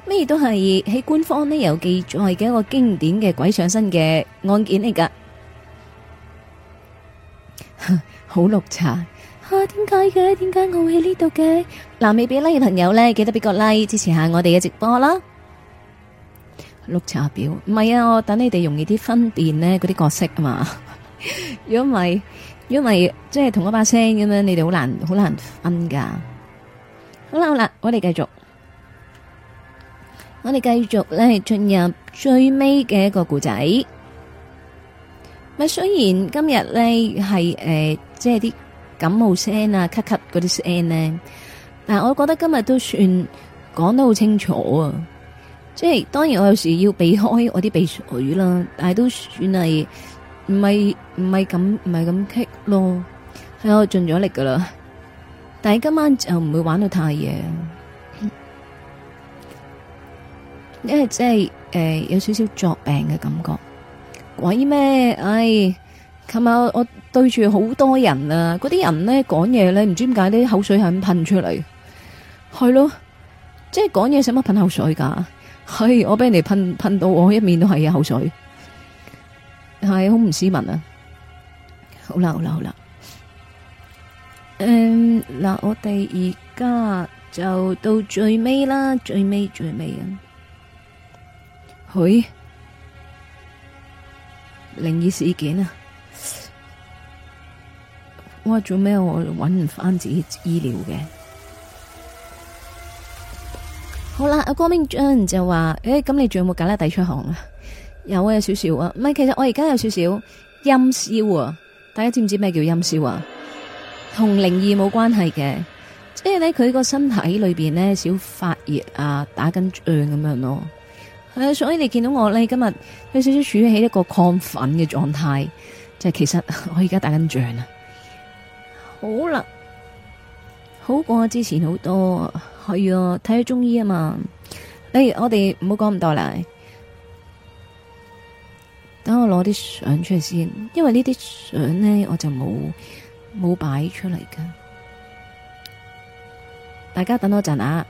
咩都係喺官方呢有記載嘅一個經典嘅鬼上身嘅案件嚟㗎。好綠茶，啊點解嘅？點解我會喺呢度嘅？嗱，未俾 like 嘅朋友呢，記得俾個 like 支持下我哋嘅直播啦。綠茶表唔係啊，我等你哋容易啲分辨呢嗰啲角色啊嘛。如果唔係。因為即係同一把聲咁樣，你哋好難好難分噶。好啦好啦，我哋繼續，我哋繼續咧，進入最尾嘅一個故仔。咪雖然今日咧係誒，即係啲感冒聲啊、咳咳嗰啲聲咧，但係我覺得今日都算講得好清楚啊。即係當然我有時要避開我啲鼻水啦，但係都算係。唔係唔係咁唔係咁棘咯，係我盡咗力噶啦。但係今晚就唔會玩到太夜，因為即係誒有少少作病嘅感覺。鬼咩？哎，琴晚我我對住好多人啊，嗰啲人呢講嘢呢唔知點解啲口水係咁噴出嚟，係咯，即係講嘢使乜噴口水噶？係我俾人哋噴噴到我一面都係啊口水。係好唔斯文啊！好啦好啦好啦，嗯嗱，那我哋而家就到最尾啦，最尾最尾啊！佢靈異事件啊！嘩，我做咩？我揾唔翻自己的醫療嘅。好啦，阿郭明俊就話，誒、欸，咁你仲有冇其他第出行啊？有啊，有少少啊，唔係，其實我而家有少少陰燒啊，大家知唔知咩叫陰燒啊？同靈異冇關係嘅，即係咧佢個身體裏邊咧少發熱啊，打緊仗咁樣咯，誒，所以你見到我咧今日有少少處於喺一個亢奮嘅狀態，就係其實我而家打緊仗啊，好啦，好過之前好多，係啊，睇中醫啊嘛，誒、哎，我哋唔好講咁多啦。等我攞啲相出嚟先，因為呢啲相咧我就冇冇擺出嚟噶。大家等我陣啊，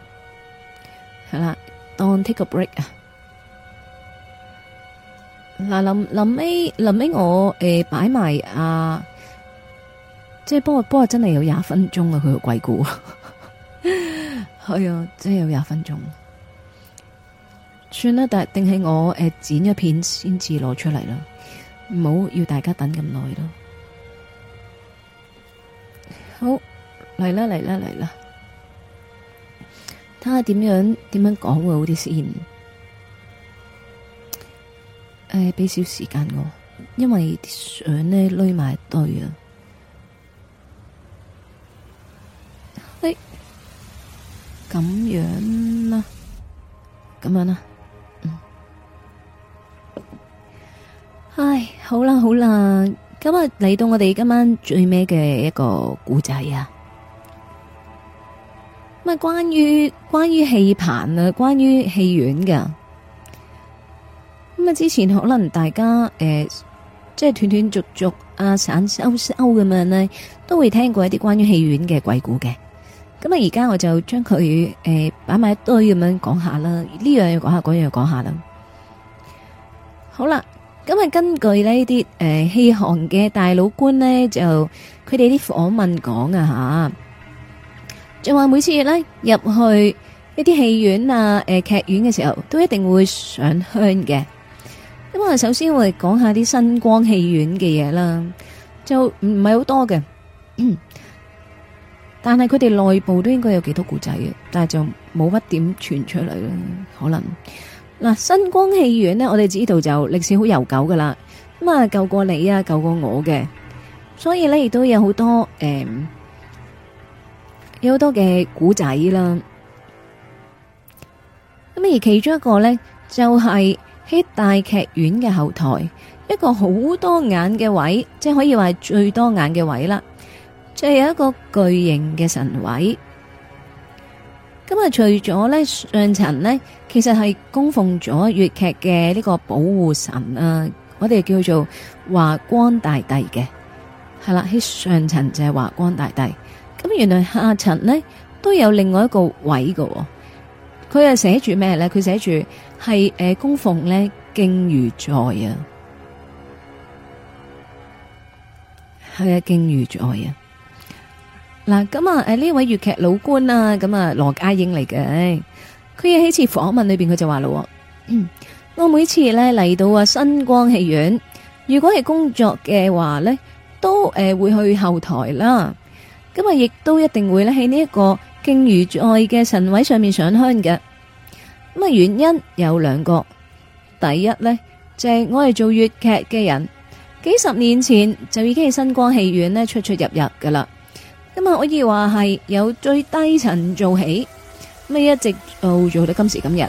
係啦，當 take a break、呃、啊。嗱、就是，臨臨尾臨尾我誒擺埋啊，即係不過不過真係有廿分鐘啊，佢個鬼故，係啊，真係有廿分鐘。算啦，但係定係我誒剪一片先至攞出嚟咯，唔好要大家等咁耐咯。好，嚟啦嚟啦嚟啦，睇下點樣點樣講會好啲先。誒，俾少時間我，因為啲相咧累埋一堆啊。誒，咁樣啦，咁樣啦。唉，好啦好啦，咁啊嚟到我哋今晚最尾嘅一個古仔啊，咁啊關於關於戲棚啊，關於戲院嘅，咁啊之前可能大家誒，即係斷斷續續啊散收收咁樣咧，都會聽過一啲關於戲院嘅鬼故嘅，咁啊而家我就將佢誒擺埋一堆咁樣講下啦，呢樣要講下，嗰樣要講下啦，好啦。咁啊，根據呢啲誒戲行嘅大老倌咧，就佢哋啲訪問講啊吓，仲話每次咧入去一啲戲院啊、誒劇院嘅時候，都一定會上香嘅。咁啊，首先我哋講下啲新光戲院嘅嘢啦，就唔係好多嘅，但係佢哋內部都應該有幾多故仔嘅，但係就冇乜點傳出嚟啦，可能。嗱，新光戲院呢，我哋知道就歷史好悠久噶啦，咁啊舊過你啊，舊過我嘅，所以呢，亦都有好多誒，有好多嘅古仔啦。咁而其中一個呢，就係喺大劇院嘅後台，一個好多眼嘅位，即係可以話最多眼嘅位啦，就有、係、一個巨型嘅神位。咁除咗咧上層咧，其實係供奉咗粵劇嘅呢個保護神啊，我哋叫做華光大帝嘅，係啦，喺上層就係華光大帝。咁原來下層咧都有另外一個位㗎，佢係寫住咩咧？佢寫住係誒供奉咧京劇在敬如在啊，係敬如在啊。嗱，咁啊，誒呢位粵劇老官啊，咁啊羅家英嚟嘅。佢喺次訪問裏邊，佢就話咯，我每次咧嚟到啊新光戲院，如果係工作嘅話呢，都誒會去後台啦。咁啊，亦都一定會咧喺呢一個敬如在嘅神位上面上香嘅。咁啊，原因有兩個，第一呢，就係、是、我係做粵劇嘅人，幾十年前就已經係新光戲院呢出出入入噶啦。今日可以話係由最低層做起，咁一直到做，做到今時今日。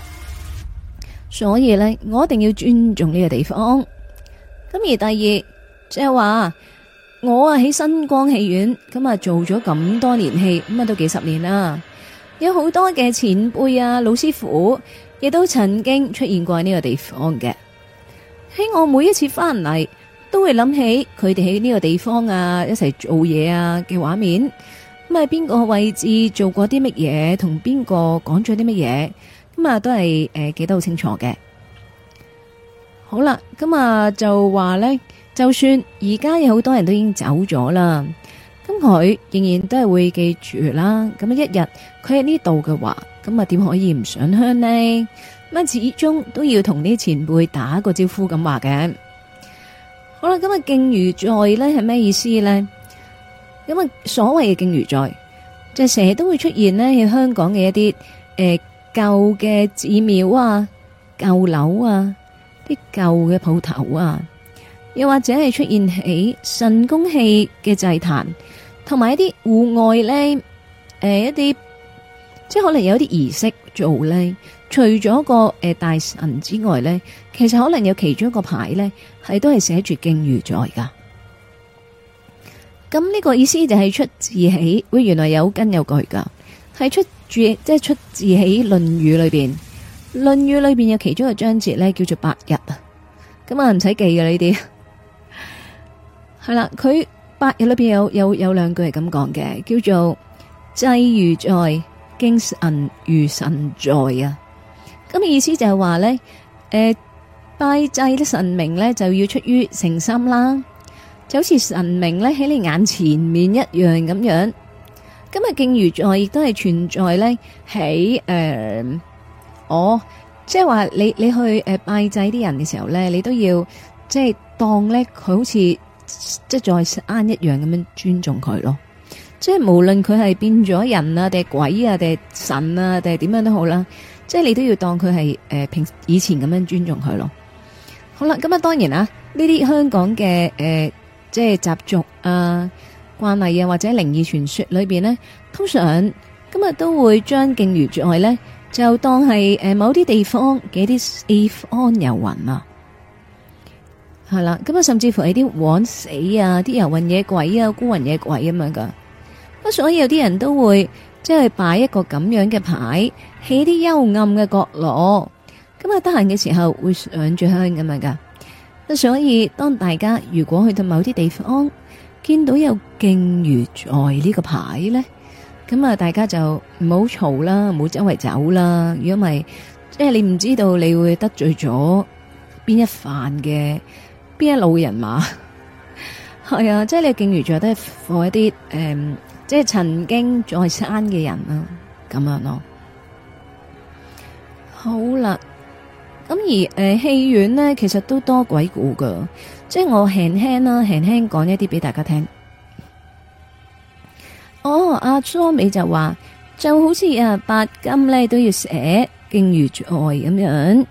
所以呢，我一定要尊重呢個地方。咁而第二，即係話我啊喺新光戲院，咁啊做咗咁多年戲，咁啊都幾十年啦，有好多嘅前輩啊、老師傅，亦都曾經出現過喺呢個地方嘅。喺我每一次翻嚟，都會諗起佢哋喺呢個地方啊，一齊做嘢啊嘅畫面。咁係邊個位置做過啲乜嘢，同邊個講咗啲乜嘢，咁啊都係誒、呃、記得好清楚嘅。好啦，咁啊就話呢，就算而家有好多人都已經走咗啦，咁佢仍然都係會記住啦。咁一日佢喺呢度嘅話，咁啊點可以唔上香呢？咁啊始終都要同啲前輩打個招呼咁話嘅。好啦，咁啊，敬如在咧係咩意思咧？咁啊，所謂嘅敬如在，就成日都會出現咧，喺香港嘅一啲誒舊嘅寺廟啊、舊樓啊、啲舊嘅鋪頭啊，又或者係出現喺神功戲嘅祭壇，同埋一啲戶外咧誒一啲，即係可能有啲儀式做咧。除咗個誒大神之外呢，其實可能有其中一個牌呢，係都係寫住敬如在噶。咁呢個意思就係出自喺，喂，原來有根有據噶，係出自即係、就是、出自喺《論語》裏邊，《論語》裏邊有其中一個章節呢，叫做八日啊。咁啊，唔使記嘅呢啲，係啦，佢 八日裏邊有有有兩句係咁講嘅，叫做祭如在，敬神如神在啊。咁嘅意思就係話咧，誒，拜祭啲神明咧就要出於誠心啦，就好似神明咧喺你眼前面一樣咁樣。今日敬如在亦都係存在咧喺誒，哦即係話你你去誒拜祭啲人嘅時候咧，你都要他即係當咧佢好似即係再生一樣咁樣尊重佢咯。即係無論佢係變咗人啊，定係鬼啊，定係神啊，定係點樣都好啦。即係你都要當佢係誒平以前咁樣尊重佢咯。好啦，咁啊當然啦，啊，呢啲香港嘅誒，呃、即係習俗啊、慣例啊或者靈異傳說裏邊呢，通常今日都會將敬如絕愛呢，就當係誒某啲地方嘅啲 if on 遊魂啊。係、嗯、啦，咁啊甚至乎係啲枉死啊、啲遊魂野鬼啊、孤魂野鬼啊嘛噶。所以有啲人都會。即係擺一個咁樣嘅牌，起啲幽暗嘅角落，咁啊得閒嘅時候會上住香咁樣噶。所以當大家如果去到某啲地方，見到有敬如在呢個牌咧，咁啊大家就唔好嘈啦，唔好周圍走啦，如果唔係即係你唔知道你會得罪咗邊一範嘅邊一路人馬，係 啊！即係你敬如在都係放一啲誒。嗯即係曾經在山嘅人啦，咁樣咯。好啦，咁而誒戲院呢，其實都多鬼故㗎，即係我輕輕啦，輕輕講一啲俾大家聽。哦，阿初尾就話，就好似啊八金呢都要寫《驚遇絕愛》咁樣，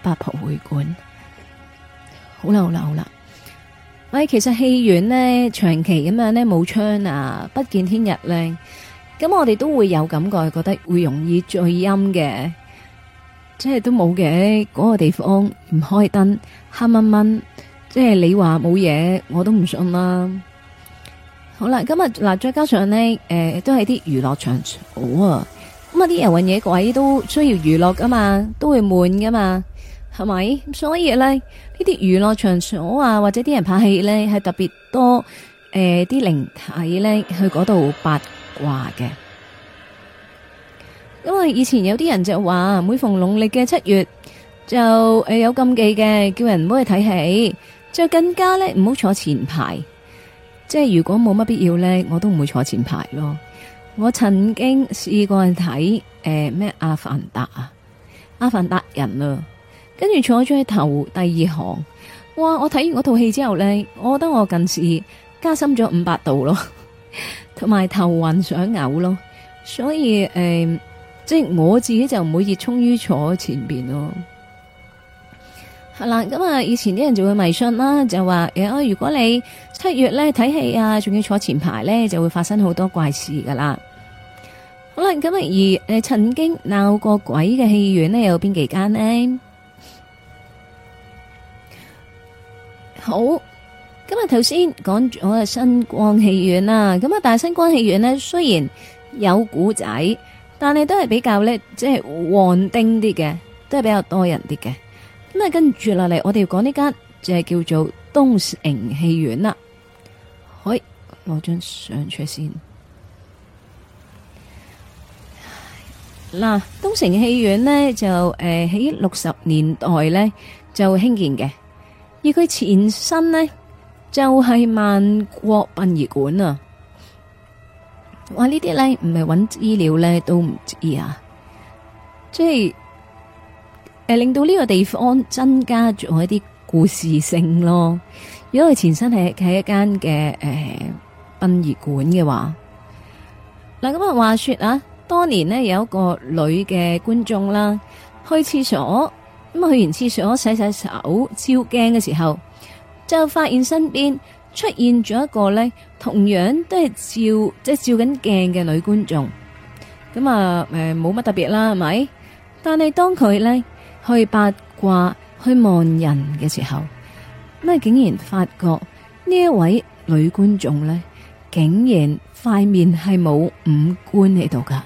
八婆會館。好啦，好啦，好啦。喂，其實戲院咧長期咁樣咧冇窗啊，不見天日咧，咁我哋都會有感覺，覺得會容易聚陰嘅，即係都冇嘅嗰個地方唔開燈，黑蚊蚊，即係你話冇嘢我都唔信啦。好啦，咁日嗱再加上咧，誒、呃、都係啲娛樂場所啊，咁啊啲遊魂野鬼都需要娛樂噶嘛，都會悶噶嘛，係咪？所以咧。呢啲娛樂場所啊，或者啲人拍戲咧，係特別多誒，啲靈體咧去嗰度八卦嘅。因為以前有啲人就話，每逢農曆嘅七月就誒、呃、有禁忌嘅，叫人唔好去睇戲，就更加咧唔好坐前排。即係如果冇乜必要咧，我都唔會坐前排咯。我曾經試過睇誒咩《阿凡達》啊，《阿凡達》人啊。跟住坐咗去頭第二行，哇！我睇完嗰套戲之後呢，我覺得我近視加深咗五百度咯，同埋頭暈想嘔咯，所以誒、呃，即係我自己就唔會熱衷於坐前邊咯。係啦，咁啊，以前啲人就會迷信啦，就話誒、哎，如果你七月咧睇戲啊，仲要坐前排呢，就會發生好多怪事噶啦。好啦，咁啊，而誒，曾經鬧過鬼嘅戲院呢，有邊幾間呢？好，咁啊頭先講咗新光戲院啦，咁啊，大新光戲院咧，雖然有古仔，但係都係比較咧即係旺丁啲嘅，都係比較多人啲嘅。咁啊，跟住落嚟，我哋要講呢間就係叫做東城戲院啦。喂，攞張相出先。嗱，東城戲院咧就誒喺六十年代咧就興建嘅。而佢前身呢，就係、是、萬國殯儀館啊！哇，呢啲咧唔係揾資料咧都唔知啊，即係誒、呃、令到呢個地方增加咗一啲故事性咯。如果佢前身係喺一間嘅誒殯儀館嘅話，嗱咁啊，話說啊，當年呢，有一個女嘅觀眾啦，去廁所。咁去完廁所洗洗手照鏡嘅時候，就發現身邊出現咗一個呢，同樣都係照即係照緊鏡嘅女觀眾。咁啊，誒冇乜特別啦，係咪？但係當佢呢去八卦去望人嘅時候，咁啊竟然發覺呢一位女觀眾呢，竟然塊面係冇五官喺度噶。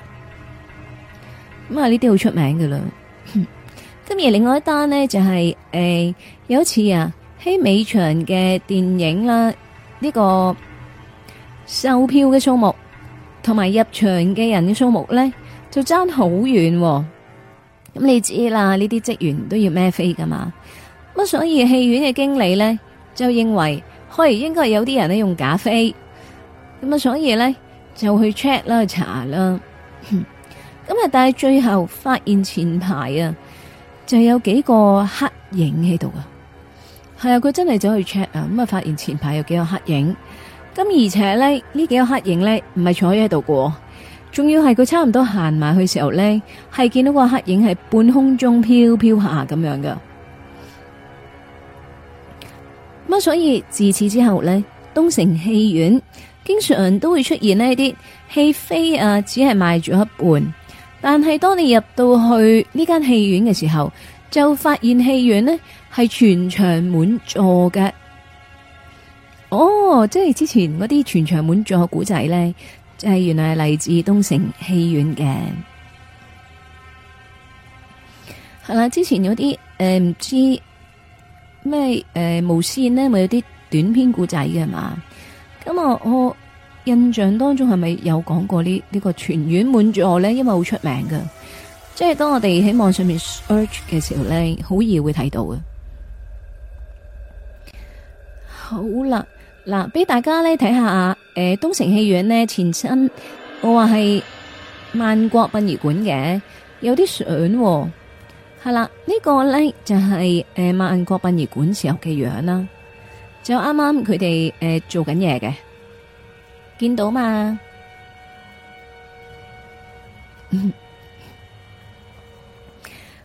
咁啊，呢啲好出名噶啦。咁而另外一單呢、就是，就係誒有一次啊，喺尾場嘅電影啦，呢、這個售票嘅數目同埋入場嘅人嘅數目呢，就爭好遠。咁、嗯、你知啦，呢啲職員都要孭飛噶嘛。咁所以戲院嘅經理呢，就認為，可能應該有啲人呢用假飛。咁啊，所以呢，就去 check 啦，查啦。咁啊， 但係最後發現前排啊。就有幾個黑影喺度噶，係啊，佢真係走去 check 啊，咁啊，發現前排有幾個黑影，咁而且呢呢幾個黑影呢，唔係坐喺度噶，仲要係佢差唔多行埋去的時候呢，係見到個黑影係半空中飄飄下咁樣噶。咁所以自此之後呢，東城戲院經常都會出現呢啲戲飛啊，只係賣咗一半。但係當你入到去呢間戲院嘅時候，就發現戲院呢係全場滿座嘅。哦，即係之前嗰啲全場滿座古仔呢，就係原來係嚟自東城戲院嘅。係、嗯、啦，之前有啲誒唔知咩誒、呃、無綫呢，咪有啲短篇古仔嘅嘛？咁我。我印象當中係咪有講過呢呢個全院滿座咧？因為好出名噶即係當我哋喺網上面 search 嘅時候咧，好易會睇到嘅。好啦，嗱，俾大家咧睇下啊，誒、呃，東城戲院呢前身，我話係萬國殯儀館嘅，有啲相係啦。是這個、呢個咧就係誒萬國殯儀館時候嘅樣啦，就啱啱佢哋誒做緊嘢嘅。見到嘛，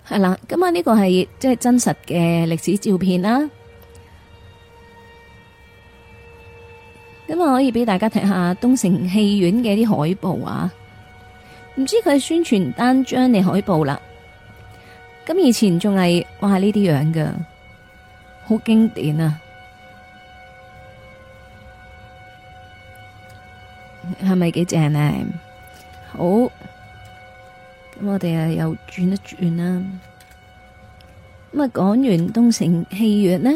係 啦，今晚呢個係即係真實嘅歷史照片啦。咁啊可以俾大家睇下東城戲院嘅啲海報啊，唔知佢係宣傳單張定海報啦。咁以前仲係哇呢啲樣噶，好經典啊！係咪幾正呢？好，咁我哋啊又轉一轉啦。咁啊，講完東城戲院呢，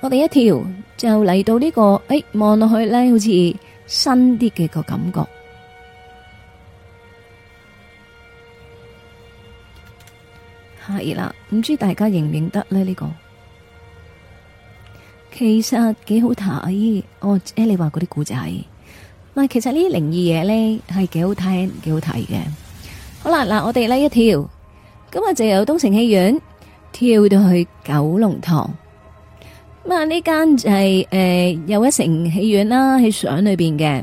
我哋一條就嚟到呢個，哎，望落去咧，好似新啲嘅個感覺。係啦，唔知大家認唔認得咧呢個？其實幾好睇，哦，即係你話嗰啲古仔，唔係，其實呢啲靈異嘢咧，係幾好聽，幾好睇嘅。好啦，嗱，我哋呢一跳，咁啊，就由東城戲院跳到去九龍塘。咁啊，呢間就係誒又一城戲院啦，喺相裏邊嘅。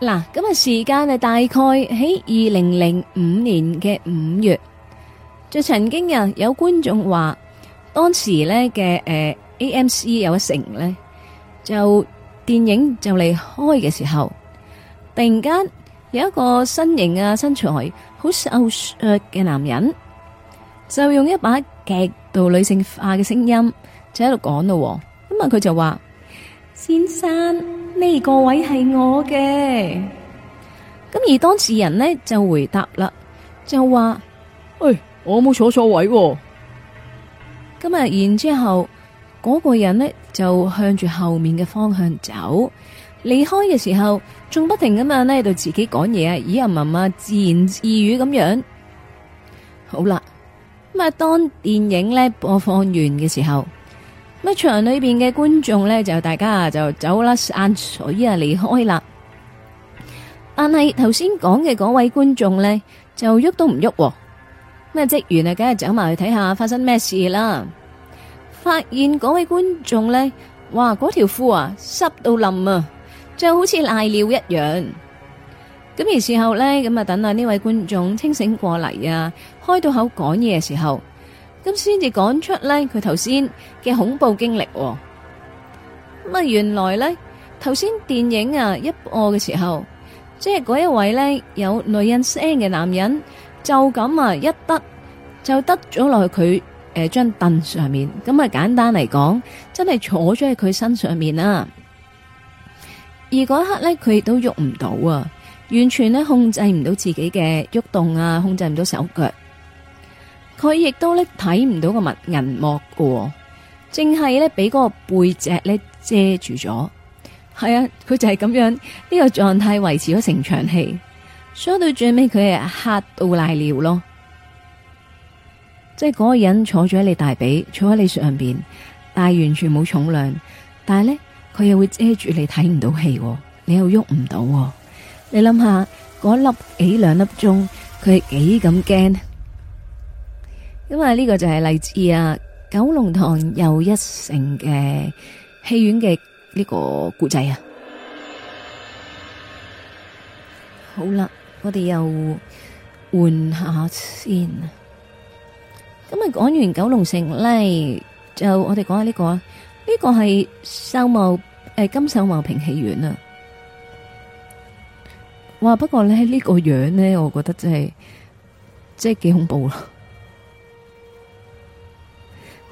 嗱，咁啊，時間係大概喺二零零五年嘅五月，就曾經啊有觀眾話。當時咧嘅誒，AMC 有一成咧，就電影就嚟開嘅時候，突然間有一個身形啊、身材好瘦削嘅男人，就用一把極度女性化嘅聲音就喺度講咯，咁啊佢就話：先生，呢個位係我嘅。咁而當事人呢就回答啦，就話：誒，我冇坐錯位。咁啊，然之後嗰個人呢，就向住後面嘅方向走，離開嘅時候仲不停咁樣喺度自己講嘢，以人文默自言自語咁樣。好啦，咁啊當電影呢播放完嘅時候，咁場裏邊嘅觀眾呢，就大家就走啦，散水啊離開啦。但係頭先講嘅嗰位觀眾呢，就喐都唔喐。職員啊，梗係走埋去睇下發生咩事啦！發現嗰位觀眾咧，哇，嗰條褲啊，濕到淋啊，就好似瀨尿一樣。咁而事後咧，咁啊，等啊呢位觀眾清醒過嚟啊，開到口講嘢嘅時候，咁先至講出咧佢頭先嘅恐怖經歷。咁啊，原來咧，頭先電影啊一播嘅時候，即係嗰一位咧有女人聲嘅男人。就咁啊，一得就得咗落去佢誒張凳上面，咁啊簡單嚟講，真係坐咗喺佢身上面啦。而嗰一刻咧，佢亦都喐唔到啊，完全咧控制唔到自己嘅喐動啊，控制唔到手腳。佢亦都咧睇唔到個物銀幕喎，淨係咧俾嗰個背脊咧遮住咗。係啊，佢就係咁樣呢個狀態維持咗成場戲。所到最尾佢係吓到賴尿咯，即係嗰個人坐咗喺你大髀，坐喺你上邊，但係完全冇重量，但係咧佢又會遮住你睇唔到戲喎，你又喐唔到，你諗下嗰粒幾兩粒鐘，佢係幾咁驚？因為呢個就係嚟自啊，九龍塘又一城嘅戲院嘅呢個故仔啊，好啦。我哋又換下先啊！咁啊，講完九龍城咧，就我哋講下呢個啊，呢、這個係秀茂誒、呃、金秀茂平戲院啊！哇，不過咧呢、這個樣咧，我覺得真係即係幾恐怖啊！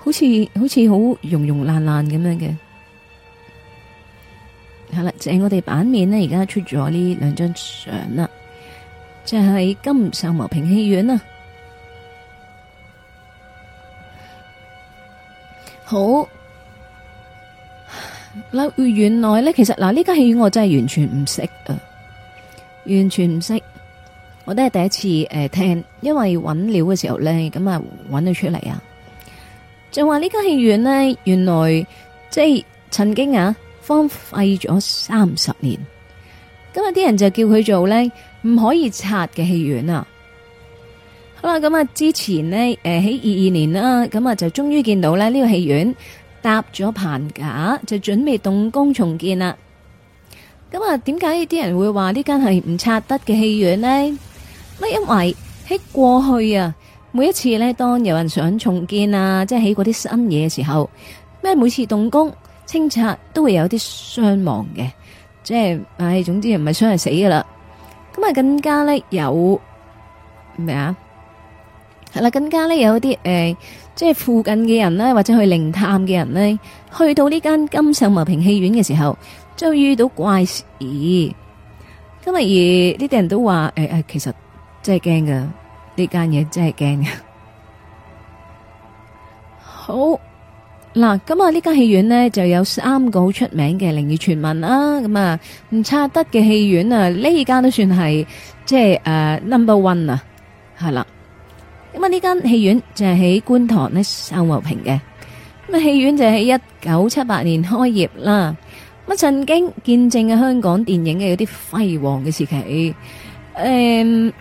好似好似好溶溶爛爛咁樣嘅。嗯、好啦，就係我哋版面咧，而家出咗呢兩張相啦。就係、是、金上和平戲院啊！好，嗱，原來咧，其實嗱呢間戲院我真係完全唔識啊，完全唔識，我都係第一次誒聽，因為揾料嘅時候咧，咁啊揾到出嚟啊，就話呢間戲院咧，原來即係曾經啊荒廢咗三十年。咁啊！啲人就叫佢做呢唔可以拆嘅戲院啊！好啦，咁啊，之前呢，誒，喺二二年啦，咁啊，就終於見到咧，呢、這個戲院搭咗棚架，就準備動工重建啦。咁啊，點解啲人會話呢間係唔拆得嘅戲院呢？咁因為喺過去啊，每一次呢，當有人想重建啊，即係起嗰啲新嘢嘅時候，咩每次動工清拆都會有啲傷亡嘅。即係，唉，總之又唔係想係死噶啦。咁啊，更加咧有咩啊？係啦，更加咧有啲誒，即係附近嘅人咧，或者去靈探嘅人咧，去到呢間金茂坪戲院嘅時候，就遇到怪事。咁啊而呢啲人都話，誒誒，其實真係驚噶，呢間嘢真係驚嘅。好。嗱，咁啊，呢間戲院呢，就有三個好出名嘅靈異傳聞啦。咁啊，唔差得嘅戲院啊，呢間都算係即係誒 number one 啊，係、呃、啦。咁、no. 啊，呢間戲院就係喺觀塘呢秀茂坪嘅。咁啊，戲院就喺一九七八年開業啦。咁曾經見證嘅香港電影嘅有啲輝煌嘅時期。誒、呃，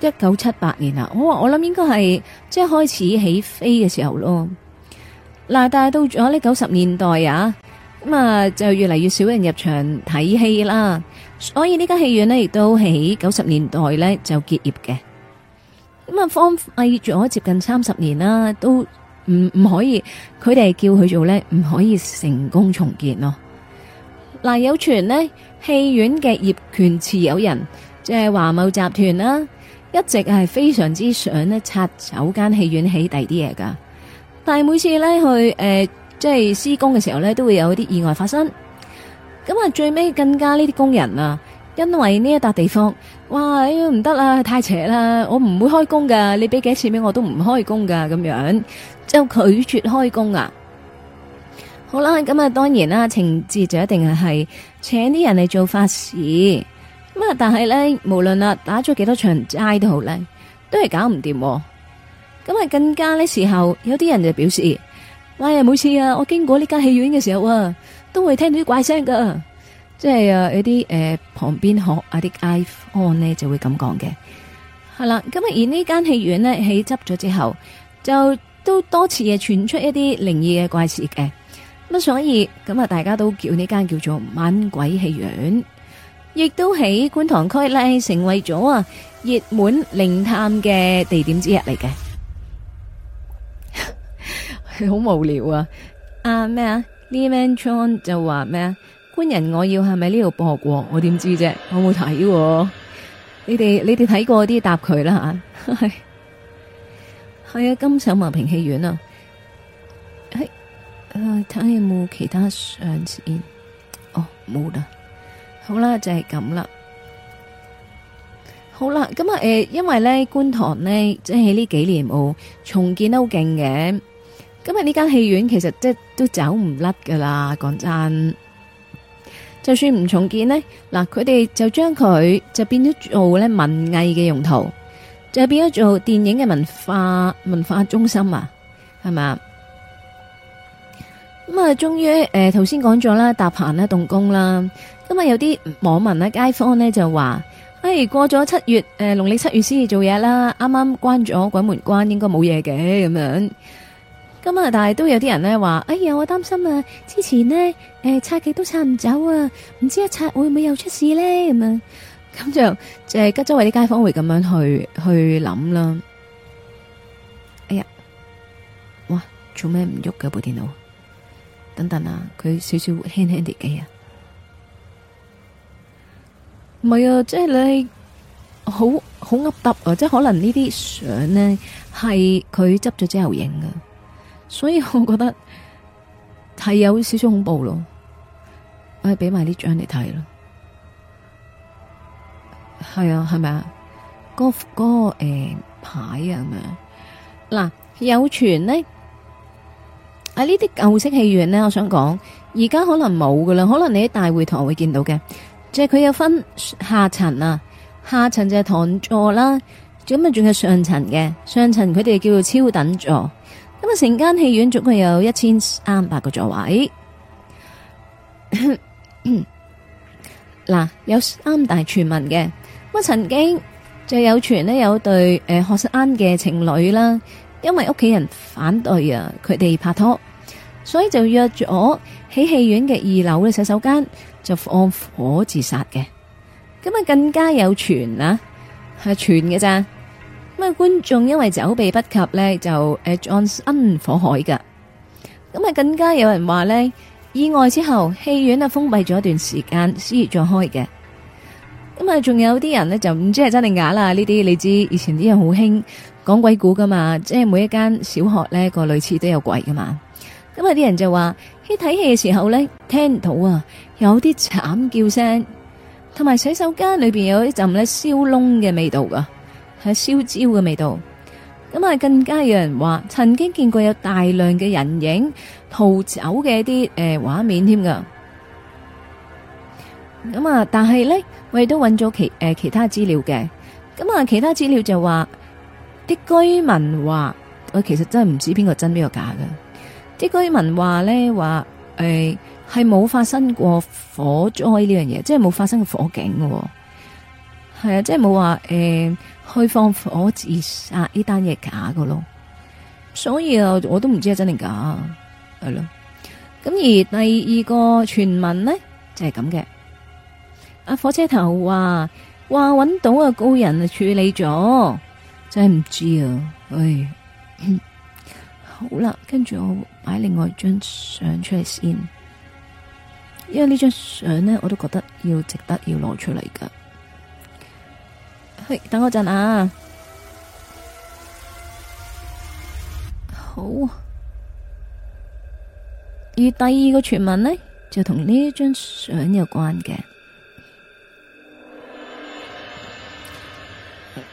一九七八年啊，我我諗應該係即係開始起飛嘅時候咯。嗱，但係到咗呢九十年代啊，咁啊就越嚟越少人入場睇戲啦，所以呢間戲院呢，亦都喺九十年代呢就結業嘅。咁啊，荒廢咗接近三十年啦，都唔唔可以，佢哋叫佢做呢，唔可以成功重建咯。嗱，有傳呢戲院嘅業權持有人即係華懋集團啦，一直係非常之想呢拆走間戲院起第啲嘢噶。但係每次咧去誒、呃，即係施工嘅時候咧，都會有啲意外發生。咁啊，最尾更加呢啲工人啊，因為呢一笪地方，哇，唔得啦，太邪啦，我唔會開工噶，你俾幾多錢俾我都唔開工噶，咁樣就拒絕開工啊。好啦，咁啊，當然啦，情節就一定係請啲人嚟做法事。咁啊，但係咧，無論啊打咗幾多場齋都好咧，都係搞唔掂。咁啊，更加呢時候有啲人就表示：喂！每次啊，我經過呢間戲院嘅時候啊，都會聽到啲怪聲噶，即係啊，有啲誒旁邊學啊啲 iPhone 呢就會咁講嘅。係啦，咁啊，而呢間戲院呢，起執咗之後，就都多次誒傳出一啲靈異嘅怪事嘅。咁所以咁啊，大家都叫呢間叫做猛鬼戲院，亦都喺觀塘區咧成為咗啊熱門靈探嘅地點之一嚟嘅。好 無聊啊！啊咩啊？Lee Man Chon 就話咩啊？官人我要係咪呢度播過我點知啫？我冇睇，你哋你哋睇過啲答佢啦吓，係 係啊！金茂坪戲院啊，睇、哎、下、啊、有冇其他上線？哦，冇啦，就是、啦。好啦，就係咁啦。好啦，咁啊誒，因為咧觀塘咧，即係呢幾年冇重建都勁嘅。今日呢間戲院其實即係都走唔甩噶啦，講真，就算唔重建呢，嗱佢哋就將佢就變咗做咧文藝嘅用途，就變咗做電影嘅文化文化中心啊，係咪？咁啊，終於誒頭先講咗啦，搭棚啦，動工啦，咁啊，有啲網民咧、街坊呢就話，哎過咗七月誒，農曆七月先至做嘢啦，啱啱關咗鬼門關，應該冇嘢嘅咁樣。咁啊！但係都有啲人咧話：哎呀，我擔心啊！之前呢，誒、呃，拆極都拆唔走啊，唔知一拆會唔會又出事呢？咁啊，咁就誒，即係周圍啲街坊會咁樣去去諗啦。哎呀，哇，做咩唔喐嘅部電腦？等等啊，佢少少輕輕地機啊，唔係啊，即係你好好噏搭啊！即係可能呢啲相呢，係佢執咗之後影嘅。所以我覺得係有少少恐怖咯，我俾埋呢張嚟睇啦，係啊，係咪、欸、啊？嗰嗰個誒牌啊咁樣，嗱有傳呢，喺、啊、呢啲舊式戲院咧，我想講，而家可能冇噶啦，可能你喺大會堂會見到嘅，即係佢有分下層啊，下層就係堂座啦，咁啊仲係上層嘅，上層佢哋叫做超等座。咁啊，成間戲院總共有一千三百個座位。嗱， 有三大傳聞嘅。咁啊，曾經就有傳呢，有對誒學生嘅情侶啦，因為屋企人反對啊，佢哋拍拖，所以就約咗喺戲院嘅二樓嘅洗手間就放火自殺嘅。咁啊，更加有傳啦，係傳嘅咋。觀眾因為走避不及呢，就誒葬身火海噶。咁啊，更加有人話呢，意外之後，戲院啊封閉咗一段時間，先再開嘅。咁啊，仲有啲人呢，就唔知係真定假啦。呢啲你知以前啲人好興講鬼故噶嘛，即係每一間小學呢個類似都有鬼噶嘛。咁啊，啲人就話喺睇戲嘅時候呢，聽到啊有啲慘叫聲，同埋洗手間裏邊有一陣咧燒燶嘅味道噶。係燒焦嘅味道，咁啊更加有人話曾經見過有大量嘅人影逃走嘅一啲誒畫面添噶，咁啊，但係咧我哋都揾咗其誒、呃、其他資料嘅，咁啊其他資料就話啲居民話，我其實真係唔知邊個真邊個假噶，啲居民話咧話誒係冇發生過火災呢樣嘢，即係冇發生過火警嘅，係啊，即係冇話誒。呃開放火自殺呢單嘢，假噶咯，所以啊，我都唔知係真定假，係咯。咁而第二個傳聞呢，就係咁嘅。阿火車頭話話揾到啊高人啊處理咗，真係唔知啊。唉，嗯、好啦，跟住我擺另外張相出嚟先，因為呢張相呢，我都覺得要值得要攞出嚟噶。等我陣啊！好，而第二個傳聞呢，就同呢一張相有關嘅。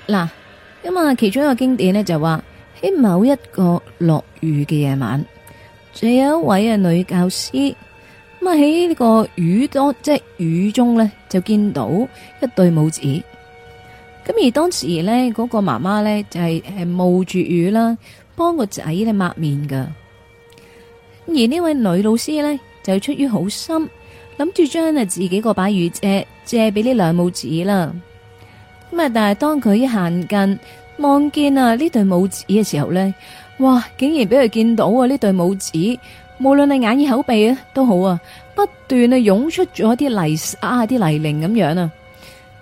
嗱，咁啊，其中一個經典呢，就話喺某一個落雨嘅夜晚，仲有一位啊女教師咁啊喺呢個雨當，即係雨中呢，就見到一對母子。咁而當時呢，嗰個媽媽呢，就係係冒住雨啦，幫個仔咧抹面噶。而呢位女老師呢，就出於好心，諗住將啊自己個把雨遮借借俾呢兩母子啦。咁啊，但係當佢行近，望見啊呢對母子嘅時候呢，哇！竟然俾佢見到啊呢對母子，無論你眼耳口鼻啊都好啊，不斷啊湧出咗一啲泥啊啲泥濘咁樣啊。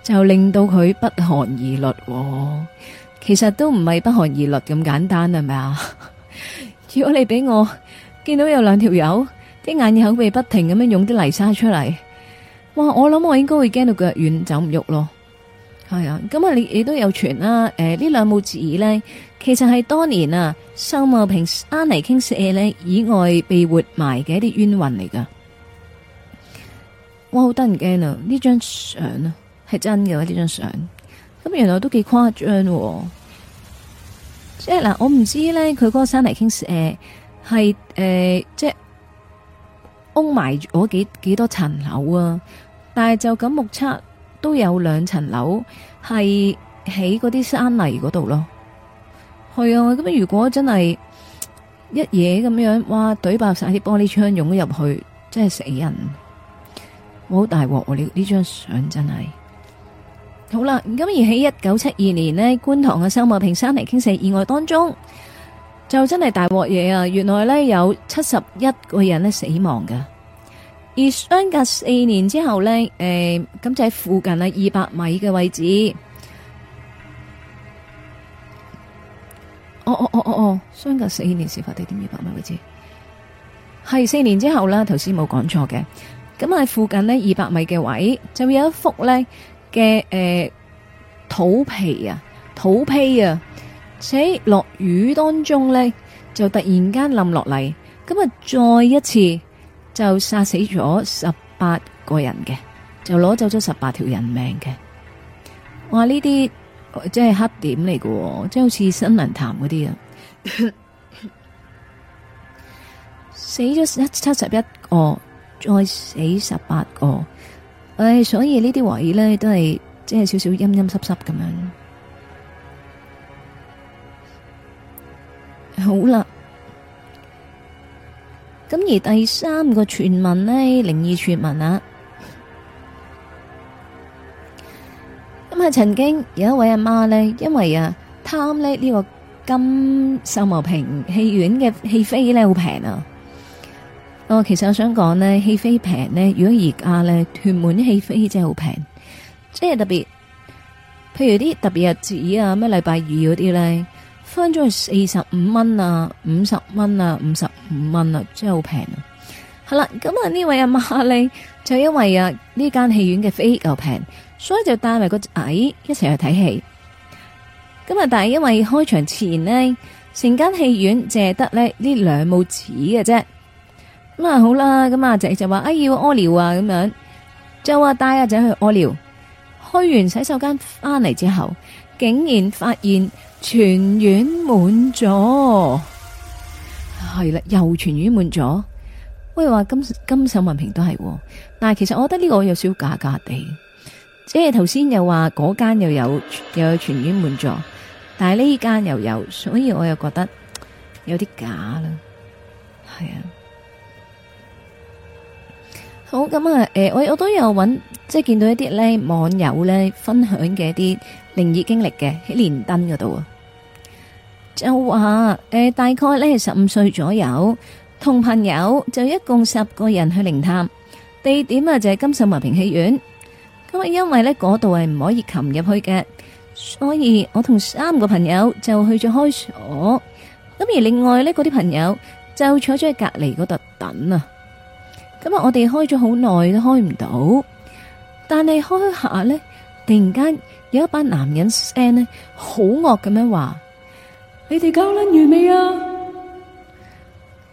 就令到佢不寒而栗、哦，其實都唔係不寒而栗咁簡單，係咪啊？ 如果你俾我見到有兩條友，啲眼耳口鼻不停咁樣湧啲泥沙出嚟，哇！我諗我應該會驚到腳軟走唔喐咯。係啊，咁啊，你你都有傳啦。誒、呃，呢兩母子呢，其實係當年啊，秀茂坪安妮傾瀉，呢以外被活埋嘅一啲冤魂嚟噶。嘩，好得人驚啊！呢張相啊！係真嘅話、啊，呢張相咁原來都幾誇張的、哦，即係嗱，我唔知咧，佢嗰個山泥傾瀉係誒，即係屋埋咗幾幾多層樓啊！但係就咁目測都有兩層樓係喺嗰啲山泥嗰度咯。係啊，咁如果真係一嘢咁樣，哇！懟爆晒啲玻璃窗，湧咗入去真係死人，好大鑊！喎，呢張相真係。好啦，咁而喺一九七二年呢，觀塘嘅秀茂坪山泥傾瀉意外當中，就真係大鑊嘢啊！原來呢，有七十一個人呢死亡嘅，而相隔四年之後呢，誒、欸，咁就喺附近啊二百米嘅位置。哦哦哦哦哦，相隔四年事發地點二百米位置，係四年之後啦。頭先冇講錯嘅，咁喺附近呢二百米嘅位就會有一幅呢。嘅誒、呃，土皮啊，土皮啊，喺落雨當中咧，就突然間冧落嚟，咁啊，再一次就殺死咗十八個人嘅，就攞走咗十八條人命嘅。哇！呢啲即係黑點嚟嘅，即係好似新聞談嗰啲啊， 死咗七七十一個，再死十八個。唉，所以呢啲位咧都係即係少少陰陰濕濕咁樣，好啦。咁而第三個傳聞咧，靈異傳聞啊，咁啊曾經有一位阿媽咧，因為啊貪咧呢個金秀茂坪戲院嘅戲飛咧，好平啊。哦，其實我想講呢，戲飛平呢，如果而家呢，屯門啲戲飛真係好平，即係特別，譬如啲特別日子啊，咩禮拜二嗰啲呢，翻咗去四十五蚊啊，五十蚊啊，五十五蚊啊，真係好平。好啦，咁啊呢位阿媽呢，就因為啊呢間戲院嘅飛又平，所以就帶埋個仔一齊去睇戲。咁啊，但係因為開場前呢，成間戲院淨係得呢呢兩母子嘅啫。咁啊好啦，咁阿仔就話哎，要屙尿啊咁樣，就話帶阿仔去屙尿，開完洗手間翻嚟之後，竟然發現全院滿咗，係啦，又全院滿咗。喂話金金手文平都係，但係其實我覺得呢個有少假假地，即係頭先又話嗰間又有又有全院滿座，但係呢間又有，所以我又覺得有啲假啦，係啊。好咁啊！誒，我我都有揾，即係見到一啲咧網友咧分享嘅一啲靈異經歷嘅喺連登嗰度啊，就話誒大概咧係十五歲左右，同朋友就一共十個人去靈探，地點啊就係金秀華平戲院。咁啊，因為咧嗰度係唔可以擒入去嘅，所以我同三個朋友就去咗開鎖，咁而另外咧嗰啲朋友就坐咗喺隔離嗰度等啊。今日我哋開咗好耐都開唔到，但係開下呢，突然間有一班男人聲呢，好惡咁樣話：你哋交捻完未啊？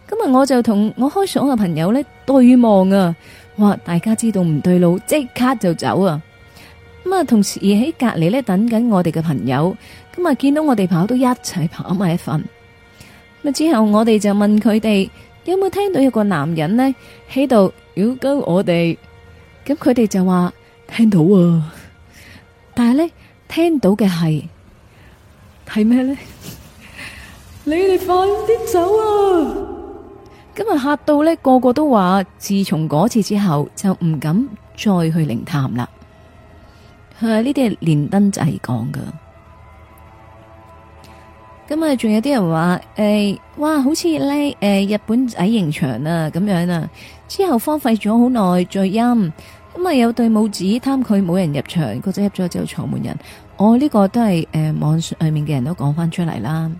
今日我就同我開鎖嘅朋友呢對望啊，哇！大家知道唔對路，即刻就走啊！咁啊，同時而喺隔籬呢等緊我哋嘅朋友，咁啊見到我哋朋友都一齊跑埋一份。咁之後，我哋就問佢哋。有冇聽到有個男人咧喺度？如果我哋咁，佢哋就話聽到啊！但係咧，聽到嘅係係咩咧？你哋快啲走啊！今日嚇到咧，個個都話，自從嗰次之後就唔敢再去靈探啦。吓，呢啲係連登仔講噶。咁啊，仲有啲人話誒，哇，好似咧誒，日本仔刑場啊咁樣啊，之後荒廢咗好耐，聚陰。咁、嗯、啊，有對母子貪佢冇人入場，個仔入咗之後坐滿人。我、哦、呢、這個都係誒、欸，網上面嘅人都講返出嚟啦。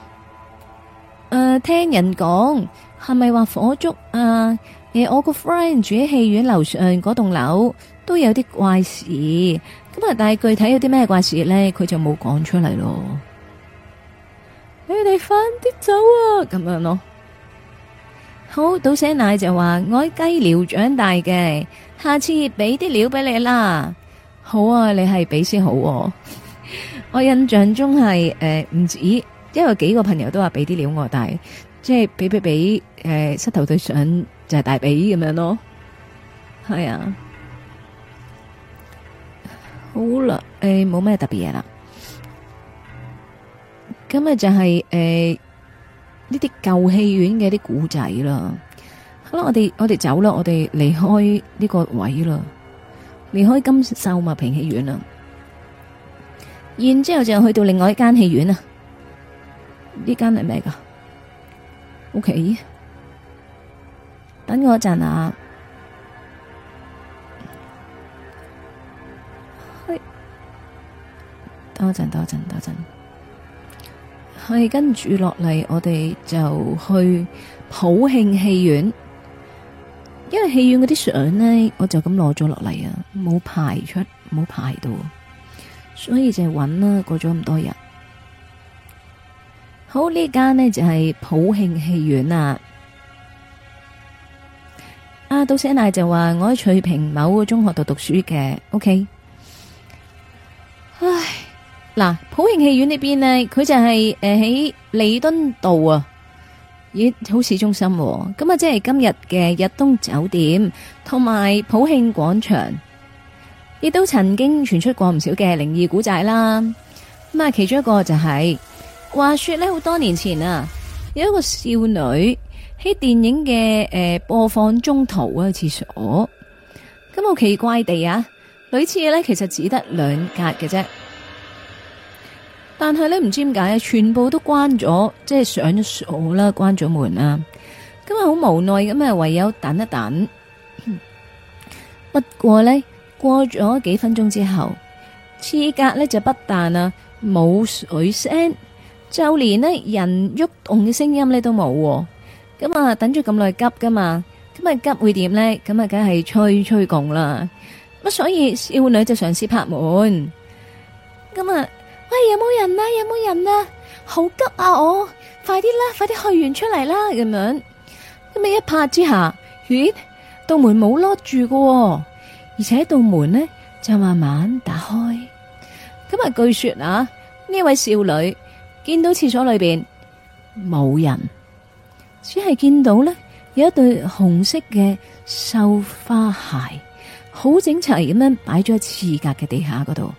誒、呃，聽人講係咪話火燭啊？誒、欸，我個 friend 住喺戲院樓上嗰棟樓都有啲怪事，咁啊！但係具體有啲咩怪事咧，佢就冇講出嚟咯。你哋快啲走啊！咁樣咯。好，倒寫奶就話我喺雞寮長大嘅，下次俾啲料俾你啦。好啊，你係俾先好、啊。 我印象中係誒唔止，因為幾個朋友都話俾啲料我，但係即係俾俾俾誒膝頭對上就係、是、大髀咁樣咯。係啊。好啦，誒、欸，冇咩特別嘢啦。今啊、就是，就係誒呢啲舊戲院嘅啲古仔啦。好啦，我哋我哋走啦，我哋離開呢個位啦，離開金秀嘛平戲院啦。然之後就去到另外一間戲院啊，呢間係咩噶？OK，等我一陣啊。多陣，多陣，多陣。係跟住落嚟，我哋就去普慶戲院，因為戲院嗰啲相呢，我就咁攞咗落嚟啊，冇排出，冇排到，所以就係揾啦。過咗咁多日，好，呢間呢就係普慶戲院啊！啊，杜姐娜就話我喺翠屏某個中學度讀書嘅，OK。唉。嗱，普慶戲院呢邊呢，佢就係誒喺彌敦道啊，咦，好市中心。咁啊，即係今日嘅逸東酒店同埋普慶廣場，亦都曾經傳出過唔少嘅靈異古仔啦。咁啊，其中一個就係、是，話說咧好多年前啊，有一個少女喺電影嘅誒播放中途啊去廁所，咁好奇怪地啊，女廁咧其實只得兩格嘅啫。但係咧唔知點解啊，全部都關咗，即係上咗鎖啦，關咗門啦。咁啊好無奈咁啊，唯有等一等。 不過呢，過咗幾分鐘之後，廁格呢就不但啊冇水聲，就連呢人喐動嘅聲音呢都冇啊。咁啊等咗咁耐急噶嘛，咁啊急會點呢？咁啊梗係吹吹共啦。咁所以少女就嘗試拍門，咁啊。有冇人啊？有冇人啊？好急啊我！我快啲啦，快啲去完出嚟啦！咁樣咁，一拍之下，咦？道門冇 lock 住嘅，而且道門呢，就慢慢打開。咁啊，據說啊，呢位少女見到廁所裏邊冇人，只係見到呢，有一對紅色嘅繡花鞋，好整齊咁樣擺咗喺廁格嘅地下嗰度。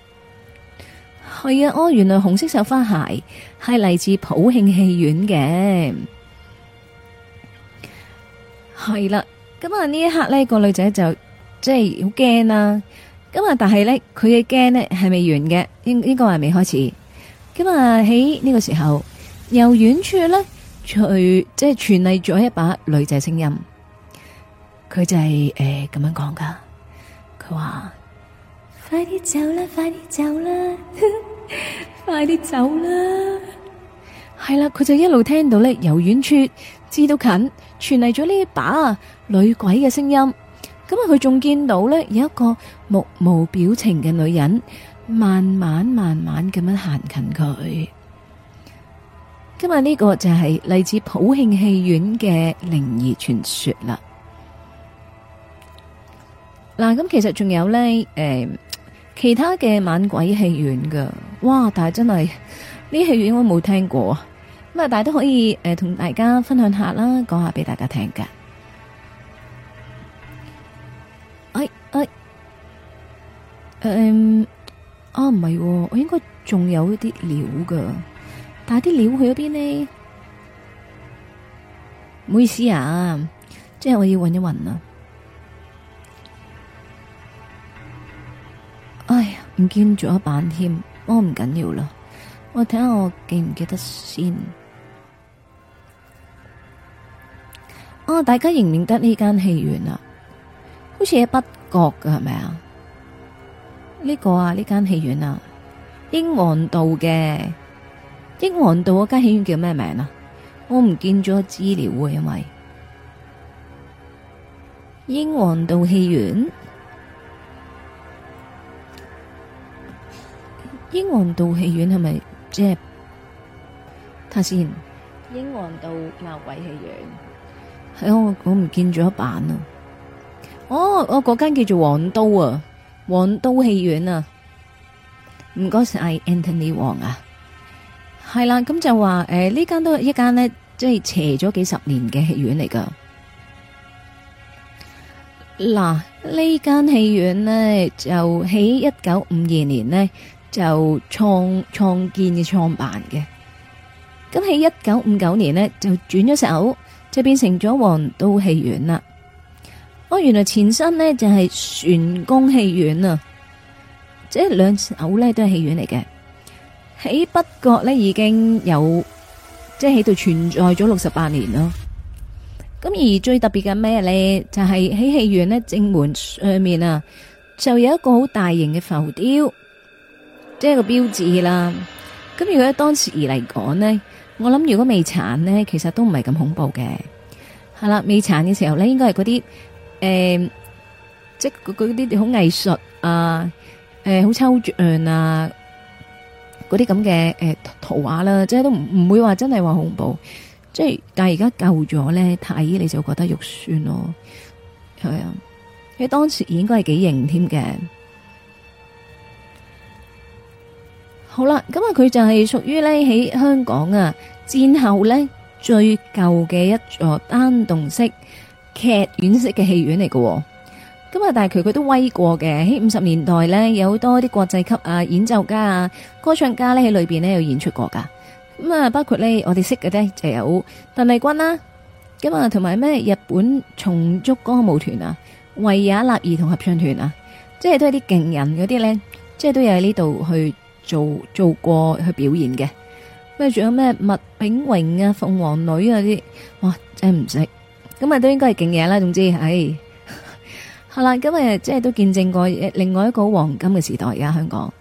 係啊，我、哦、原來紅色繡花鞋係嚟自普慶戲院嘅。係啦，咁啊呢一刻呢個女仔就即係好驚啦。咁啊，但係呢，佢嘅驚呢係未完嘅，應應該係未開始。咁啊喺呢個時候，由遠處呢，傳即係傳嚟咗一把女仔聲音，佢就係誒咁樣講噶。佢話：快啲走啦，快啲走啦。 快啲走啦！係啦，佢就一路聽到咧，由遠處至到近，傳嚟咗呢一把女鬼嘅聲音。咁啊，佢仲見到咧，有一個目無表情嘅女人，慢慢慢慢咁樣行近佢。今日呢個就係嚟自普慶戲院嘅靈異傳說啦。嗱，咁其實仲有呢。誒、呃。其他嘅猛鬼戲院噶，哇！但係真係呢戲院我冇聽過，咁啊，大家都可以誒，同、呃、大家分享一下啦，講下俾大家聽噶。哎哎，嗯、呃，啊唔係、哦，我應該仲有一啲料噶，但係啲料去咗邊呢？唔好意思啊，即係我要揾一揾啊。哎呀，唔見咗版添，我唔緊要啦。我睇下我記唔記得先，啊。哦、啊，大家認唔認得呢間戲院啊？好似喺北角㗎，係咪啊？呢、這個啊，呢間戲院啊，英皇道嘅。英皇道嗰間戲院叫咩名啊？我唔見咗資料啊，因為英皇道戲院。英皇道戲院係咪即係睇下先？英皇道鬧鬼戲院，喺、哎、我我唔見咗一版啊。哦，我嗰間叫做黃都啊，黃都戲院啊。唔該晒，Anthony 黃啊。係啦，咁就話誒，呢、呃、間都係一間呢，即係斜咗幾十年嘅戲院嚟噶。嗱，呢間戲院呢，就喺一九五二年呢。就創創建嘅創辦嘅，咁喺一九五九年呢，就轉咗手，就變成咗皇都戲院啦。我、哦、原來前身呢，就係、是、璇宮戲院啊，即係兩個呢，都係戲院嚟嘅。喺北角呢，已經有即係喺度存在咗六十八年咯。咁而最特別嘅咩呢？就係喺戲院呢，正門上面啊，就有一個好大型嘅浮雕。即係個標誌啦，咁如果喺當時而嚟講呢，我諗如果未剷呢，其實都唔係咁恐怖嘅，係啦，未剷嘅時候呢，應該係嗰啲誒，即係嗰啲好藝術啊，誒、欸，好抽象啊，嗰啲咁嘅誒圖畫啦，即係都唔唔會話真係話恐怖，即係但係而家舊咗呢，睇，你就覺得肉酸咯，係啊，佢當時而應該係幾型添嘅。好啦，咁啊，佢就係屬於呢喺香港啊戰後呢最舊嘅一座單棟式劇院式嘅戲院嚟嘅。咁啊，但係佢佢都威過嘅，喺五十年代呢，有好多啲國際級啊演奏家啊、歌唱家呢，喺裏邊呢有演出過噶。咁啊，包括呢我哋識嘅啫，就有鄧麗君啦，咁啊同埋咩日本松竹歌舞團啊、維也納兒童合唱團啊，即係都係啲勁人嗰啲呢，即係都有喺呢度去，做做過去表演嘅，咩仲有咩麥炳榮啊、鳳凰女啊啲，哇真係唔識，咁啊都應該係勁嘢啦。總之，唉，係啦，咁啊即係都見證過另外一個好黃金嘅時代，而家香港。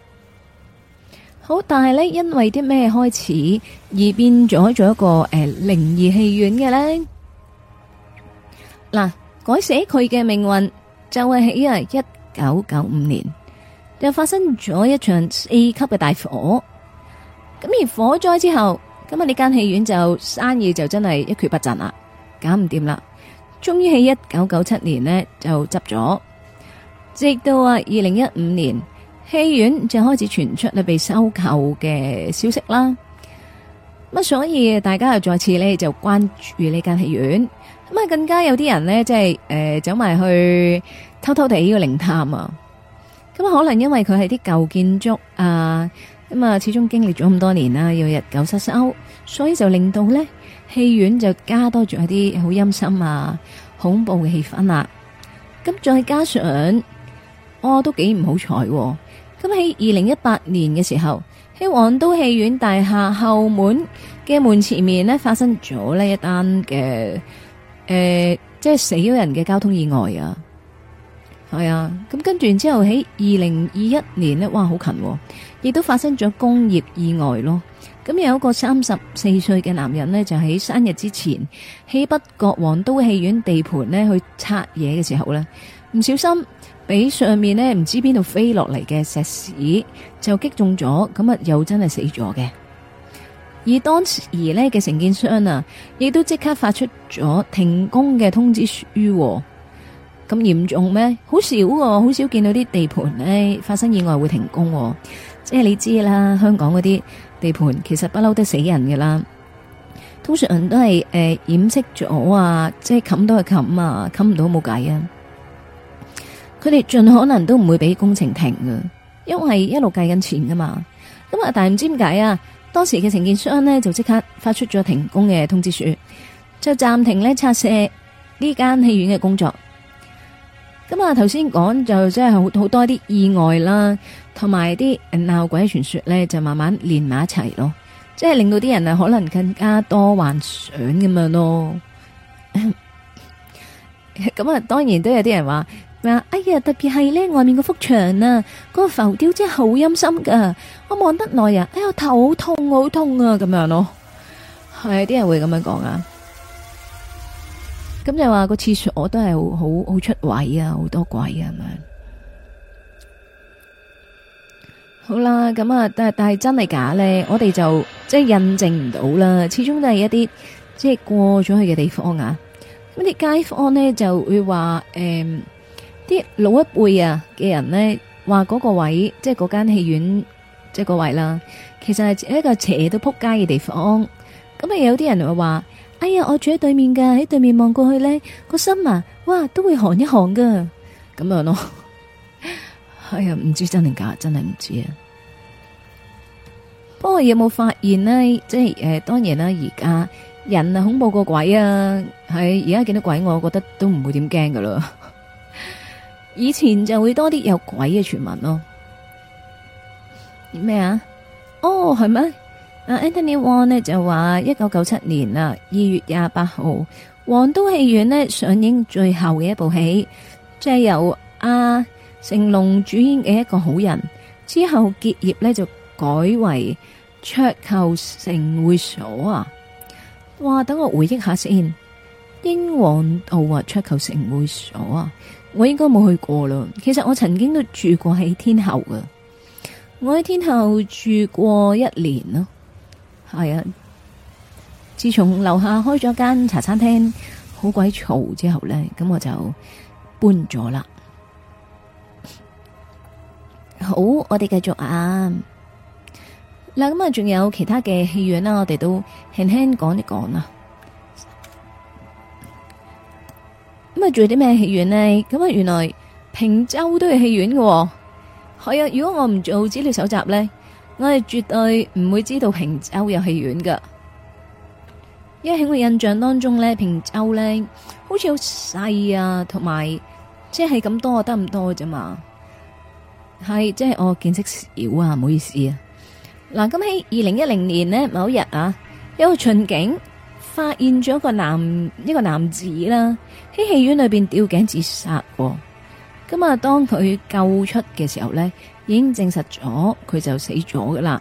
好，但係咧，因為啲咩開始而變咗做一個誒靈異戲院嘅咧？嗱，改寫佢嘅命運就係起啊一九九五年。又發生咗一場四級嘅大火，咁而火災之後，咁啊呢間戲院就生意就真係一蹶不振啦，搞唔掂啦。終於喺一九九七年呢就執咗，直到啊二零一五年，戲院就開始傳出你被收購嘅消息啦。咁所以大家又再次呢就關注呢間戲院，咁啊更加有啲人呢，即係誒走埋去偷偷地呢個靈探啊。咁可能因為佢係啲舊建築啊，咁啊始終經歷咗咁多年啦，又日久失修，所以就令到呢戲院就加多咗一啲好陰森啊、恐怖嘅氣氛啦、啊。咁再加上，我、哦、都幾唔好彩。咁喺二零一八年嘅時候，喺皇都戲院大廈後門嘅門前面呢，發生咗呢一單嘅誒，即係死咗人嘅交通意外啊！係啊，咁跟住然之後喺二零二一年呢，哇好近喎，亦都發生咗工業意外咯。咁有一個三十四歲嘅男人呢，就喺生日之前喺北角皇都戲院地盤呢去拆嘢嘅時候呢，唔小心俾上面呢唔知邊度飛落嚟嘅石屎就擊中咗，咁啊又真係死咗嘅。而當時呢嘅承建商啊，亦都即刻發出咗停工嘅通知書。咁嚴重咩？好少喎、哦，好少見到啲地盤呢發生意外會停工喎、哦。即係你知啦，香港嗰啲地盤其實不嬲都死人噶啦。通常人都係誒、呃、掩飾咗啊，即係冚都係冚啊，冚唔到冇計啊。佢哋盡可能都唔會俾工程停噶，因為一路計緊錢噶嘛。咁啊，但係唔知點解啊，當時嘅承建商呢，就即刻發出咗停工嘅通知書，就暫停呢拆卸呢間戲院嘅工作。咁啊，頭先講就即係好好多啲意外啦，同埋啲鬧鬼傳說咧，就慢慢連埋一齊咯，即係令到啲人啊，可能更加多幻想咁樣咯。咁啊，當然都有啲人話咩哎呀，特別係呢外面個幅牆啊，嗰個浮雕真係好陰森噶，我望得耐啊，哎呀，頭好痛好痛啊，咁樣咯。係啊，啲人會咁樣講啊。咁就話個廁所我都係好好出位啊，好多鬼咁樣啊。好啦，咁啊，但係但係真係假呢？我哋就即係印證唔到啦，始終都係一啲即係過咗去嘅地方啊。咁啲街坊呢，就會話，誒、呃，啲老一輩啊嘅人呢，話嗰個位，即係嗰間戲院，即係個位啦，其實係一個斜到扑街嘅地方。咁啊，有啲人會話。哎呀，我住喺對面嘅，喺對面望過去呢，個心啊，哇，都會寒一寒嘅，咁樣。咯。 哎呀，唔知真定假，真係唔知啊。不過有冇發現呢？即係誒、呃，當然啦，而家人啊恐怖過鬼啊，喺而家見到鬼，我覺得都唔會點驚嘅啦。 以前就會多啲有鬼嘅傳聞咯。咩啊？哦，係咩？Anthony Wong 呢就話：一九九七年啊，二月廿八號，皇都戲院呢，上映最後嘅一部戲，即係由阿成龍主演嘅一個好人。之後結業呢，就改為桌球城會所啊！哇，等我回憶一下先，英皇道或桌球城會所啊，我應該冇去過啦。其實我曾經都住過喺天后噶，我喺天后住過一年咯。係啊！自從樓下開咗間茶餐廳，好鬼嘈之後呢，咁我就搬咗啦。好，我哋繼續啊！嗱，咁啊，仲有其他嘅戲院啦，我哋都輕輕講一講啦。咁啊，仲有啲咩戲院呢？咁啊，原來平洲都係戲院嘅。係啊，如果我唔做資料搜集呢。我係絕對唔會知道平洲有戲院噶，因為喺我印象當中咧，平洲咧好似好細啊，同埋即係咁多得咁多啫嘛，係即係我見識少啊，唔好意思啊。嗱，咁喺二零一零年呢某日啊，有一個巡警發現咗個男呢個男子啦喺戲院裏邊吊頸自殺過，咁啊，當佢救出嘅時候咧。已經證實咗佢就死咗噶啦，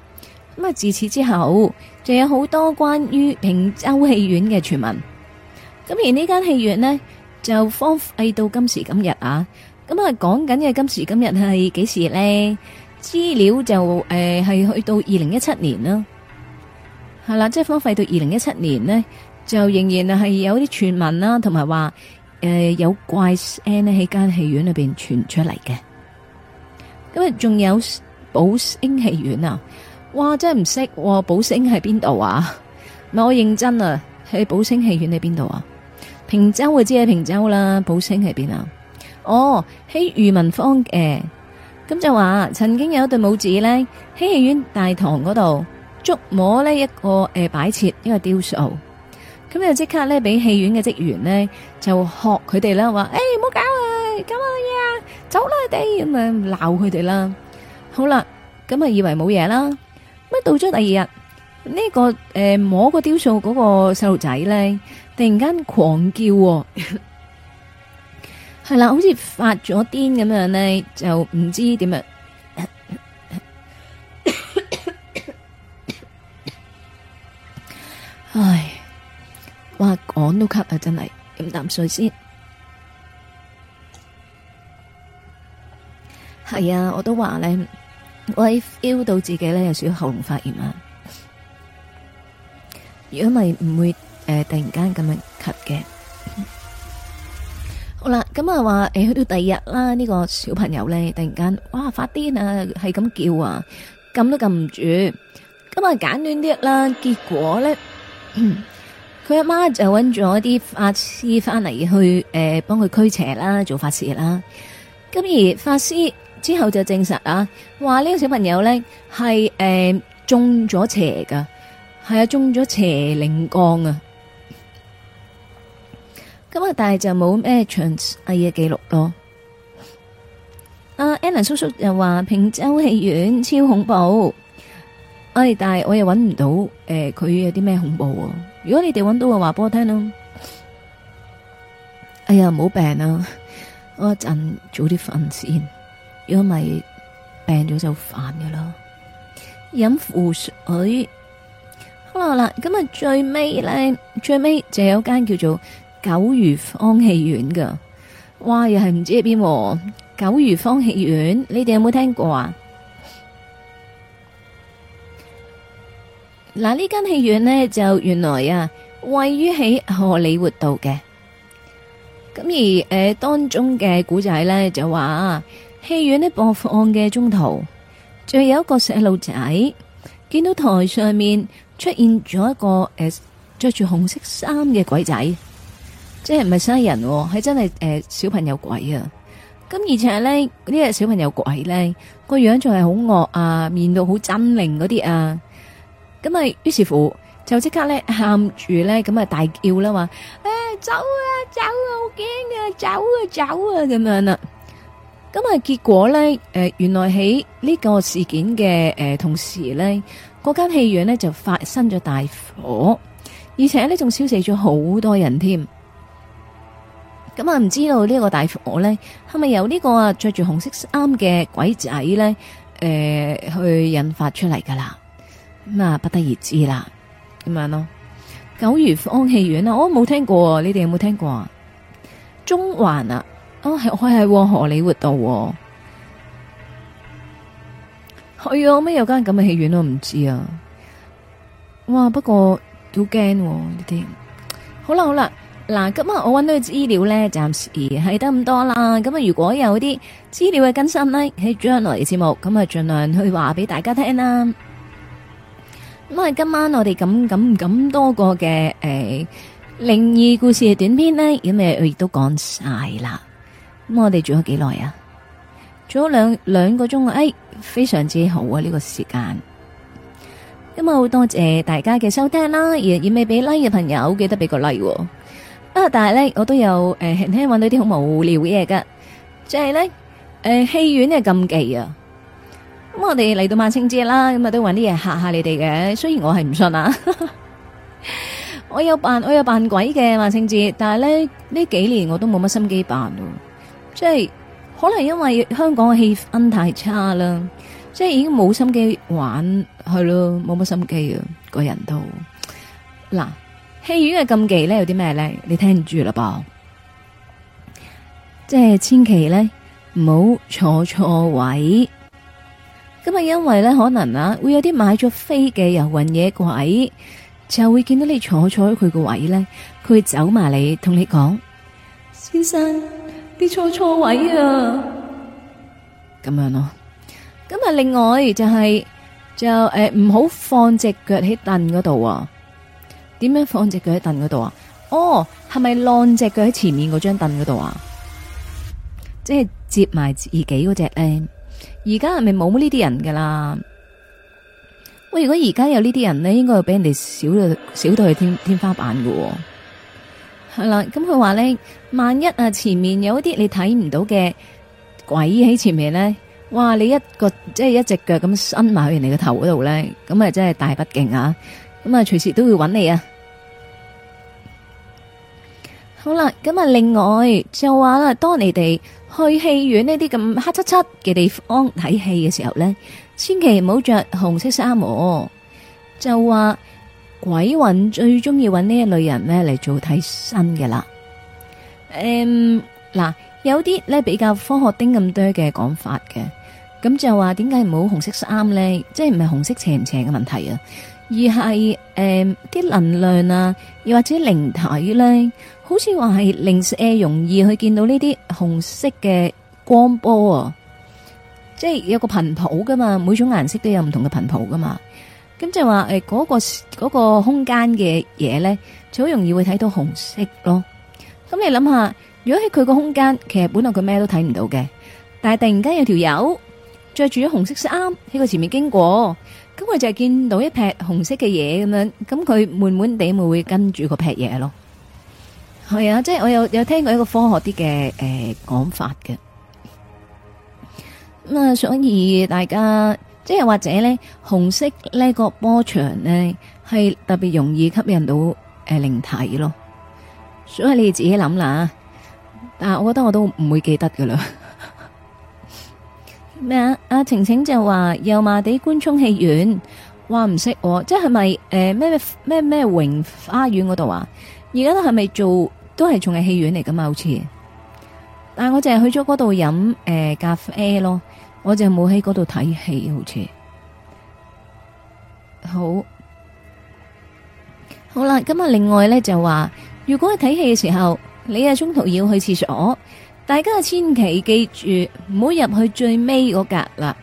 咁啊，自此之後，就有好多關於平洲戲院嘅傳聞。咁而呢間戲院呢，就荒廢到今時今日啊！咁啊講緊嘅今時今日係幾時呢？資料就誒係、呃、去到二零一七年啦，係啦，即係荒廢到二零一七年呢，就仍然係有啲傳聞啦、啊，同埋話誒有怪聲呢喺間戲院裏邊傳出嚟嘅。咁啊，仲有寶星戲院啊！哇，真係唔識喎，寶星喺邊度啊？唔係我認真啊，喺寶星戲院喺邊度啊？坪洲啊，知喺坪洲啦。寶星喺邊啊？哦，喺漁民坊嘅。咁就話曾經有一對母子咧喺戲院大堂嗰度捉摸呢一個誒擺設一個雕塑，咁就即刻咧俾戲院嘅職員咧就喝佢哋啦，話誒唔好搞啊，搞乜嘢啊？走啦，啲咁啊，鬧佢哋啦。好啦，咁啊，以為冇嘢啦。乜到咗第二日，呢個誒摸個雕塑嗰個細路仔咧，突然間狂叫，係啦，好似發咗癲咁樣咧，就唔知點啊！唉，哇，講都咳啊，真係飲啖水先。係啊，我都話咧，我 feel 到自己咧有少少喉嚨發炎啊。如果咪唔會誒突然間咁樣咳嘅。好啦，咁啊話誒去到第二日啦，呢、這個小朋友咧突然間哇發癲啊，係咁叫啊，撳都撳唔住。咁啊簡短啲啦，結果咧，佢阿媽就揾咗一啲法師翻嚟去誒幫佢驅邪啦，做法事啦。咁而法師。之後就證實啊，話呢個小朋友咧係誒中咗邪噶，係啊中咗邪靈光啊。咁啊，但係就冇咩長危嘅記錄咯。阿、uh, Anna 叔叔又話平洲戲院超恐怖，哎，但係我又搵唔到誒，佢、呃、有啲咩恐怖、啊？如果你哋搵到嘅話，話畀我聽咯。哎呀，唔好病啊，我一陣早啲瞓先。如果咪病咗就煩噶啦，飲湖水。好啦啦，今日最尾咧，最尾就有間叫做九如坊戲院噶，哇又係唔知喺邊。九如坊戲院，你哋有冇聽過啊？嗱，呢間戲院呢，就原來啊位於喺荷里活道嘅，咁而誒、呃、當中嘅古仔咧就話。戲院咧播放嘅中途，就有一個細路仔見到台上面出現咗一個誒着住紅色衫嘅鬼仔，即係唔係西人，係真係誒小朋友鬼啊！咁而且係咧呢個小朋友鬼咧個樣仲係好惡啊，面到好猙獰嗰啲啊！咁啊，於是乎就即刻咧喊住咧咁啊大叫啦話，誒，走啊走啊，好驚啊，走啊走啊咁樣啊！咁啊！結果咧，誒，原來喺呢個事件嘅誒同時咧，嗰間戲院呢就發生咗大火，而且呢仲燒死咗好多人添。咁啊，唔知道呢個大火咧係咪由呢個啊着住紅色衫嘅鬼仔咧，誒、呃、去引發出嚟噶啦？咁啊，不得而知啦。咁樣咯，九如坊戲院啊，我、哦、冇聽過，你哋有冇聽過啊？中環啊！哦，係開喺荷里活度，係啊，咩有間咁嘅戲院都唔知啊，哇！不過都驚呢啲。好啦好啦，嗱，咁啊，我搵到資料咧，暫時係得咁多啦。咁啊，如果有啲資料嘅更新咧，喺將來嘅節目咁啊，盡量去話俾大家聽啦。咁啊，今晚我哋咁咁咁多個嘅誒靈異故事嘅短篇咧，咁咪亦都講晒啦。咁我哋做咗幾耐啊？做咗兩兩個鐘啊！哎，非常之好啊！呢、這個時間，今日好多謝大家嘅收聽啦、啊。而未俾 like 嘅朋友，記得俾個 like、哦。不啊，但係咧，我都有誒聽、呃、到啲好無聊嘅嘢噶，就係咧誒戲院嘅禁忌啊。咁我哋嚟到萬聖節啦，咁啊都玩啲嘢吓下你哋嘅。雖然我係唔信啊呵呵，我有扮我有扮鬼嘅萬聖節，但係咧呢這幾年我都冇乜心機扮。即係可能因為香港嘅氣氛太差啦，即係已經冇心機玩係咯，冇乜心機啊，個人都，嗱，戲院嘅禁忌咧有啲咩咧？你聽住啦噃，即係千祈咧唔好坐錯位。咁啊，因為咧可能啊會有啲買咗飛嘅遊魂野鬼，就會見到你坐錯佢個位咧，佢會走埋你，同你講，先生。啲錯錯位啊，咁樣咯。咁啊，另外就係、是、就誒，唔、呃、好放隻腳喺凳嗰度啊。點樣放隻腳喺凳嗰度啊？哦，係咪晾隻腳喺前面嗰張凳嗰度啊？即係接埋自己嗰隻。呢而家係咪冇呢啲人噶啦？喂、呃，如果而家有呢啲人咧，應該會俾人哋少，少到少到去天天花板噶。係啦，咁佢話咧，萬一啊前面有一啲你睇唔到嘅鬼喺前面咧，哇！你一個即係一隻腳咁伸埋去人哋個頭嗰度咧，咁啊真係大不敬啊！咁啊隨時都會揾你啊！好啦，咁啊另外就話啦，當你哋去戲院呢啲咁黑漆漆嘅地方睇戲嘅時候咧，千祈唔好着紅色衫喎，就話。鬼魂最中意揾呢一類人咧嚟做替身嘅啦。誒，嗱，有啲咧比較科學丁咁多嘅講法嘅，咁就話點解唔好紅色衫咧？即係唔係紅色邪唔邪嘅問題啊？而係誒啲能量啊，又或者靈體咧，好似話係靈誒容易去見到呢啲紅色嘅光波啊，即係有個頻譜噶嘛，每種顏色都有唔同嘅頻譜噶嘛。咁就話話誒，嗰個嗰個空間嘅嘢咧，就好容易會睇到紅色咯。咁你諗下，如果喺佢個空間，其實本來佢咩都睇唔到嘅，但係突然間有條友着住咗紅色衫喺佢前面經過，咁佢就係見到一撇紅色嘅嘢咁樣，咁佢悶悶地咪會跟住個撇嘢咯。係啊，即係我有有聽過一個科學啲嘅誒講法嘅。咁啊，所以大家。即係或者咧，紅色呢個波長咧係特別容易吸引到誒靈、呃、體咯，所以你哋自己諗啦，但係我覺得我都唔會記得噶啦。咩 啊？阿晴晴就話油麻地官涌戲院，話唔識我，即係咪誒咩咩咩咩榮花園嗰度啊？而家都係咪做都係仲係戲院嚟噶嘛？好似，但係我淨係去咗嗰度飲誒咖啡咯。我就冇喺嗰度睇戲，好似好好啦。咁啊，另外咧就話，如果睇戲嘅時候，你啊中途要去廁所，大家千祈記住唔好入去最尾嗰格啦。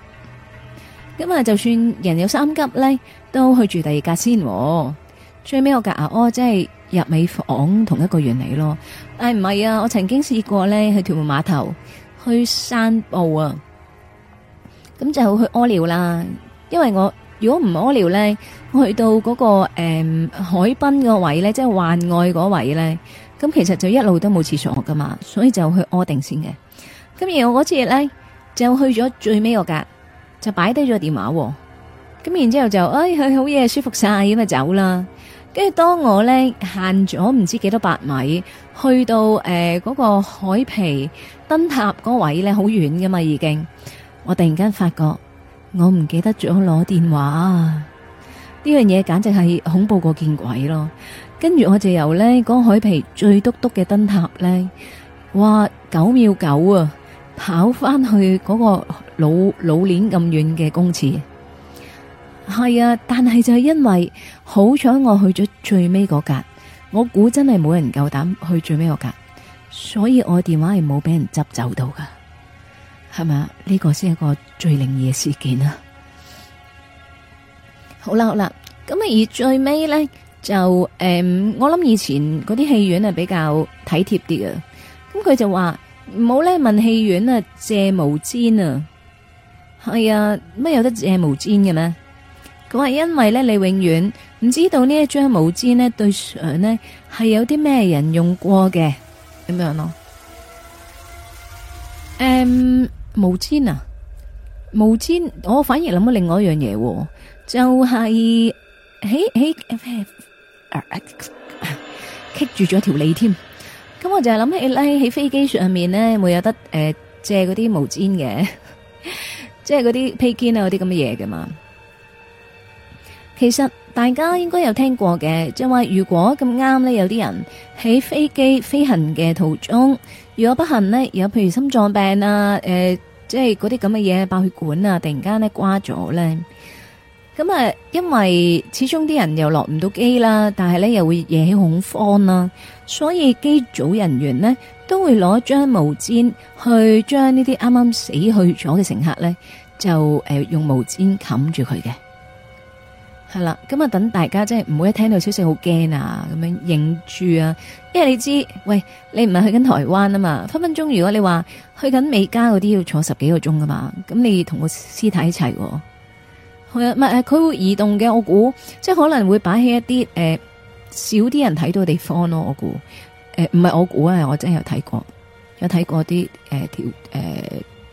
咁啊，就算人有三急咧，都去住第二格先。最尾個格啊，我即係入尾房同一個原理咯。但係唔係啊，我曾經試過咧，去屯門碼頭去散步啊。咁就去屙尿啦，因為我如果唔屙尿呢，我去到嗰、嗰個誒、嗯、海濱嗰位呢，即係環外嗰位呢，咁其實就一路都冇廁所噶嘛，所以就去屙定先嘅。咁而我嗰次呢，就去咗最尾個格，就擺低咗電話，咁然之後就誒好嘢舒服晒咁就走啦。跟住當我呢，行咗唔知幾多百米，去到誒嗰、呃嗰個海皮燈塔嗰位呢，好遠噶嘛已經嘛。我突然間發覺我唔記得咗攞電話，呢樣嘢簡直係恐怖過見鬼咯！跟住我就由呢嗰海皮最督督嘅燈塔呢，哇九秒九啊，跑翻去嗰個老老年咁遠嘅公廁。係啊，但係就係因為好彩我去咗最尾嗰格，我估真係冇人夠膽去最尾嗰格，所以我電話係冇俾人執走到噶。係咪？呢、這個先係一個最靈異嘅事件啊。好啦好啦，咁啊而最尾呢，就誒、嗯，我諗以前嗰啲戲院係比較體貼啲啊。咁佢就話唔好咧問戲院啊借毛氈啊。係啊，乜有得借毛氈嘅咩？佢話因為咧你永遠唔知道張無呢一張毛氈咧對上呢係有啲咩人用過嘅，咁樣咯。誒、嗯。毛氈啊，毛氈，我反而諗到另外一樣嘢，就係喺喺咩，棘、啊、住咗條脷添。咁我就係諗起咧喺飛機上面呢，會有得誒、呃、借嗰啲毛氈嘅， 即係嗰啲披肩啊，嗰啲咁嘅嘢嘅嘛。其實大家應該有聽過嘅，即係話如果咁啱呢，有啲人喺飛機飛行嘅途中。如果不幸呢，有譬如心臟病啊，誒、呃，即係嗰啲咁嘅嘢，爆血管啊，突然間呢、呃，瓜咗咧，咁啊，因為始終啲人又落唔到機啦，但係咧又會惹起恐慌啦，所以機組人員呢，都會攞張毛氈去將呢啲啱啱死去咗嘅乘客咧，就誒用毛氈冚住佢嘅。係啦，咁啊等大家即係唔好一聽到消息好驚啊，咁樣認住啊，因為你知，喂，你唔係去緊台灣啊嘛，分分鐘如果你話去緊美加嗰啲要坐十幾個鐘噶嘛，咁你同個屍體一齊喎、啊，係誒、啊，佢會移動嘅，我估，即係可能會擺喺一啲誒少啲人睇到嘅地方咯，我估，誒、呃，唔係我估啊，我真係有睇過，有睇過啲誒條誒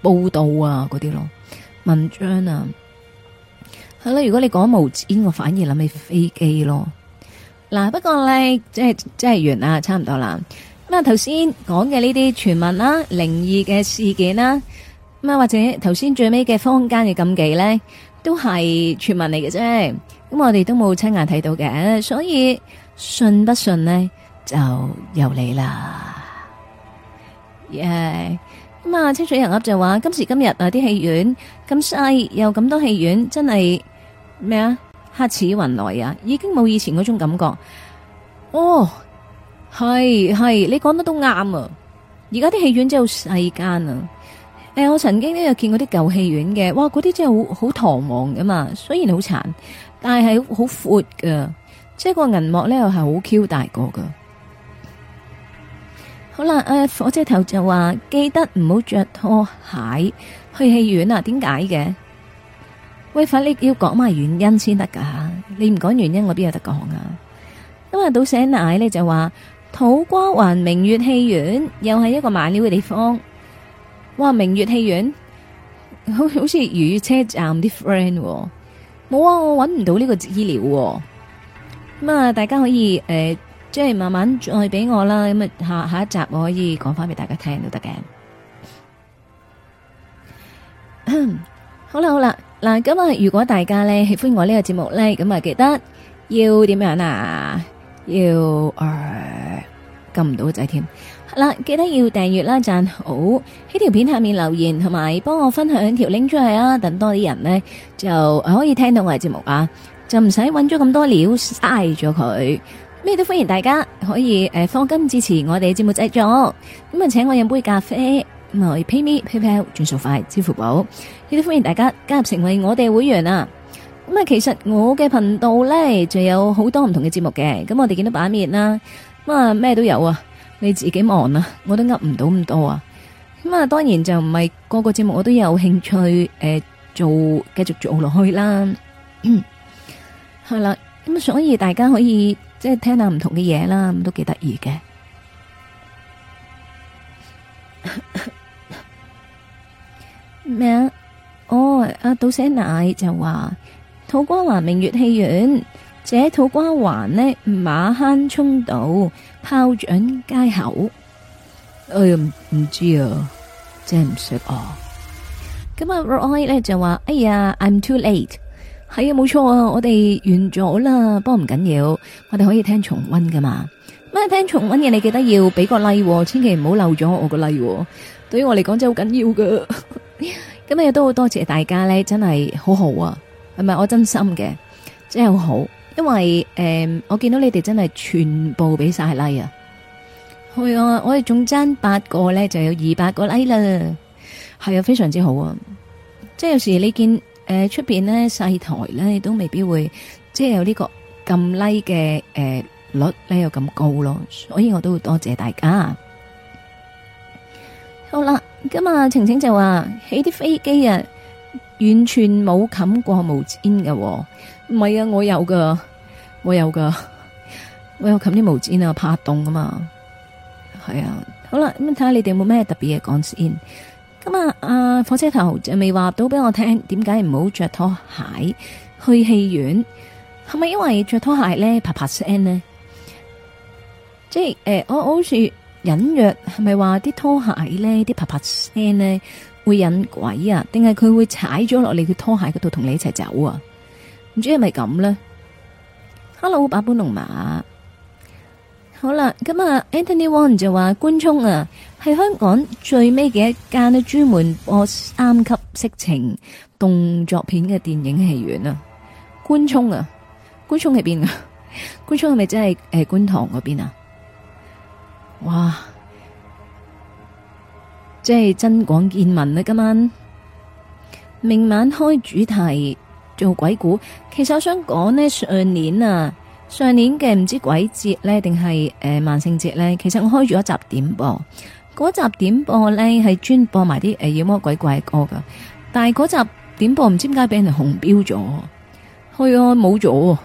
報道啊嗰啲咯，文章啊。好啦，如果你講無煙，我反而諗起飛機咯。嗱，不過咧，即係即係完啦，差唔多啦。咁啊，頭先講嘅呢啲傳聞啦、靈異嘅事件啦，咁啊或者頭先最尾嘅坊間嘅禁忌咧，都係傳聞嚟嘅啫。咁我哋都冇親眼睇到嘅，所以信不信呢就由你啦。誒，咁啊，清水人鴨就話今時今日啊，啲戲院咁細，又咁多戲院，真係～咩啊？客似雲來啊，已經冇以前嗰種感覺。哦，係係，你講得都啱啊！而家啲戲院真係好細間啊！誒、呃，我曾經都有見過啲舊戲院嘅，哇，嗰啲真係好好堂皇噶嘛。雖然好殘，但係好闊噶，即係個銀幕咧又係好 Q 大個噶。好啦，誒、啊，火車頭就話記得唔好着拖鞋去戲院啊？點解嘅？喂，反正要講埋原因先得㗎，你唔講原因，我邊有得講啊？因、嗯、為到醒奶咧就話土瓜灣明月戲院又係一個買料嘅地方。哇，明月戲院，好好似如車站啲 friend，冇啊，我搵唔到呢個資料，哦。咁、嗯、啊，大家可以誒，即、呃、係、就是、慢慢再俾我啦。咁啊，下下一集我可以講翻俾大家聽都得嘅。好啦，好啦。嗱，咁啊，如果大家咧喜歡我呢個節目咧，咁啊記得要點樣要啊？要誒撳唔到仔添，係啦，記得要訂閱啦，讚好喺條片下面留言，同埋幫我分享條 link 出嚟啊！等多啲人呢，就可以聽到我嘅節目啊！就唔使搵咗咁多料嘥咗佢，咩都歡迎大家可以誒，放心支持我哋節目製作。咁啊，請我飲杯咖啡，咪 pay me pay pal 轉數快支付寶。亦都歡迎大家加入成為我哋會員啊！咁啊，其實我嘅頻道咧，就有好多唔同嘅節目嘅。咁我哋見到版面啦，啊，咁啊咩都有啊！你自己忙啦，啊，我都噏唔到咁多啊！咁啊，當然就唔係個個節目我都有興趣誒、呃、做，繼續做落去啦。係啦，咁 所以大家可以即係、就是、聽下唔同嘅嘢啦，咁都幾得意嘅。咩？ 哦，阿杜寫乃就話土瓜灣明月戲院，這土瓜灣呢馬坑涌道炮仗街口，哎呀唔知啊，真係唔識哦。咁啊，Roy 咧就話，哎呀，I'm too late，係啊，冇、哎、錯啊，我哋完咗啦，不過唔緊要，我哋可以聽重溫噶嘛。咩，聽重溫嘅你記得要俾個例、like 哦，千祈唔好漏咗我個例、like 哦，對於我嚟講真係好緊要噶。 今日都好多謝大家咧，真係好好啊，係咪？我真心嘅，真係好，好！因為誒、嗯，我見到你哋真係全部俾晒 like 啊，係啊，我哋仲爭八個咧，就有二百個拉、like、啦，係啊，非常之好啊，即係有時你見誒出邊咧細台咧，都未必會即係有個、like 呃、呢個咁 like 嘅誒率咧有咁高咯，所以我都會多謝大家，好啦。咁啊，晴晴就話，起啲飛機啊，完全冇冚過毛氈嘅。唔係啊，我有噶，我有噶，我有冚啲毛氈啊，怕凍啊嘛。係啊，好啦，咁睇下你哋有冇咩特別嘢講先。咁啊，阿火車頭就未話到俾我聽，點解唔好着拖鞋去戲院？係咪因為着拖鞋咧，啪啪聲呢？即係誒、欸、我好似……隱約係咪話啲拖鞋咧，啲啪啪聲呢？會引鬼啊？定係佢會踩咗落你嘅拖鞋嗰度，同你一齊走啊？唔知係咪咁呢？Hello，八本龍馬，好啦，咁啊，Anthony Wong 就話官涌啊，係、啊、香港最尾嘅一間咧，專門播三級色情動作片嘅電影戲院啊。官涌啊，官涌喺邊啊？官涌係咪真係誒觀塘嗰邊啊？哇！即係真廣見聞啦，今晚明晚開主題做鬼故。其實我想講呢，上年啊，上年嘅唔知鬼節呢定係誒萬聖節呢。其實我開咗集點播，嗰集點播呢係專播埋啲誒妖魔鬼怪嘅歌噶。但係嗰集點播唔知點解俾人紅標咗，開開冇咗。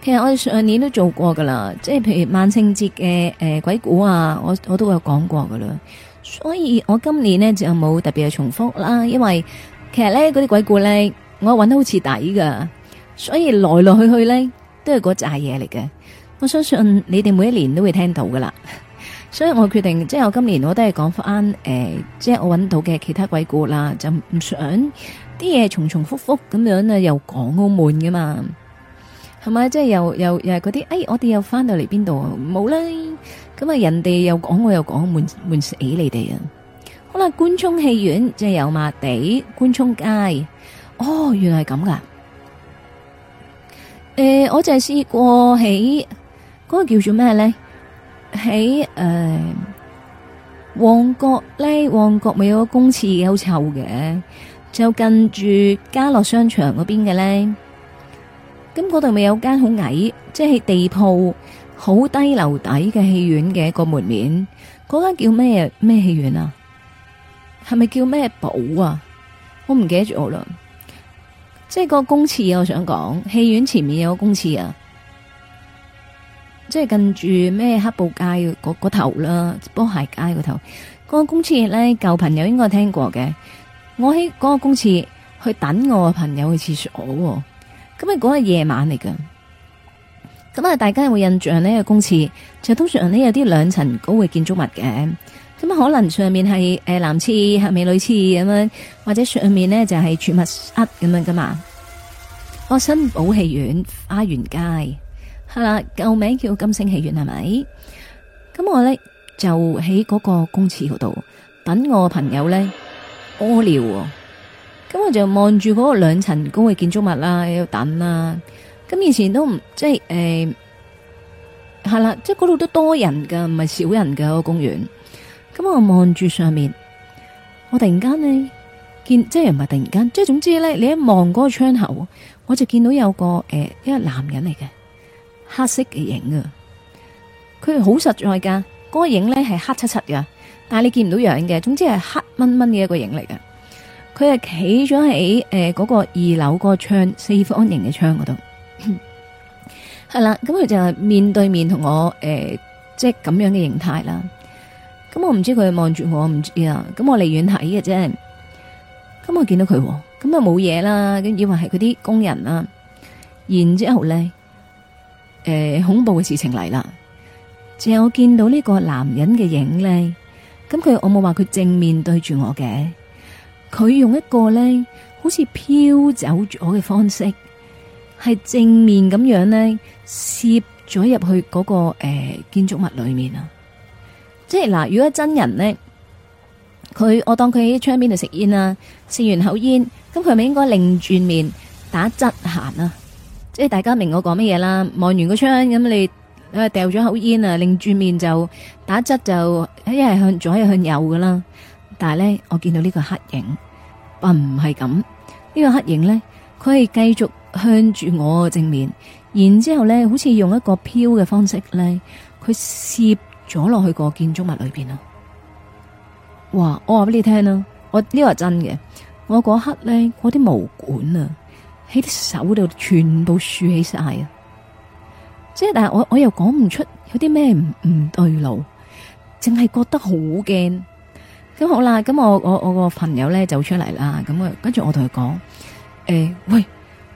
其實我哋上年都做過噶啦，即係譬如萬聖節嘅誒、呃、鬼故啊，我我都會有講過噶啦，所以我今年呢，就冇特別嘅重複啦，因為其實咧嗰啲鬼故咧，我揾得好似底噶，所以來來去去咧都係嗰扎嘢嚟嘅。我相信你哋每一年都會聽到噶啦，所以我決定即係我今年我都係講翻誒，即係我揾到嘅其他鬼故啦，就唔想啲嘢重重複複咁樣啊，又講好悶噶嘛。係咪？即係又又又係嗰啲？哎，我哋又翻到嚟邊度啊？冇啦！咁啊，人哋又講，我又講，悶悶死你哋啊！好啦，官涌戲院即係油麻地官涌街。哦，原來係咁噶。誒，我就係試過喺嗰個叫做咩咧？喺誒旺角咧，旺角咪有個公廁嘅，好臭嘅，就近住家樂商場嗰邊嘅咧。咁嗰度咪有間好矮，即係地鋪好低樓底嘅戲院嘅一個門面。嗰間叫咩咩戲院啊？係咪叫咩寶啊？我唔記得住我啦。即係個公廁，我想講戲院前面有個公廁啊。即係近住咩黑布街嗰嗰頭啦，波鞋街嗰頭。嗰個公廁咧，舊朋友應該聽過嘅。我喺嗰個公廁去等我嘅朋友去廁所啊。咁啊，嗰日夜晚嚟㗎。咁啊，大家有冇印象呢個公廁，就通常呢有啲，兩層高嘅建築物嘅，咁可能上面係誒男廁吓、呃、係美女廁咁樣，或者上面呢就係、是、儲物室咁樣噶嘛。我新寶戲院花園街係啦，舊名叫金星戲院係咪？咁我咧就喺嗰個公廁嗰度等我朋友咧屙尿。咁我就望住嗰個兩層高嘅建築物啦、啊，喺度等啦、啊。咁以前都唔即係誒，係、欸、啦，即係嗰度都多人噶，唔係少人噶、個公園。咁我望住上面，我突然間呢，見，即係唔係突然間，即係總之咧，你一望嗰個窗口，我就見到有個誒、欸、一個男人嚟嘅，黑色嘅影啊。佢係好實在噶，嗰、個影咧係黑漆漆噶，但係你見唔到樣嘅，總之係黑蚊蚊嘅一個影嚟嘅。佢係企咗喺誒嗰個二樓個窗四方形嘅窗嗰度，係啦，咁 佢就係面對面同我誒，即係咁樣嘅形態啦。咁、嗯、我唔知佢望住我唔知啊，咁、嗯、我離遠睇嘅啫。咁、嗯、我見到佢，咁啊冇嘢啦，咁、嗯、以為係佢啲工人啦。然之後咧，誒、呃、恐怖嘅事情嚟啦，淨係、嗯、我見到呢個男人嘅影咧，咁、嗯、佢我冇話佢正面對住我嘅。佢用一個咧，好似飄走咗嘅方式，係正面咁樣咧，攝咗入去嗰、那個誒、呃、建築物裏面啊！即係嗱，如果真人咧，佢我當佢喺窗邊度食煙啦，食完口煙，咁佢咪應該擰轉面打側行啊？即係大家明我講乜嘢啦？望完個窗咁，你誒掉咗口煙啊，擰轉面就打側就一係向左一係向右噶啦。但係咧，我見到呢個黑影，但唔係咁。呢個黑影咧，佢係繼續向住我正面，然之後咧，好似用一個飄嘅方式咧，佢攝咗落去個建築物裏邊啊！哇，我話俾你聽啦，我呢個係真嘅。我嗰刻咧，我啲毛管啊，喺啲手度全部豎起曬啊！即係，但係我我又講唔出有啲咩唔唔對路，淨係覺得好驚。咁好啦，咁我我我個朋友咧走出嚟啦，咁跟住我同佢講，誒、欸，喂，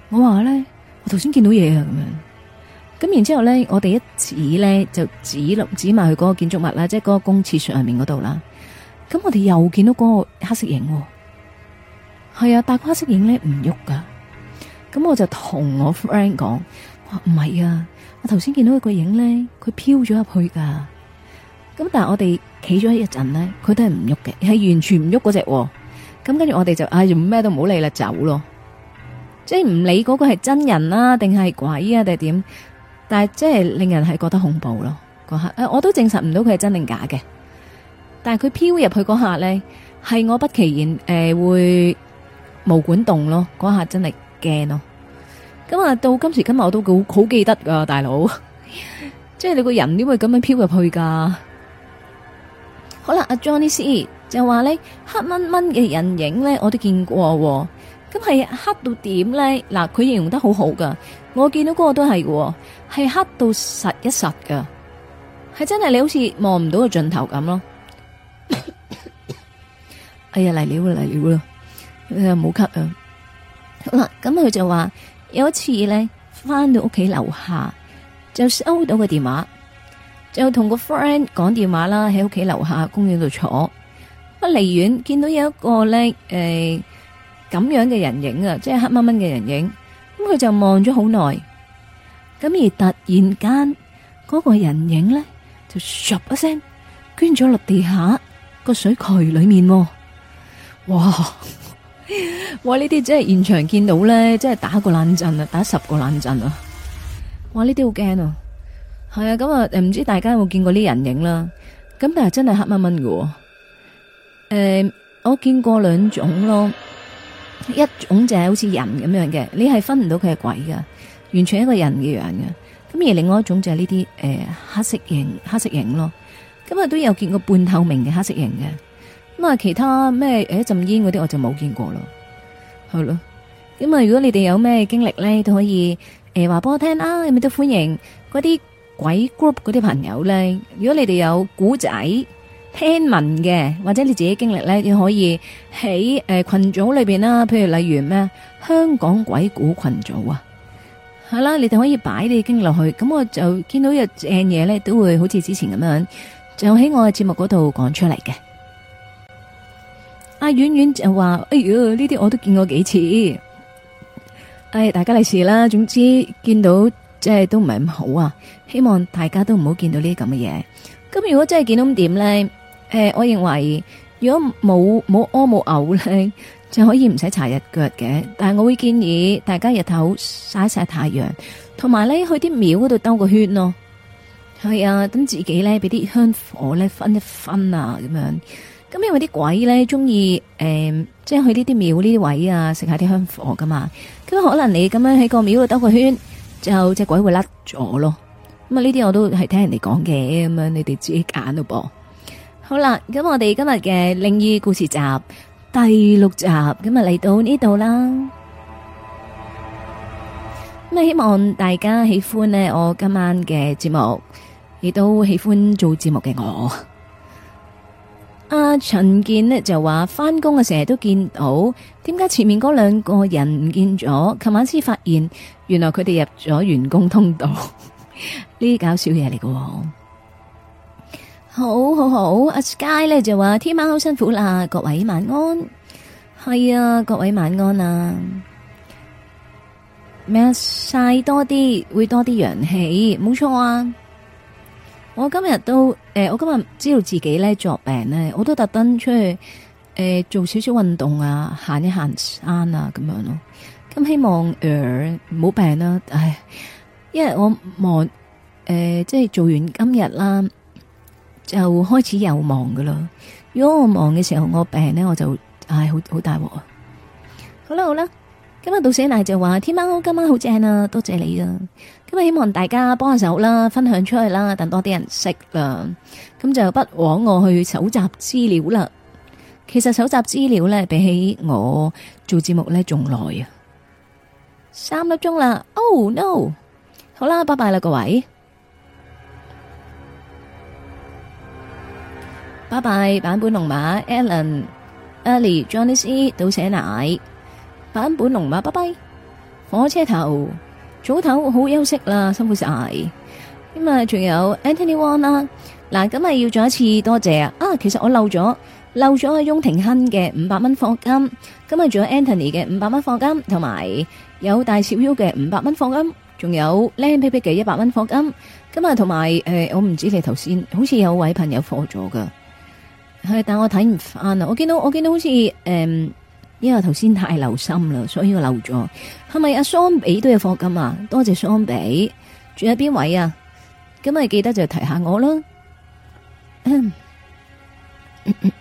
我話咧，我頭先見到嘢啊，咁樣，咁然之後咧，我哋一指咧就指指埋去嗰個建築物啦，即係嗰個公廁上面嗰度啦，咁我哋又見到嗰個黑色影，係啊，大黑色影咧唔喐噶，咁我就同我 friend 講，我唔係啊，我頭先見到一個影咧，佢飄咗入去噶，咁但係我哋。企咗一陣咧，佢都係唔喐嘅，係完全唔喐嗰隻。咁跟住我哋就啊，咩、哎、都唔好理啦，走咯。即係唔理嗰個係真人啦、啊，定係鬼啊，定係點？但係即係令人係覺得恐怖咯。嗰下誒，我都證實唔到佢係真定假嘅。但係佢飄入去嗰下咧，係我不其然誒、呃、會毛管動咯。嗰下真係驚咯。咁啊，到今時今日我都好好記得噶，大佬。即係你個人點會咁樣飄入去噶？好啦，阿 Johnny C 就話咧黑蚊蚊嘅人影咧，我都見過、哦，咁係黑到點咧？嗱，佢形容得好好噶，我見到嗰個都係喎、哦，係黑到實一實噶，係真係你好似望唔到個盡頭咁咯。 哎呀，嚟了嚟了啦，你又冇咳啊！好啦，咁佢就話有一次咧，返到屋企樓下就收到個電話。就同個 friend 講電話啦，喺屋企樓下公園度坐，一離遠見到有一個咧誒咁樣嘅人影啊，即係黑掹掹嘅人影，咁佢就望咗好耐，咁而突然間嗰個人影咧就咻一聲，捐咗落地下個水渠裏面，哇！我呢啲即係現場見到咧，即係打個冷震啊，打十個冷震啊！哇，呢啲好驚啊！係啊，咁、嗯、啊，唔知大家有冇見過啲人影啦？咁但係真係黑掹掹嘅。誒、欸，我見過兩種咯，一種就係好似人咁樣嘅，你係分唔到佢係鬼噶，完全一個人嘅樣嘅。咁而另外一種就係呢啲誒黑色影、黑色影咯。咁啊都有見過半透明嘅黑色影嘅。咁啊其他咩誒一陣煙嗰啲我就冇見過咯。係咯、啊。咁、嗯、啊，如果你哋有咩經歷咧都可以誒話俾我聽啊，有咪都歡迎嗰啲。鬼 group 嗰啲朋友咧，如果你哋有古仔聽聞嘅，或者你自己經歷咧，你可以喺誒群組裏邊啦。譬如例如咩香港鬼古群組啊，係啦，你哋可以擺你經歷落去。咁我就見到有正嘢咧，都會好似之前咁樣，就喺我嘅節目嗰度講出嚟嘅。阿婉婉就話：哎喲，呢啲我都見過幾次。誒，大家利是啦，總之見到。即係都唔係咁好啊！希望大家都唔好見到呢啲咁嘅嘢。咁如果真係見到咁點呢？誒、呃，我認為如果冇冇屙，冇嘔呢，就可以唔使擦日腳嘅。但係我會建議大家日頭曬曬太陽，同埋呢去啲廟嗰度兜個圈咯。係啊，等自己呢俾啲香火呢分一分啊，咁樣。咁因為啲鬼呢中意誒，即係、呃就是、去呢啲廟呢啲位啊，食下啲香火噶嘛。咁可能你咁樣喺個廟度兜個圈。之後隻鬼會甩咗咯，咁啊呢啲我都係聽人哋講嘅，咁樣你哋自己揀咯噃。好啦，咁我哋今日嘅靈異故事集第六集，咁啊嚟到呢度啦。咁 希望大家喜歡咧，我今晚嘅節目，亦都喜歡做節目嘅我。阿陳健呢就話翻工嘅成日都見到。點解前面嗰兩個人唔見咗？琴晚先發現，原來佢哋入咗員工通道，呢 啲搞笑嘢嚟嘅。好好好，阿 Sky 咧就話：天喵好辛苦啦，各位晚安。係啊，各位晚安啊！咩晒多啲會多啲陽氣，冇錯啊！我今日都誒、欸，我今日知道自己咧作病咧，我都特登出去。誒，做少少運動啊，行一行山啊，咁樣咯。咁希望誒唔好病啦。唉，因為我忙誒，即係做完今日啦，就開始又忙噶啦。如果我忙嘅時候我病咧，我就唉，好好大鑊啊。好啦好啦，今日到死奶就話，天喵，今晚好正啊，多謝你啊。今日希望大家幫下手啦，分享出去啦，等多啲人識啦。咁就不枉我去搜集資料啦。其實搜集資料咧，比起我做節目咧仲耐啊，三粒鐘啦。Oh no！好啦，拜拜啦，各位，拜拜。版本龍馬，Alan、Ali、Johnny C 到寫奶。版本龍馬，拜拜。火車頭早頭好休息啦，辛苦晒。咁啊，仲有 Anthony One 啦。嗱，咁啊，要做一次多謝啊。啊，其實我漏咗。漏咗阿翁庭亨嘅五百蚊課金，今日仲有 Anthony 嘅五百蚊課金，同埋有，有大小 U 嘅五百蚊課金，仲有靚 B B 嘅一百蚊課金。今日同埋誒，我唔知你頭先好似有位朋友課咗噶，係，但我睇唔翻啊！我見到我見到好似誒、呃，因為頭先太留心啦，所以我漏咗。係咪阿桑比都有課金啊？多謝桑比，仲有邊位啊？今日記得就提下我啦。嗯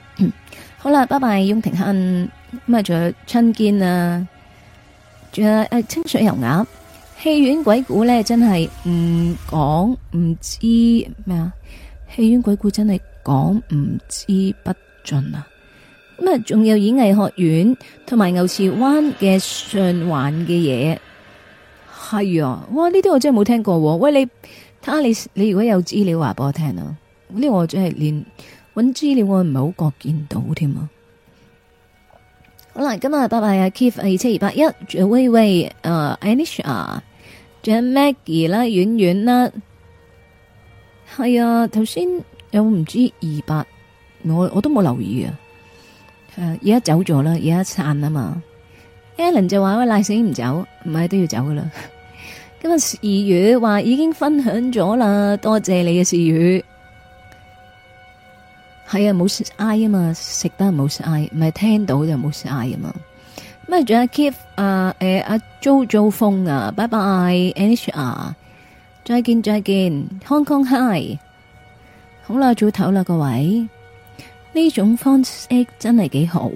好啦，拜拜，雍廷亨咁啊，仲有春堅啊，仲有誒清水油鴨，戲院鬼故咧真係唔講唔知咩啊，戲院鬼故真係講唔知不盡啊，咁啊，仲有演藝學院同埋牛池灣嘅上環嘅嘢。係啊，哇，呢啲我真係冇聽過。啊，喂你，睇下你你如果有資料話俾我聽啊，呢、呢個我真係連。搵資料我唔係好覺見到添啊！好啦，今日拜拜 Keith, 啊，Keith，二七二八一，喂喂，誒、呃、，Anish 啊，仲有 Maggie 啦，軟軟啦，係啊，頭先有唔知二八，我我都冇留意啊，而家走咗啦，而家散啦嘛，Alan 就話我賴死唔走，唔係都要走噶啦， 今日二月話已經分享咗啦，多謝你嘅事語。係啊，冇 say I 啊嘛，食得冇 say I，唔係聽到就冇 say I 啊嘛。咁仲有 Keep 啊，誒阿 Jojo 峰啊，Bye Bye，NHR，再見再見，Hong Kong Hi！好啦，早唞啦，各位，呢種方式真係幾好。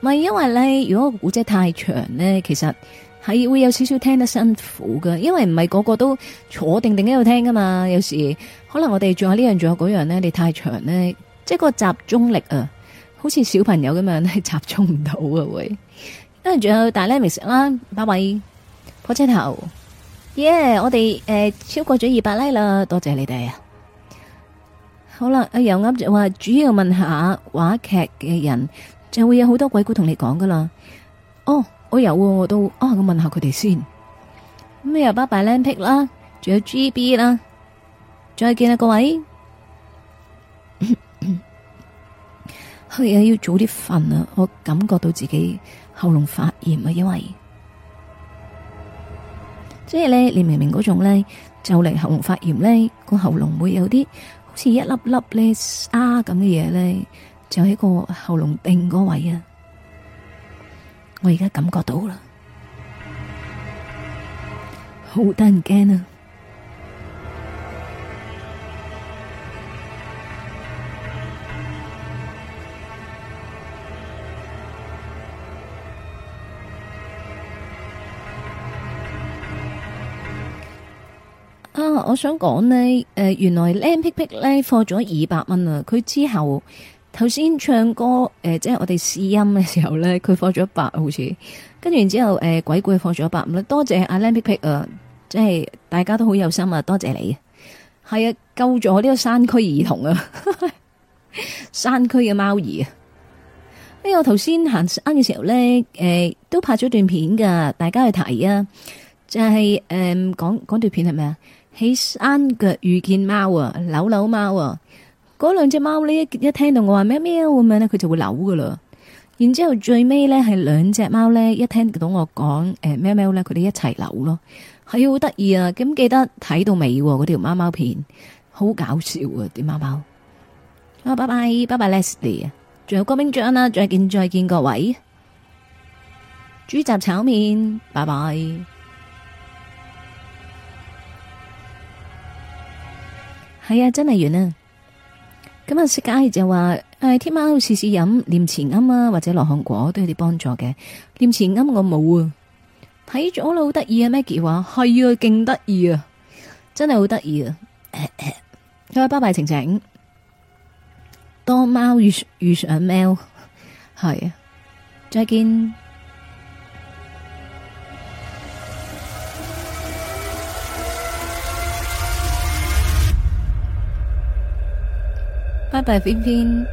咪因為咧，如果個古仔太長咧，其實係會有少少聽得辛苦噶，因為唔係個個都坐定定喺度聽噶嘛，有時可能我哋仲有呢樣仲有嗰樣咧，你太長咧。即係個集中力啊，好似小朋友咁樣係集中唔到啊喂，啊仲有 Dynamics 啦，拜拜，火車頭，耶、yeah！我哋誒超過咗二百 like 啦，多謝你哋啊。好啦，阿楊啱就話，主要問下話劇嘅人，就會有好多鬼故同你講噶啦。哦，我有、啊，我都啊，我問下佢哋先。咁啊，拜拜，靚皮啦，仲有 G B 啦，再見啦，各位。係啊，要早啲瞓啦！我感覺到自己喉嚨發炎啊，因為即係咧，你明明嗰種咧就嚟喉嚨發炎咧，個喉嚨會有啲好似一粒粒咧沙咁嘅嘢咧，就喺個喉嚨頂嗰位啊！我而家感覺到啦，好得人驚啊！啊！我想講呢誒、呃，原來 Lampick Pick 咧放咗二百蚊啊！佢之後頭先唱歌，誒、呃，即、就、係、是、我哋試音嘅時候咧，佢放咗一百，好似跟住然之後，誒、呃，鬼故放咗一百，咁多謝阿、啊、Lampick Pick 啊！即係大家都好有心啊，多謝你啊！係啊，救咗呢個山區兒童啊， 山區嘅貓兒啊！呢、哎、呀，頭先行山嘅時候咧，誒、呃，都拍咗段片噶，大家去睇啊！就係、是、誒，講、呃、講段片係咩？啊？喺山腳遇見貓啊，扭扭貓啊，嗰兩隻貓呢，一一聽到我話喵喵咁樣呢，佢就會扭噶啦。然之後最尾呢，係兩隻貓呢，一聽到我講誒、呃、喵喵呢，佢哋一齊扭咯，係、哎、好得意啊！咁記得睇到尾嗰、啊、條貓貓片，好搞笑啊啲貓貓。Oh, bye bye, bye bye，啊，拜拜拜拜，Leslie，仲有郭冰章啦，再見再見各位，豬雜炒麵，拜拜。係啊，真係完啊。咁啊，食家就話，誒，天喵試試飲念慈庵啊，或者羅漢果都有啲幫助嘅。念慈庵我冇啊，睇咗啦，好得意啊。Maggie 話係啊，勁得意啊，真係好得意啊。各位拜拜，晴晴，當貓遇遇上貓，係、啊、再見。拜拜，Vinny。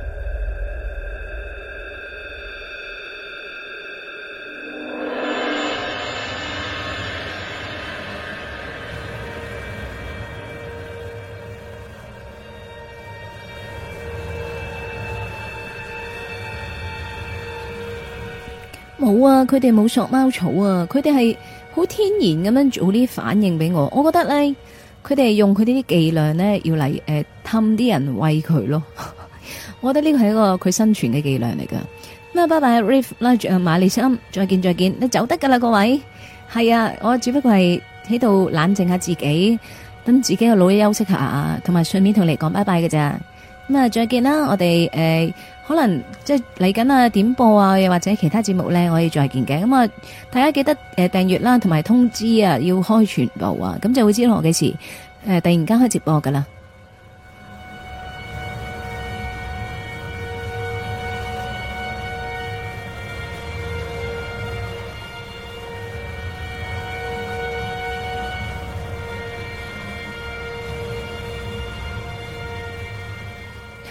冇啊，佢哋冇索貓草啊，佢哋係好天然咁樣做啲反應俾我，我覺得咧。佢哋用佢啲啲伎倆咧，要嚟誒氹啲人餵佢咯。 我覺得呢個係一個佢生存嘅伎倆嚟噶。咁啊，拜拜，Riff 啦，馬里森，再見再見，你走得噶啦，各位。係啊，我只不過係喺度冷靜下自己，等自己個腦休息下，同埋順便同你講拜拜㗎咋。咁啊，再見啦，我哋誒。呃可能即係嚟緊啊點播啊又或者其他節目咧，我可以再見嘅。咁、嗯、啊，大家記得誒訂閱啦，同埋通知啊，要開全部啊，咁就會知道我幾時誒、呃、突然間開直播噶啦。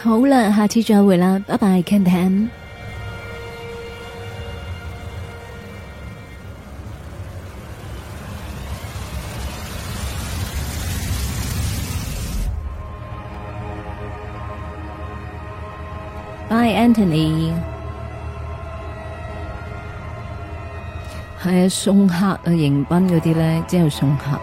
好啦，下次再會啦，拜拜，Ken，Ken。By Anthony，係啊，送客啊，迎賓嗰啲咧，即係送客。